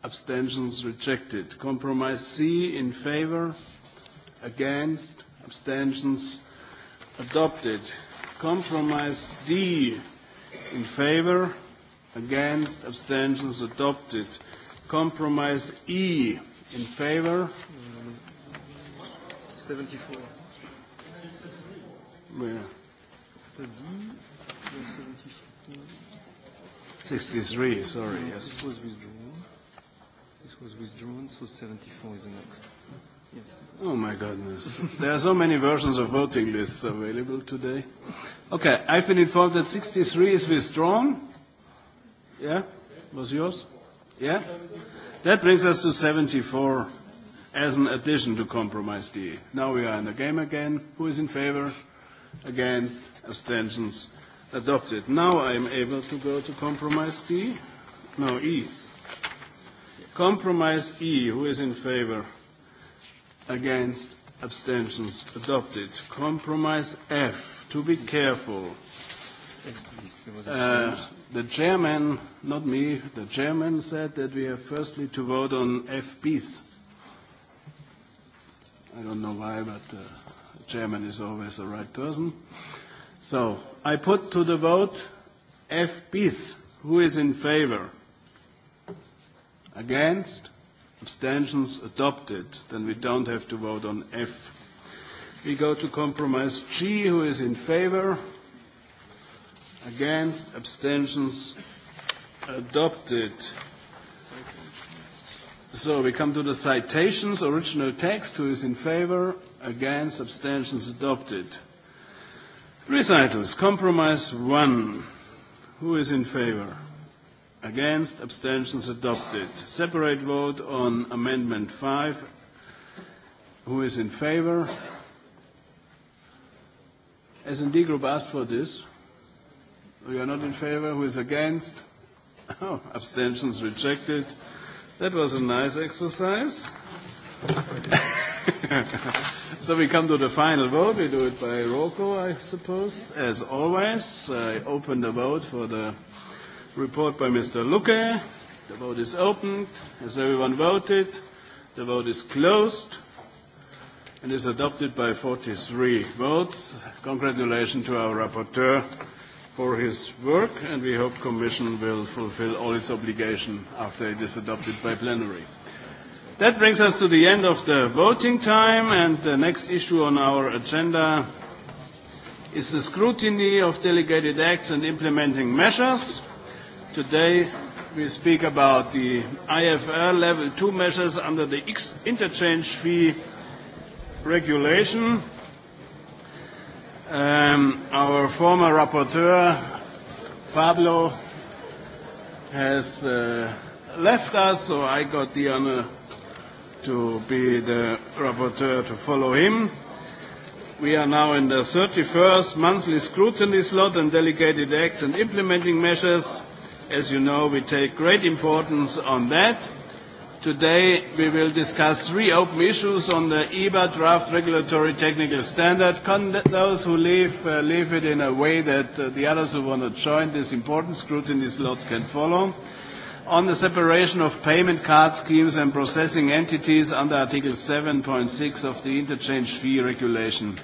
Abstentions rejected. Compromise C in favor? Against? Abstentions adopted. Compromise D in favor? Against? Abstentions adopted. Compromise E in favor? 74. Where? After D. 63, sorry, no, yes. This was withdrawn. This was withdrawn, so 74 is the next. Yes. Oh my goodness. there are so many versions of voting lists available today. Okay, I've been informed that 63 is withdrawn. Yeah? Was yours? Yeah? That brings us to 74 as an addition to Compromise D. Now we are in the game again. Who is in favor? Against? Abstentions? adopted. Now I am able to go to compromise D. E. No, E. Compromise E, who is in favor? Against abstentions, adopted. Compromise F, to be careful. Uh, the chairman, not me, the chairman said that we have firstly to vote on FBs. I don't know why, but uh, the uh, chairman is always the right person. Uh, So I put to the vote F bis. Who is in favor? Against? Abstentions adopted. Then we don't have to vote on F. We go to compromise G. Who is in favor? Against? Abstentions adopted. So we come to the citations, original text. Who is in favor? Against? Abstentions adopted. Recitals. Compromise 1. Who is in favor? Against? Abstentions adopted. Separate vote on Amendment 5. Who is in favor? S&D Group asked for this. You are not in favor. Who is against? Oh, abstentions rejected. That was a nice exercise. Thank you. so we come to the final vote. We do it by Rocco, I suppose. As always, I open the vote for the report by Mr. Lucke. The vote is opened. Has everyone voted? The vote is closed and is adopted by 43 votes. Congratulations to our rapporteur for his work, and we hope Commission will fulfill all its obligations after it is adopted by plenary. That brings us to the end of the voting time, and the next issue on our agenda is the scrutiny of delegated acts and implementing measures. Today we speak about the IFR level 2 measures under the interchange fee regulation. Um, our former rapporteur, Pablo, has uh, left us, so I got the honor. Uh, to be the rapporteur to follow him. We are now in the 31st monthly scrutiny slot on delegated acts and implementing measures. As you know, we take great importance on that. Today, we will discuss three open issues on the EBA draft regulatory technical standard. Can those who leave, uh, leave it in a way that uh, the others who want to join this important scrutiny slot can follow on the separation of payment card schemes and processing entities under Article 7.6 of the Interchange Fee Regulation.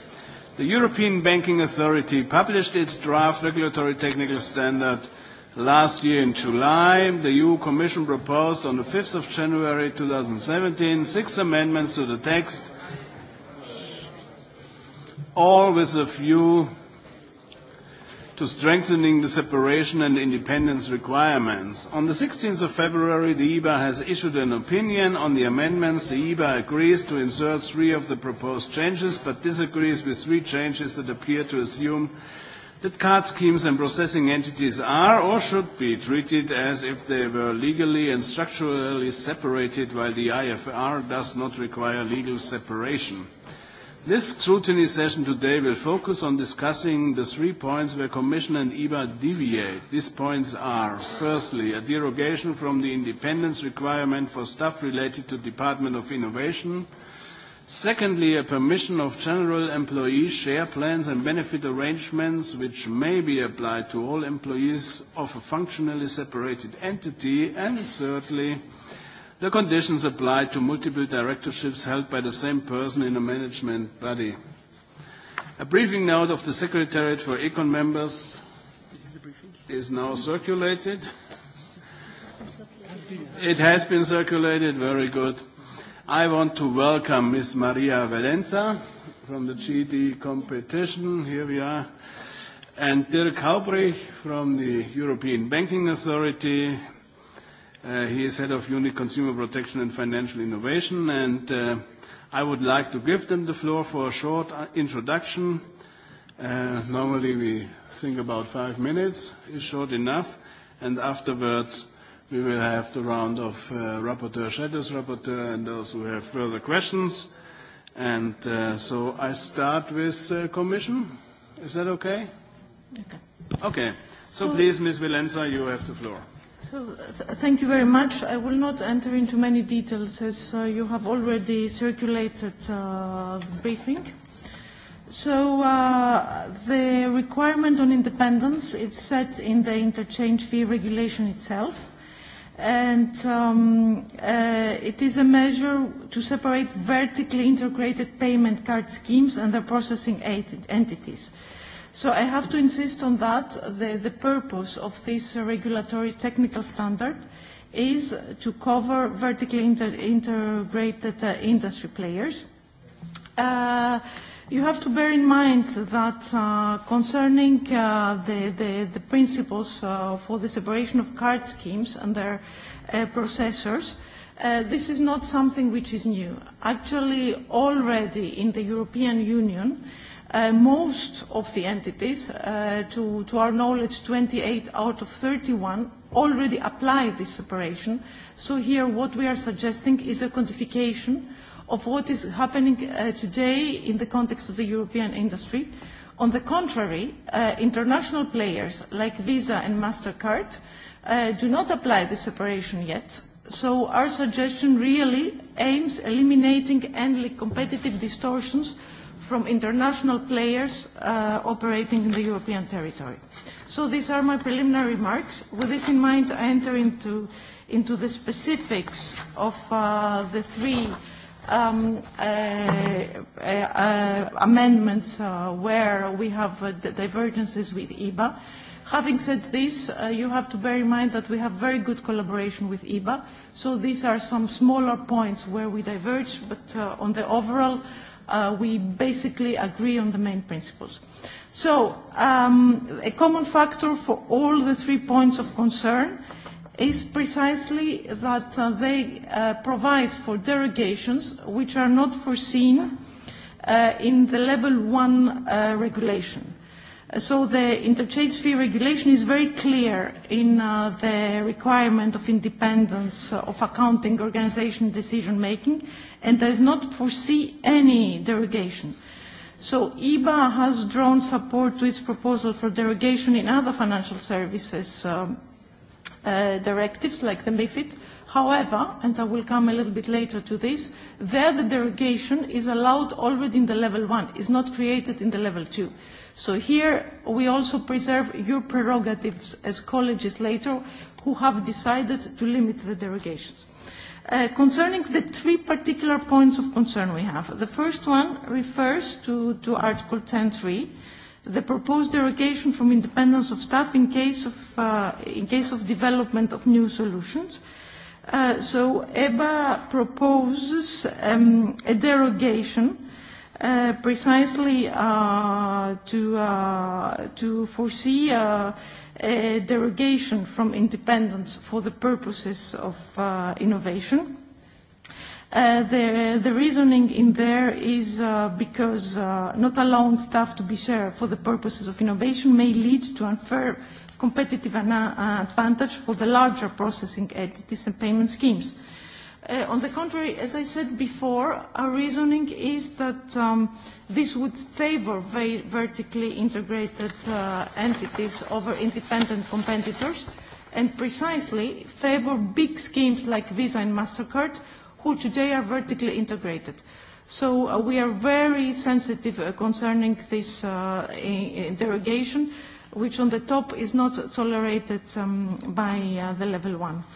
The European Banking Authority published its draft regulatory technical standard last year in July. The EU Commission proposed on the 5th of January 2017 six amendments to the text, all with a view to strengthening the separation and independence requirements. On the 16th of February, the EBA has issued an opinion on the amendments. The EBA agrees to insert three of the proposed changes, but disagrees with three changes that appear to assume that card schemes and processing entities are or should be treated as if they were legally and structurally separated, while the IFR does not require legal separation. This scrutiny session today will focus on discussing the three points where Commission and EBA deviate. These points are, firstly, a derogation from the independence requirement for staff related to Department of Innovation. Secondly, a permission of general employee share plans and benefit arrangements which may be applied to all employees of a functionally separated entity. And thirdly, The conditions apply to multiple directorships held by the same person in a management body. A briefing note of the Secretariat for Econ members is now circulated. It has been circulated, very good. I want to welcome Ms. Maria Valenza from the GD competition, here we are, and Dirk Haubrich from the European Banking Authority, Uh, he is head of Unic Consumer Protection and Financial Innovation, and uh, I would like to give them the floor for a short uh, introduction. Normally, we think about five minutes. It's short enough, and afterwards, we will have the round of rapporteur, shadows rapporteur, and those who have further questions. So I start with commission. Is that okay? Okay. Okay. So please, Ms. Vilenza, you have the floor. So, th thank you very much. I will not enter into many details as uh, you have already circulated uh, the briefing. So uh, the requirement on independence is set in the interchange fee regulation itself. And um, uh, it is a measure to separate vertically integrated payment card schemes and their processing entities. Uh, So I have to insist on that. The, the purpose of this regulatory technical standard is to cover vertically inter integrated uh, industry players. Uh, you have to bear in mind that uh, concerning uh, the, the, the principles uh, for the separation of card schemes and their uh, processors, uh, this is not something which is new. Actually, already in the European Union, uh, uh, most of the entities, uh, to, to our knowledge, 28 out of 31 already apply this separation. So here what we are suggesting is a quantification of what is happening uh, today in the context of the European industry. On the contrary, uh, international players like Visa and MasterCard uh, do not apply the separation yet. So our suggestion really aims eliminating endless competitive distortions uh, from international players uh, operating in the European territory. So these are my preliminary remarks. With this in mind, I enter into, into the specifics of uh, the three um, uh, uh, uh, amendments uh, where we have uh, divergences with IBA. Having said this, uh, you have to bear in mind that we have very good collaboration with IBA, so these are some smaller points where we diverge, but uh, on the overall, uh, uh, we basically agree on the main principles. So um, a common factor for all the three points of concern is precisely that uh, they uh, provide for derogations which are not foreseen uh, in the level one uh, regulation. So the interchange fee regulation is very clear in uh, the requirement of independence of accounting organization decision making and does not foresee any derogation. So IBA e has drawn support to its proposal for derogation in other financial services um, uh, directives like the MIFID. However, and I will come a little bit later to this, there the derogation is allowed already in the level one. It's not created in the level two. Uh, So here we also preserve your prerogatives as co-legislator who have decided to limit the derogations. Uh, concerning the three particular points of concern we have, the first one refers to, to Article 10.3, the proposed derogation from independence of staff in case of, uh, in case of development of new solutions. Uh, so EBA proposes um, a derogation uh, Uh, precisely uh, to uh, to foresee uh, a derogation from independence for the purposes of uh, innovation. Uh, the, the reasoning in there is uh, because uh, not allowing staff to be shared for the purposes of innovation may lead to unfair competitive advantage for the larger processing entities and payment schemes. Uh, Uh, on the contrary, as I said before, our reasoning is that um, this would favor very vertically integrated uh, entities over independent competitors and precisely favor big schemes like Visa and MasterCard, who today are vertically integrated. So uh, we are very sensitive uh, concerning this uh, interrogation, which on the top is not tolerated um, by uh, the level one. Uh,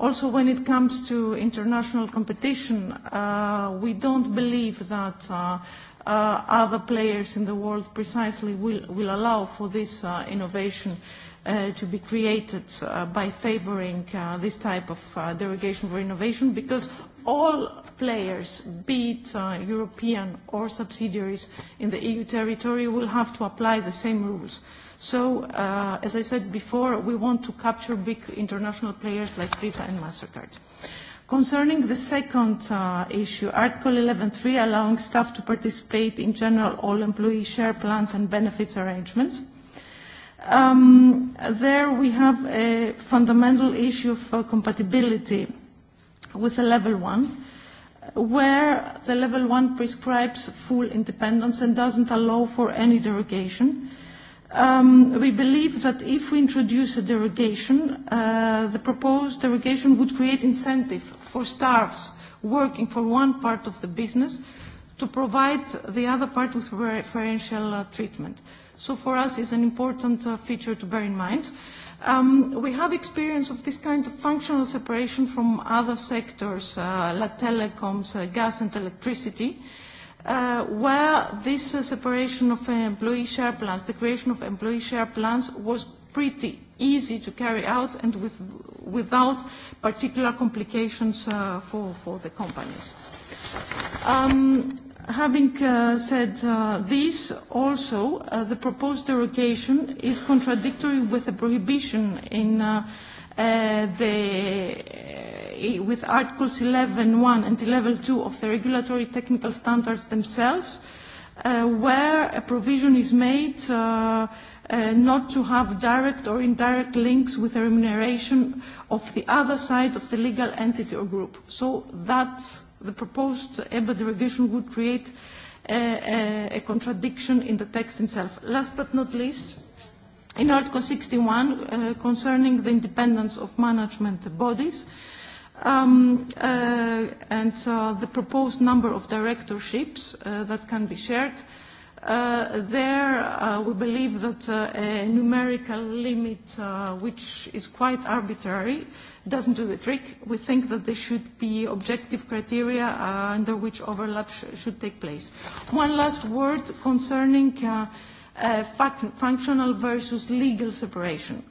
Also, when it comes to international competition, uh, we don't believe that uh, uh, other players in the world precisely will, will allow for this uh, innovation uh, to be created uh, by favoring uh, this type of uh, derogation for innovation because all players, be it uh, European or subsidiaries in the EU territory, will have to apply the same rules. Uh, So, uh, as I said before, we want to capture big international players like Visa and MasterCard. Concerning the second uh, issue, Article 11.3 allowing staff to participate in general all employee share plans and benefits arrangements. Um, there we have a fundamental issue for uh, compatibility with the level one, where the level one prescribes full independence and doesn't allow for any derogation. Uh, Um, we believe that if we introduce a derogation, uh, the proposed derogation would create incentive for staffs working for one part of the business to provide the other part with preferential uh, treatment. So for us it's an important uh, feature to bear in mind. Um, we have experience of this kind of functional separation from other sectors, uh, like telecoms, uh, gas and electricity. Uh, Uh, well, this uh, separation of uh, employee share plans, the creation of employee share plans was pretty easy to carry out and with, without particular complications uh, for, for the companies. Um, having uh, said uh, this, also, uh, the proposed derogation is contradictory with the prohibition in uh, uh, the with articles 11.1 and 11.2 of the regulatory technical standards themselves, uh, where a provision is made uh, uh, not to have direct or indirect links with the remuneration of the other side of the legal entity or group. So that the proposed EBA derogation would create a, a, a contradiction in the text itself. Last but not least, in Article 61, uh, concerning the independence of management bodies, uh, Um, uh, and so the proposed number of directorships uh, that can be shared, uh, there uh, we believe that uh, a numerical limit, uh, which is quite arbitrary, doesn't do the trick. We think that there should be objective criteria uh, under which overlap sh- should take place. One last word concerning uh, uh, fac- functional versus legal separation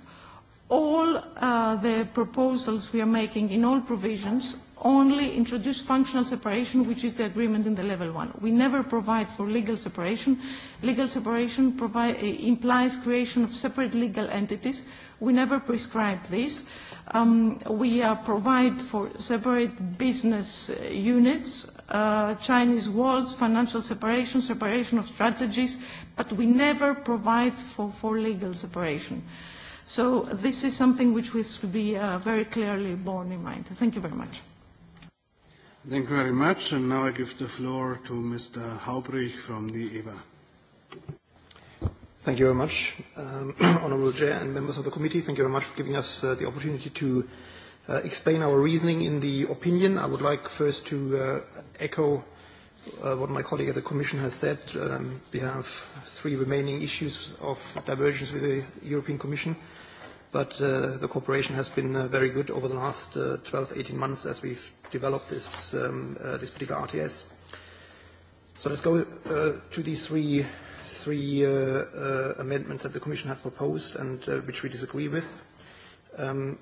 all uh, the proposals we are making in all provisions only introduce functional separation, which is the agreement in the level one. We never provide for legal separation. Legal separation provide, uh, implies creation of separate legal entities. We never prescribe this. Um, we uh, provide for separate business uh, units, uh, Chinese walls, financial separation, separation of strategies, but we never provide for, for legal separation. So this is something which we should be uh, very clearly borne in mind. Thank you very much. Thank you very much. And now I give the floor to Mr. Haubrich from the EBA. Thank you very much, um, Honorable Chair and members of the committee. Thank you very much for giving us uh, the opportunity to uh, explain our reasoning in the opinion. I would like first to uh, echo uh, what my colleague at the Commission has said. Um, we have three remaining issues of divergence with the European Commission. Uh, Uh, the cooperation has been uh, very good over the last 12, uh, 18 months as we've developed this um, particular RTS. Let's go to these three amendments that the commission had proposed and which we disagree with. Um,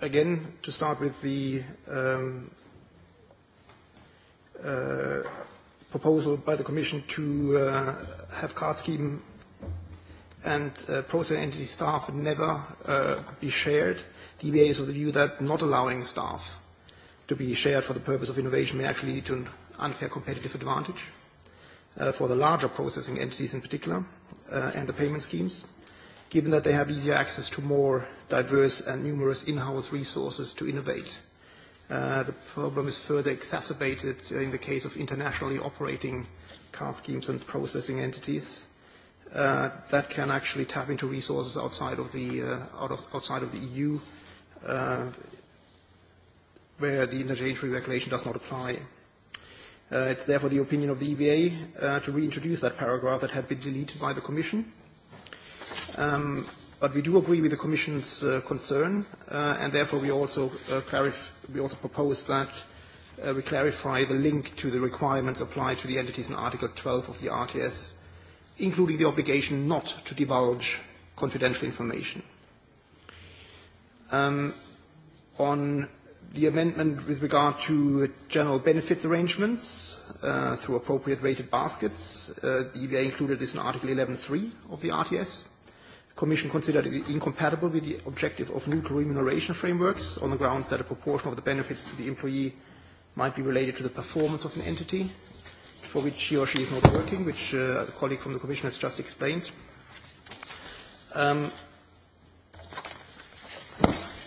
again, to start with the um, proposal by the commission to have card scheme and uh, process entity staff never uh, be shared. DBA e is of the view that not allowing staff to be shared for the purpose of innovation may actually lead to an unfair competitive advantage uh, for the larger processing entities in particular uh, and the payment schemes, given that they have easier access to more diverse and numerous in-house resources to innovate. Uh, the problem is further exacerbated uh, in the case of internationally operating card schemes and processing entities. Uh, uh, that can actually tap into resources outside of the uh, out of, outside of the EU, uh, where the interchangeable regulation does not apply. Uh, it's therefore the opinion of the EBA uh, to reintroduce that paragraph that had been deleted by the Commission. Um, but we do agree with the Commission's uh, concern, uh, and therefore we also, uh, clarif- we also propose that uh, we clarify the link to the requirements applied to the entities in Article 12 of the RTS. Uh, including the obligation not to divulge confidential information. Um, on the amendment with regard to general benefits arrangements uh, through appropriate rated baskets, uh, the EBA included this in Article 11.3 of the RTS. The Commission considered it incompatible with the objective of neutral remuneration frameworks on the grounds that a proportion of the benefits to the employee might be related to the performance of an entity for which he or she is not working, which uh, a colleague from the Commission has just explained. Um,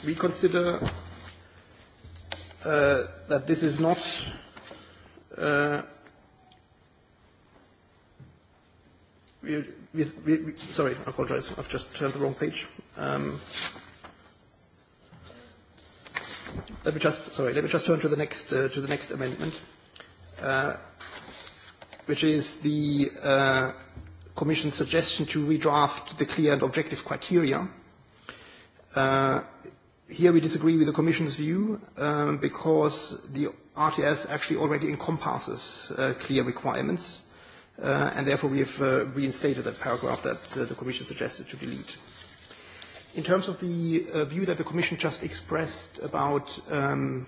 we consider uh, that this is not uh, we, we, we, sorry, I apologize. I've just turned the wrong page. Um, let me just sorry. Let me just turn to the next uh, to the next amendment. Uh, which is the uh, Commission's suggestion to redraft the clear and objective criteria. Uh, here we disagree with the Commission's view um, because the RTS actually already encompasses uh, clear requirements, uh, and therefore we have uh, reinstated that paragraph that uh, the Commission suggested to delete. In terms of the uh, view that the Commission just expressed about um,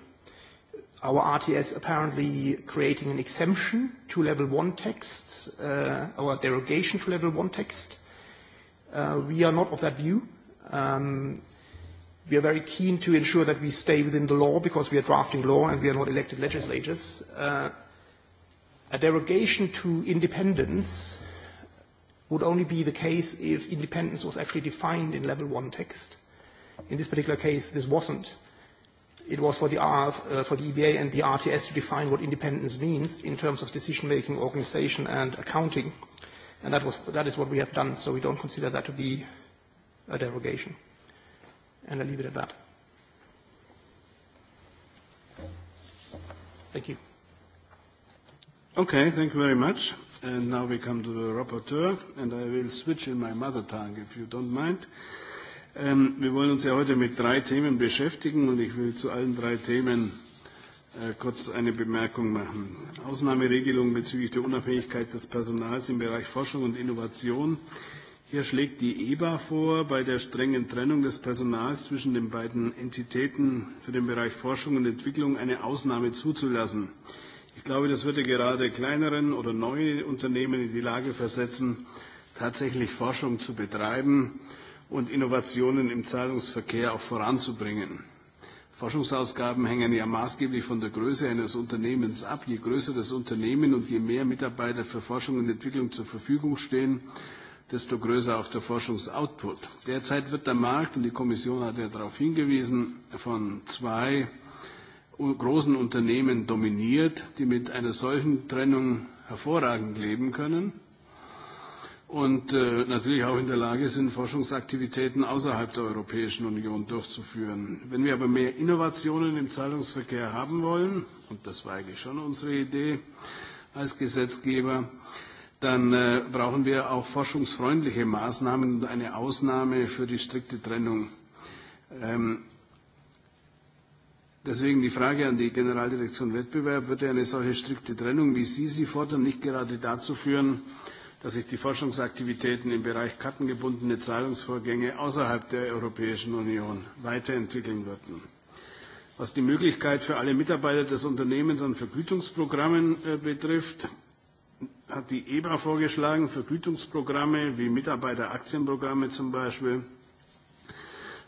our RTS apparently creating an exemption to level one text, uh, or a derogation to level one text. Uh, we are not of that view. Um, we are very keen to ensure that we stay within the law because we are drafting law and we are not elected legislators. Uh, a derogation to independence would only be the case if independence was actually defined in level one text. In this particular case, this wasn't. Uh, it was for the, RF, uh, for the EBA and the RTS to define what independence means in terms of decision-making, organization, and accounting. And that, was, that is what we have done, so we don't consider that to be a derogation. And I leave it at that. Thank you. Okay, thank you very much. And now we come to the rapporteur, and I will switch in my mother tongue, if you don't mind. Ähm, wir wollen uns ja heute mit drei Themen beschäftigen und ich will zu allen drei Themen äh, kurz eine Bemerkung machen. Ausnahmeregelung bezüglich der Unabhängigkeit des Personals im Bereich Forschung und Innovation. Hier schlägt die EBA vor, bei der strengen Trennung des Personals zwischen den beiden Entitäten für den Bereich Forschung und Entwicklung eine Ausnahme zuzulassen. Ich glaube, das würde gerade kleineren oder neue Unternehmen in die Lage versetzen, tatsächlich Forschung zu betreiben und Innovationen im Zahlungsverkehr auch voranzubringen. Forschungsausgaben hängen ja maßgeblich von der Größe eines Unternehmens ab. Je größer das Unternehmen und je mehr Mitarbeiter für Forschung und Entwicklung zur Verfügung stehen, desto größer auch der Forschungsoutput. Derzeit wird der Markt, und die Kommission hat ja darauf hingewiesen, von zwei großen Unternehmen dominiert, die mit einer solchen Trennung hervorragend leben können und äh, natürlich auch in der Lage sind, Forschungsaktivitäten außerhalb der Europäischen Union durchzuführen. Wenn wir aber mehr Innovationen im Zahlungsverkehr haben wollen, und das war eigentlich schon unsere Idee als Gesetzgeber, dann äh, brauchen wir auch forschungsfreundliche Maßnahmen und eine Ausnahme für die strikte Trennung. Ähm, deswegen die Frage an die Generaldirektion Wettbewerb, würde er eine solche strikte Trennung, wie Sie sie fordern, nicht gerade dazu führen, dass sich die Forschungsaktivitäten im Bereich kartengebundene Zahlungsvorgänge außerhalb der Europäischen Union weiterentwickeln würden. Was die Möglichkeit für alle Mitarbeiter des Unternehmens an Vergütungsprogrammen äh, betrifft, hat die EBA vorgeschlagen, Vergütungsprogramme wie Mitarbeiteraktienprogramme zum Beispiel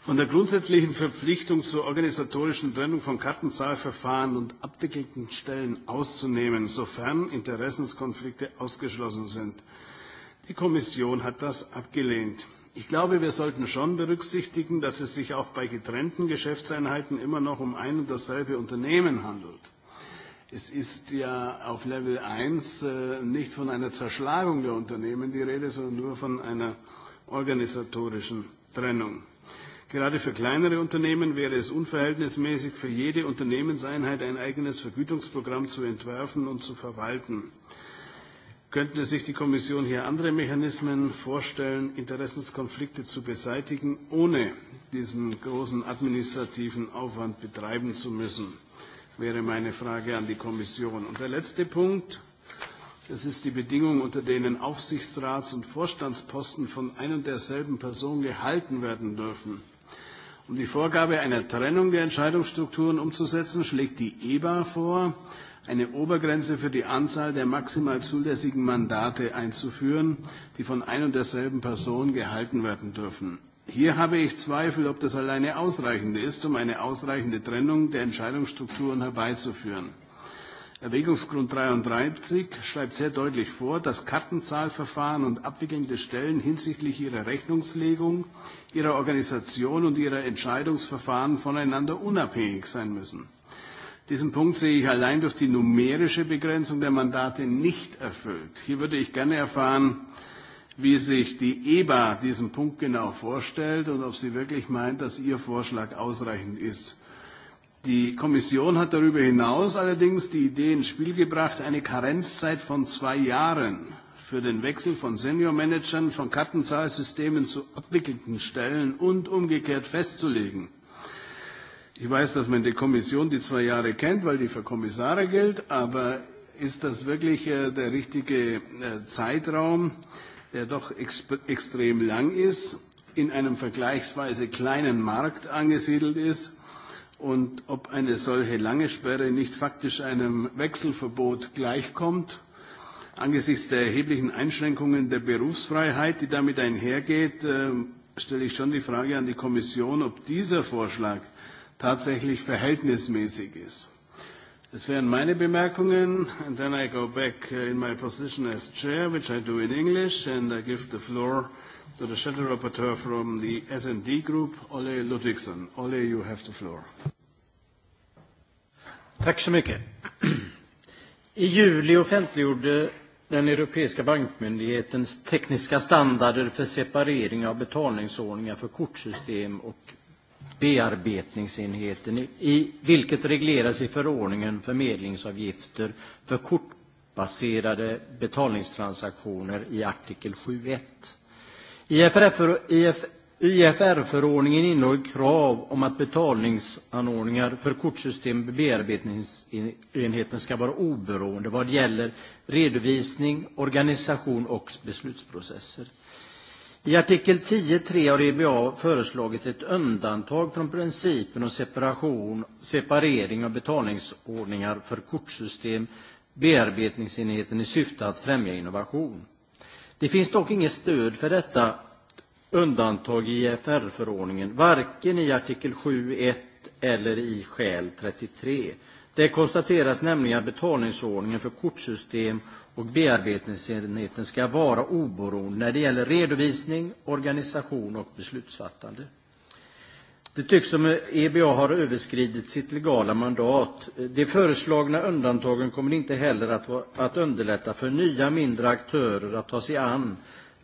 von der grundsätzlichen Verpflichtung zur organisatorischen Trennung von Kartenzahlverfahren und abwickelnden Stellen auszunehmen, sofern Interessenskonflikte ausgeschlossen sind. Die Kommission hat das abgelehnt. Ich glaube, wir sollten schon berücksichtigen, dass es sich auch bei getrennten Geschäftseinheiten immer noch um ein und dasselbe Unternehmen handelt. Es ist ja auf Level 1 äh, nicht von einer Zerschlagung der Unternehmen die Rede, sondern nur von einer organisatorischen Trennung. Gerade für kleinere Unternehmen wäre es unverhältnismäßig, für jede Unternehmenseinheit ein eigenes Vergütungsprogramm zu entwerfen und zu verwalten. Könnte sich die Kommission hier andere Mechanismen vorstellen, Interessenskonflikte zu beseitigen, ohne diesen großen administrativen Aufwand betreiben zu müssen, wäre meine Frage an die Kommission. Und der letzte Punkt, das ist die Bedingung, unter denen Aufsichtsrats- und Vorstandsposten von ein und derselben Person gehalten werden dürfen. Um die Vorgabe einer Trennung der Entscheidungsstrukturen umzusetzen, schlägt die EBA vor, eine Obergrenze für die Anzahl der maximal zulässigen Mandate einzuführen, die von ein und derselben Person gehalten werden dürfen. Hier habe ich Zweifel, ob das alleine ausreichend ist, um eine ausreichende Trennung der Entscheidungsstrukturen herbeizuführen. Erwägungsgrund 33 schreibt sehr deutlich vor, dass Kartenzahlverfahren und abwickelnde Stellen hinsichtlich ihrer Rechnungslegung, ihrer Organisation und ihrer Entscheidungsverfahren voneinander unabhängig sein müssen. Diesen Punkt sehe ich allein durch die numerische Begrenzung der Mandate nicht erfüllt. Hier würde ich gerne erfahren, wie sich die EBA diesen Punkt genau vorstellt und ob sie wirklich meint, dass ihr Vorschlag ausreichend ist. Die Kommission hat darüber hinaus allerdings die Idee ins Spiel gebracht, eine Karenzzeit von zwei Jahren für den Wechsel von Seniormanagern von Kartenzahlsystemen zu abwickelnden Stellen und umgekehrt festzulegen. Ich weiß, dass man die Kommission die zwei Jahre kennt, weil die für Kommissare gilt, aber ist das wirklich äh, der richtige äh, Zeitraum, der doch extrem lang ist, in einem vergleichsweise kleinen Markt angesiedelt ist und ob eine solche lange Sperre nicht faktisch einem Wechselverbot gleichkommt, angesichts der erheblichen Einschränkungen der Berufsfreiheit, die damit einhergeht, äh, stelle ich schon die Frage an die Kommission, ob dieser Vorschlag – tatsächlich verhältnismäßig ist. Das wären meine Bemerkungen. And then I go back uh, in my position as chair, which I do in English, and I give the floor to the shadow rapporteur from the S&D group, Ole Ludvigsson. Ole, you have the floor. Tack så mycket. I juli offentliggjorde den europeiske bankmyndighetens tekniske standarder for separering av betalingsordninger for kortsystem og bearbetningsenheten i vilket regleras i förordningen förmedlingsavgifter för kortbaserade betalningstransaktioner i artikel 7.1. IFR IFR-förordningen innehåller krav om att betalningsanordningar för kortsystem med bearbetningsenheten ska vara oberoende vad gäller redovisning, organisation och beslutsprocesser. I artikel 10.3 har EBA föreslagit ett undantag från principen om separation, separering av betalningsordningar för kortsystem, bearbetningsenheten i syfte att främja innovation. Det finns dock inget stöd för detta undantag i IFR-förordningen, varken i artikel 7.1 eller i skäl 33. Det konstateras nämligen att betalningsordningen för kortsystem och bearbetningsenheten ska vara oberoende när det gäller redovisning, organisation och beslutsfattande. Det tycks som EBA har överskridit sitt legala mandat. De föreslagna undantagen kommer inte heller att, att underlätta för nya mindre aktörer att ta sig an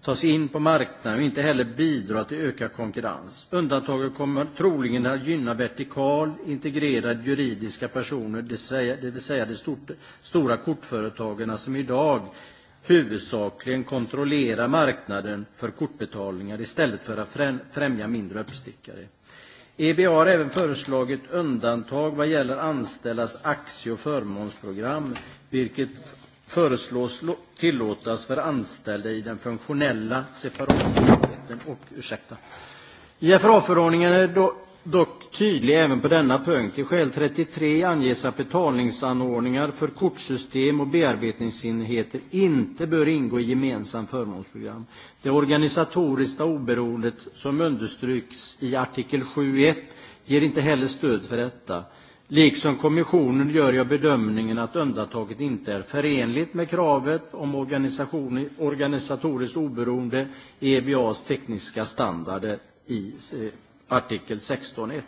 tas in på marknaden och inte heller bidra till ökad konkurrens. Undantaget kommer troligen att gynna vertikal integrerade juridiska personer, det vill säga de stort, stora kortföretagarna som idag huvudsakligen kontrollerar marknaden för kortbetalningar istället för att främja mindre uppstickare. EBA har även föreslagit undantag vad gäller anställdas aktie och förmånsprogram, vilket föreslås tillåtas för anställda i den funktionella separatenheten och ursäkta. IFRA-förordningen är dock tydlig även på denna punkt. I skäl 33 anges att betalningsanordningar för kortsystem och bearbetningsenheter inte bör ingå i gemensamt förmånsprogram. Det organisatoriska oberoendet som understryks i artikel 7.1 ger inte heller stöd för detta. Liksom kommissionen gör jag bedömningen att undantaget inte är förenligt med kravet om organisatoriskt oberoende i e EBAs tekniska standarder i eh, artikel 16.1.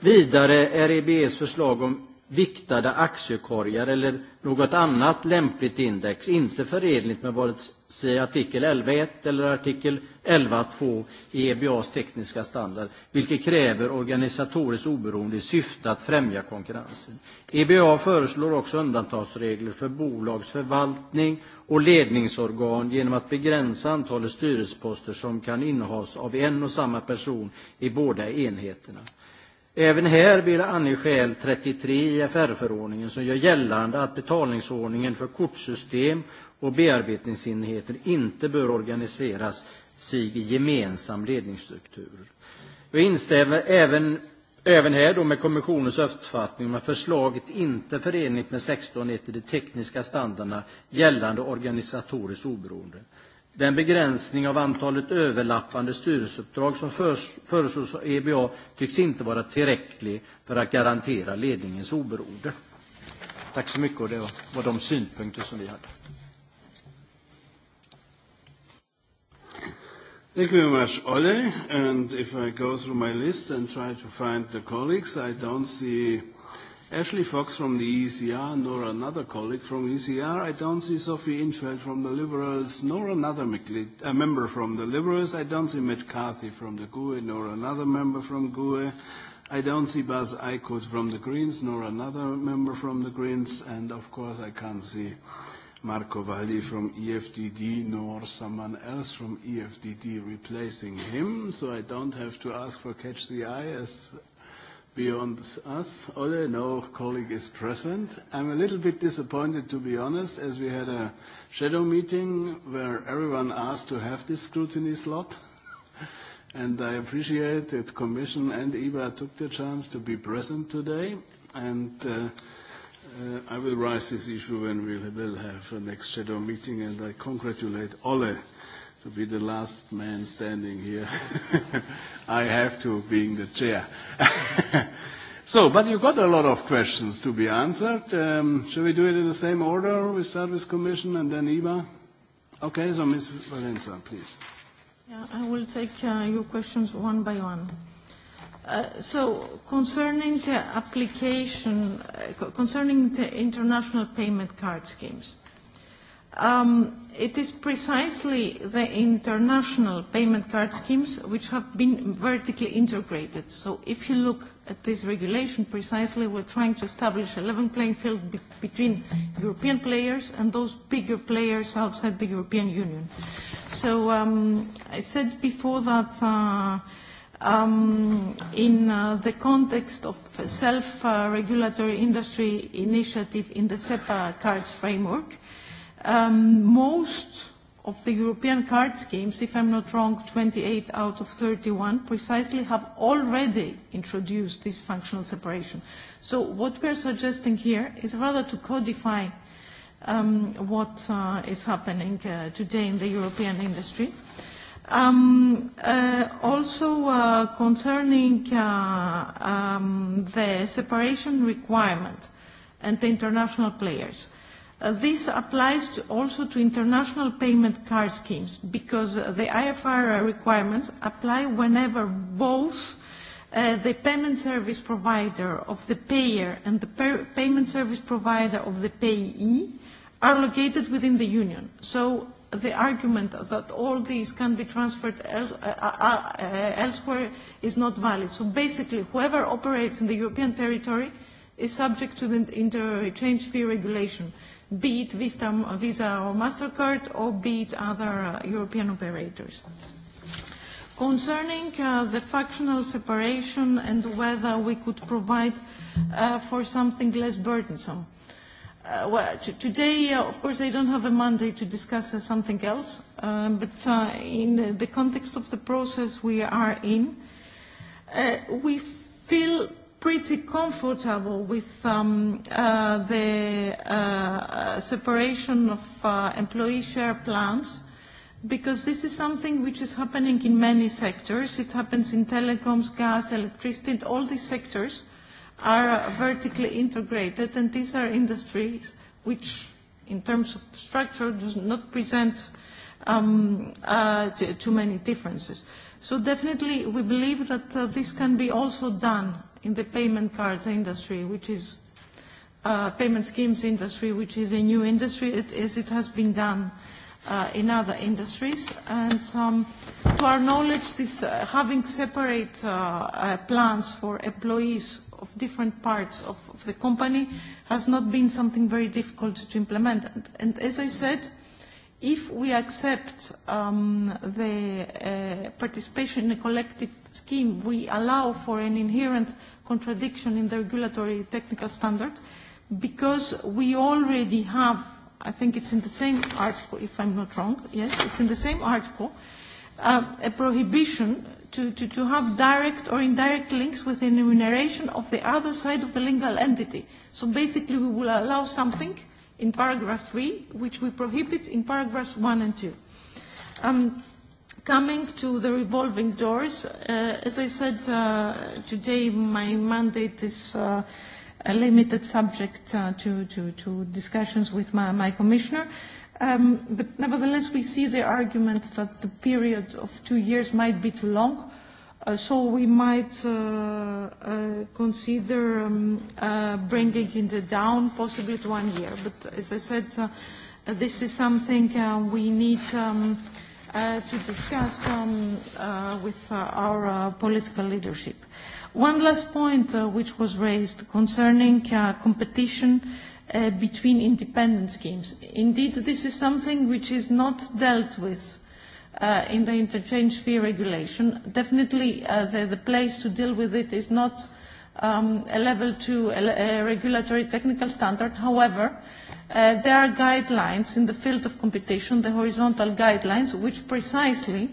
Vidare är EBAs förslag om viktade aktiekorgar eller något annat lämpligt index inte förenligt med vare sig artikel 11.1 eller artikel 11.2 i EBAs tekniska standard, vilket kräver organisatoriskt oberoende i syfte att främja konkurrensen. EBA föreslår också undantagsregler för bolagsförvaltning och ledningsorgan genom att begränsa antalet styrelseposter som kan innehas av en och samma person i båda enheterna. Även här vill ange skäl 33 i FR-förordningen som gör gällande att betalningsordningen för kortsystem och bearbetningsenheter inte bör organiseras sig i gemensam ledningsstruktur. Jag instämmer även, även här då med kommissionens uppfattning om att förslaget inte är förenligt med 16.1 de tekniska standarderna gällande organisatoriskt oberoende. Den begränsning av antalet överlappande styrelseuppdrag som föreslås av EBA tycks inte vara tillräcklig för att garantera ledningens oberoende. Tack så mycket. Och det var de synpunkter som vi hade. Thank you very much, Ole. And if I go through my list and try to find the colleagues, I don't see Ashley Fox from the ECR, nor another colleague from ECR. I don't see Sophie Infeld from the Liberals, nor another a uh, member from the Liberals. I don't see Mitch Carthy from the GUE, nor another member from GUE. I don't see Buzz Eichhut from the Greens, nor another member from the Greens. And of course, I can't see uh, Marco Valli from EFDD, nor someone else from EFDD replacing him, so I don't have to ask for catch the eye as beyond us. Ole, no colleague is present. I'm a little bit disappointed, to be honest, as we had a shadow meeting where everyone asked to have this scrutiny slot. and I appreciate that Commission and IBA took the chance to be present today. And uh, Uh, I will raise this issue when we will have a next shadow meeting, and I congratulate Ole to be the last man standing here. I have to, being the chair. so, but you've got a lot of questions to be answered. Um, shall we do it in the same order? We start with Commission and then IBA? Okay, so Ms. Valenza, please. Yeah, I will take uh, your questions one by one. Uh, so concerning the application, uh, concerning the international payment card schemes, um, it is precisely the international payment card schemes which have been vertically integrated. So if you look at this regulation, precisely we're trying to establish a level playing field be between European players and those bigger players outside the European Union. So um, I said before that uh, Um, in uh, the context of self-regulatory uh, industry initiative in the SEPA cards framework, um, most of the European card schemes, if I'm not wrong, 28 out of 31 precisely have already introduced this functional separation. So what we're suggesting here is rather to codify um, what uh, is happening uh, today in the European industry. Uh, Um, uh, also uh, concerning uh, um, the separation requirement and the international players. Uh, this applies to also to international payment card schemes because uh, the IFR requirements apply whenever both uh, the payment service provider of the payer and the per- payment service provider of the payee are located within the union. So the argument that all these can be transferred else, uh, uh, uh, uh, elsewhere is not valid. So basically, whoever operates in the European territory is subject to the interchange fee regulation, be it Vista, Visa or MasterCard, or be it other uh, European operators. Concerning uh, the functional separation and whether we could provide uh, for something less burdensome, uh, uh, well, t today, uh, of course, I don't have a mandate to discuss uh, something else, um, but uh, in the context of the process we are in, uh, we feel pretty comfortable with um, uh, the uh, uh, separation of uh, employee share plans because this is something which is happening in many sectors. It happens in telecoms, gas, electricity, all these sectors are uh, vertically integrated, and these are industries which, in terms of structure, do not present um, uh, too many differences. So definitely we believe that uh, this can be also done in the payment cards industry, which is uh, payment schemes industry, which is a new industry, it, as it has been done uh, in other industries. And um, to our knowledge, this, uh, having separate uh, uh, plans for employees of different parts of, of the company has not been something very difficult to implement. And, and as I said, if we accept um, the uh, participation in a collective scheme, we allow for an inherent contradiction in the regulatory technical standard because we already have, I think it's in the same article, if I'm not wrong, yes, it's in the same article, uh, a prohibition to, to, to have direct or indirect links with the enumeration of the other side of the legal entity. So basically we will allow something in paragraph 3, which we prohibit in paragraphs 1 and 2. Um, coming to the revolving doors, uh, as I said uh, today, my mandate is uh, a limited subject uh, to, to, to discussions with my, my commissioner. Uh, Um, but nevertheless, we see the argument that the period of two years might be too long. Uh, so we might uh, uh, consider um, uh, bringing it down possibly to one year. But as I said, uh, this is something uh, we need um, uh, to discuss um, uh, with uh, our uh, political leadership. One last point uh, which was raised concerning uh, competition uh, uh, between independent schemes. Indeed, this is something which is not dealt with uh, in the interchange fee regulation. Definitely, uh, the, the place to deal with it is not um, a level two a, a regulatory technical standard. However, uh, there are guidelines in the field of competition, the horizontal guidelines, which precisely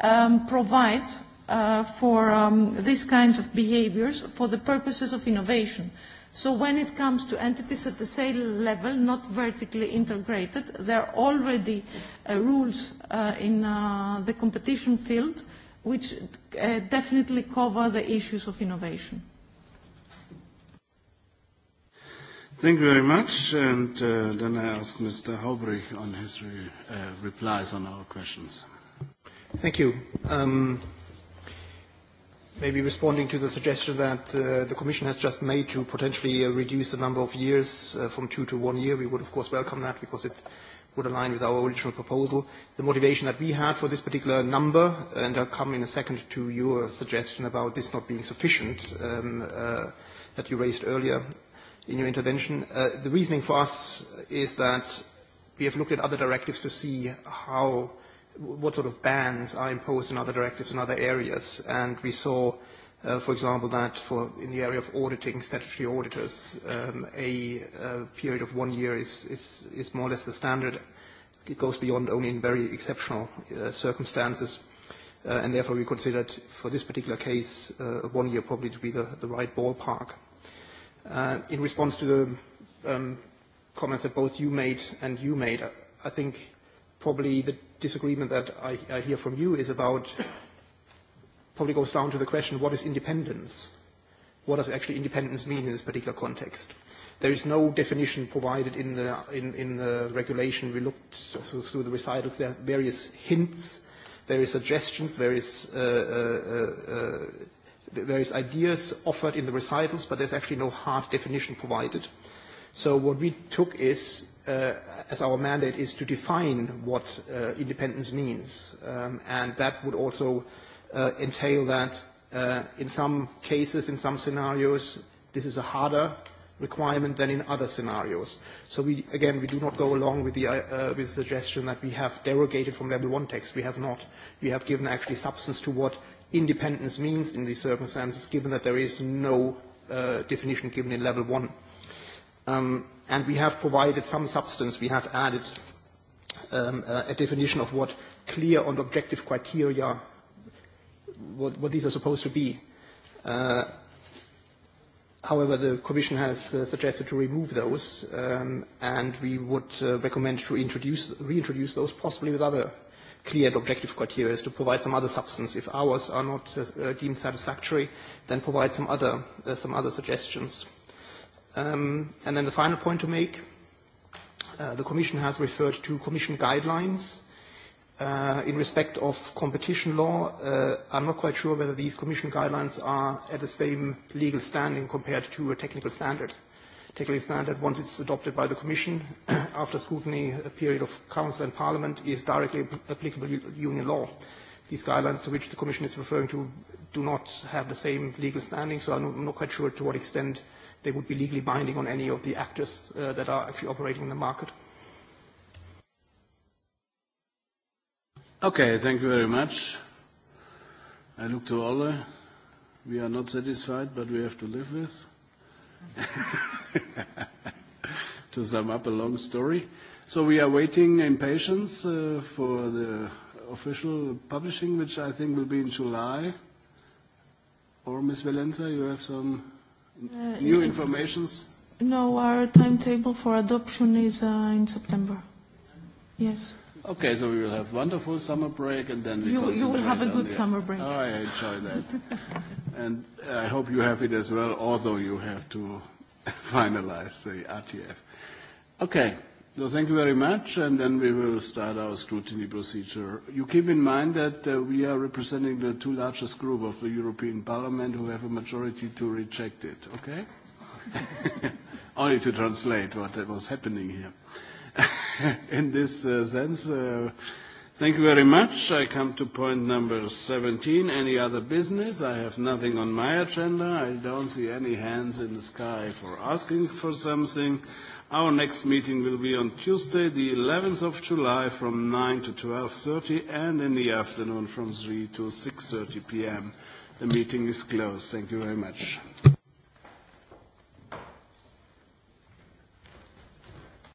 um, provide uh, for um, these kinds of behaviors for the purposes of innovation. Uh, So when it comes to entities at the sale level, not vertically integrated, there are already uh, rules uh, in uh, the competition field which uh, definitely cover the issues of innovation. Thank you very much. And uh, then I ask Mr. Haubrich on his re uh, replies on our questions. Thank you. Um, maybe responding to the suggestion that uh, the Commission has just made to potentially uh, reduce the number of years uh, from two to one year. We would, of course, welcome that because it would align with our original proposal. The motivation that we had for this particular number, and I'll come in a second to your suggestion about this not being sufficient um, uh, that you raised earlier in your intervention, uh, the reasoning for us is that we have looked at other directives to see how what sort of bans are imposed in other directives in other areas. And we saw, uh, for example, that for in the area of auditing statutory auditors, um, a, a period of one year is, is, is more or less the standard. It goes beyond only in very exceptional uh, circumstances. Uh, and therefore, we considered for this particular case, uh, one year probably to be the, the right ballpark. Uh, in response to the um, comments that both you made and you made, I, I think probably the disagreement that I, I hear from you is about, probably goes down to the question, what is independence? What does actually independence mean in this particular context? There is no definition provided in the, in, in the regulation. We looked through, through the recitals, there are various hints, various suggestions, various, uh, uh, uh, uh various ideas offered in the recitals, but there's actually no hard definition provided. So what we took is, uh, as our mandate is to define what uh, independence means. Um, and that would also uh, entail that uh, in some cases, in some scenarios, this is a harder requirement than in other scenarios. So we, again, we do not go along with the, uh, uh with the suggestion that we have derogated from level one text. We have not. We have given actually substance to what independence means in these circumstances, given that there is no uh, definition given in level one. Um, And we have provided some substance. We have added um, uh, a definition of what clear and objective criteria, what, what these are supposed to be. Uh, however, the Commission has uh, suggested to remove those, um, and we would uh, recommend to introduce, reintroduce those, possibly with other clear and objective criteria, to provide some other substance. If ours are not uh, deemed satisfactory, then provide some other, uh, some other suggestions. Um, the final point to make, uh, the commission has referred to commission guidelines. Uh, in respect of competition law, uh, I'm not quite sure whether these commission guidelines are at the same legal standing compared to a technical standard. Technical standard, once it's adopted by the commission, after scrutiny, a period of council and parliament, is directly applicable union law. These guidelines to which the commission is referring to do not have the same legal standing, so I'm not quite sure to what extent they would be legally binding on any of the actors uh, that are actually operating in the market. Okay, thank you very much. I look to all. We are not satisfied, but we have to live with. to sum up a long story. So we are waiting in patience uh, for the official publishing, which I think will be in July. Or Ms. Valenza, you have some uh, new informations? No, our timetable for adoption is uh, in September. Yes. Okay, so we will have wonderful summer break, and then we you, you will have a good the, summer break. Oh, I enjoy that, and I hope you have it as well. Although you have to finalize the RTF. Okay. Thank you very much, and then we will start our scrutiny procedure. You keep in mind that uh, we are representing the two largest group of the European Parliament who have a majority to reject it, okay? Only to translate what was happening here. In this uh, sense, uh, thank you very much. I come to point number 17. Any other business? I have nothing on my agenda. I don't see any hands in the sky for asking for something. Our next meeting will be on Tuesday, the 11th of July from 9 to 12.30 and in the afternoon from 3 to 6.30 p.m. The meeting is closed. Thank you very much.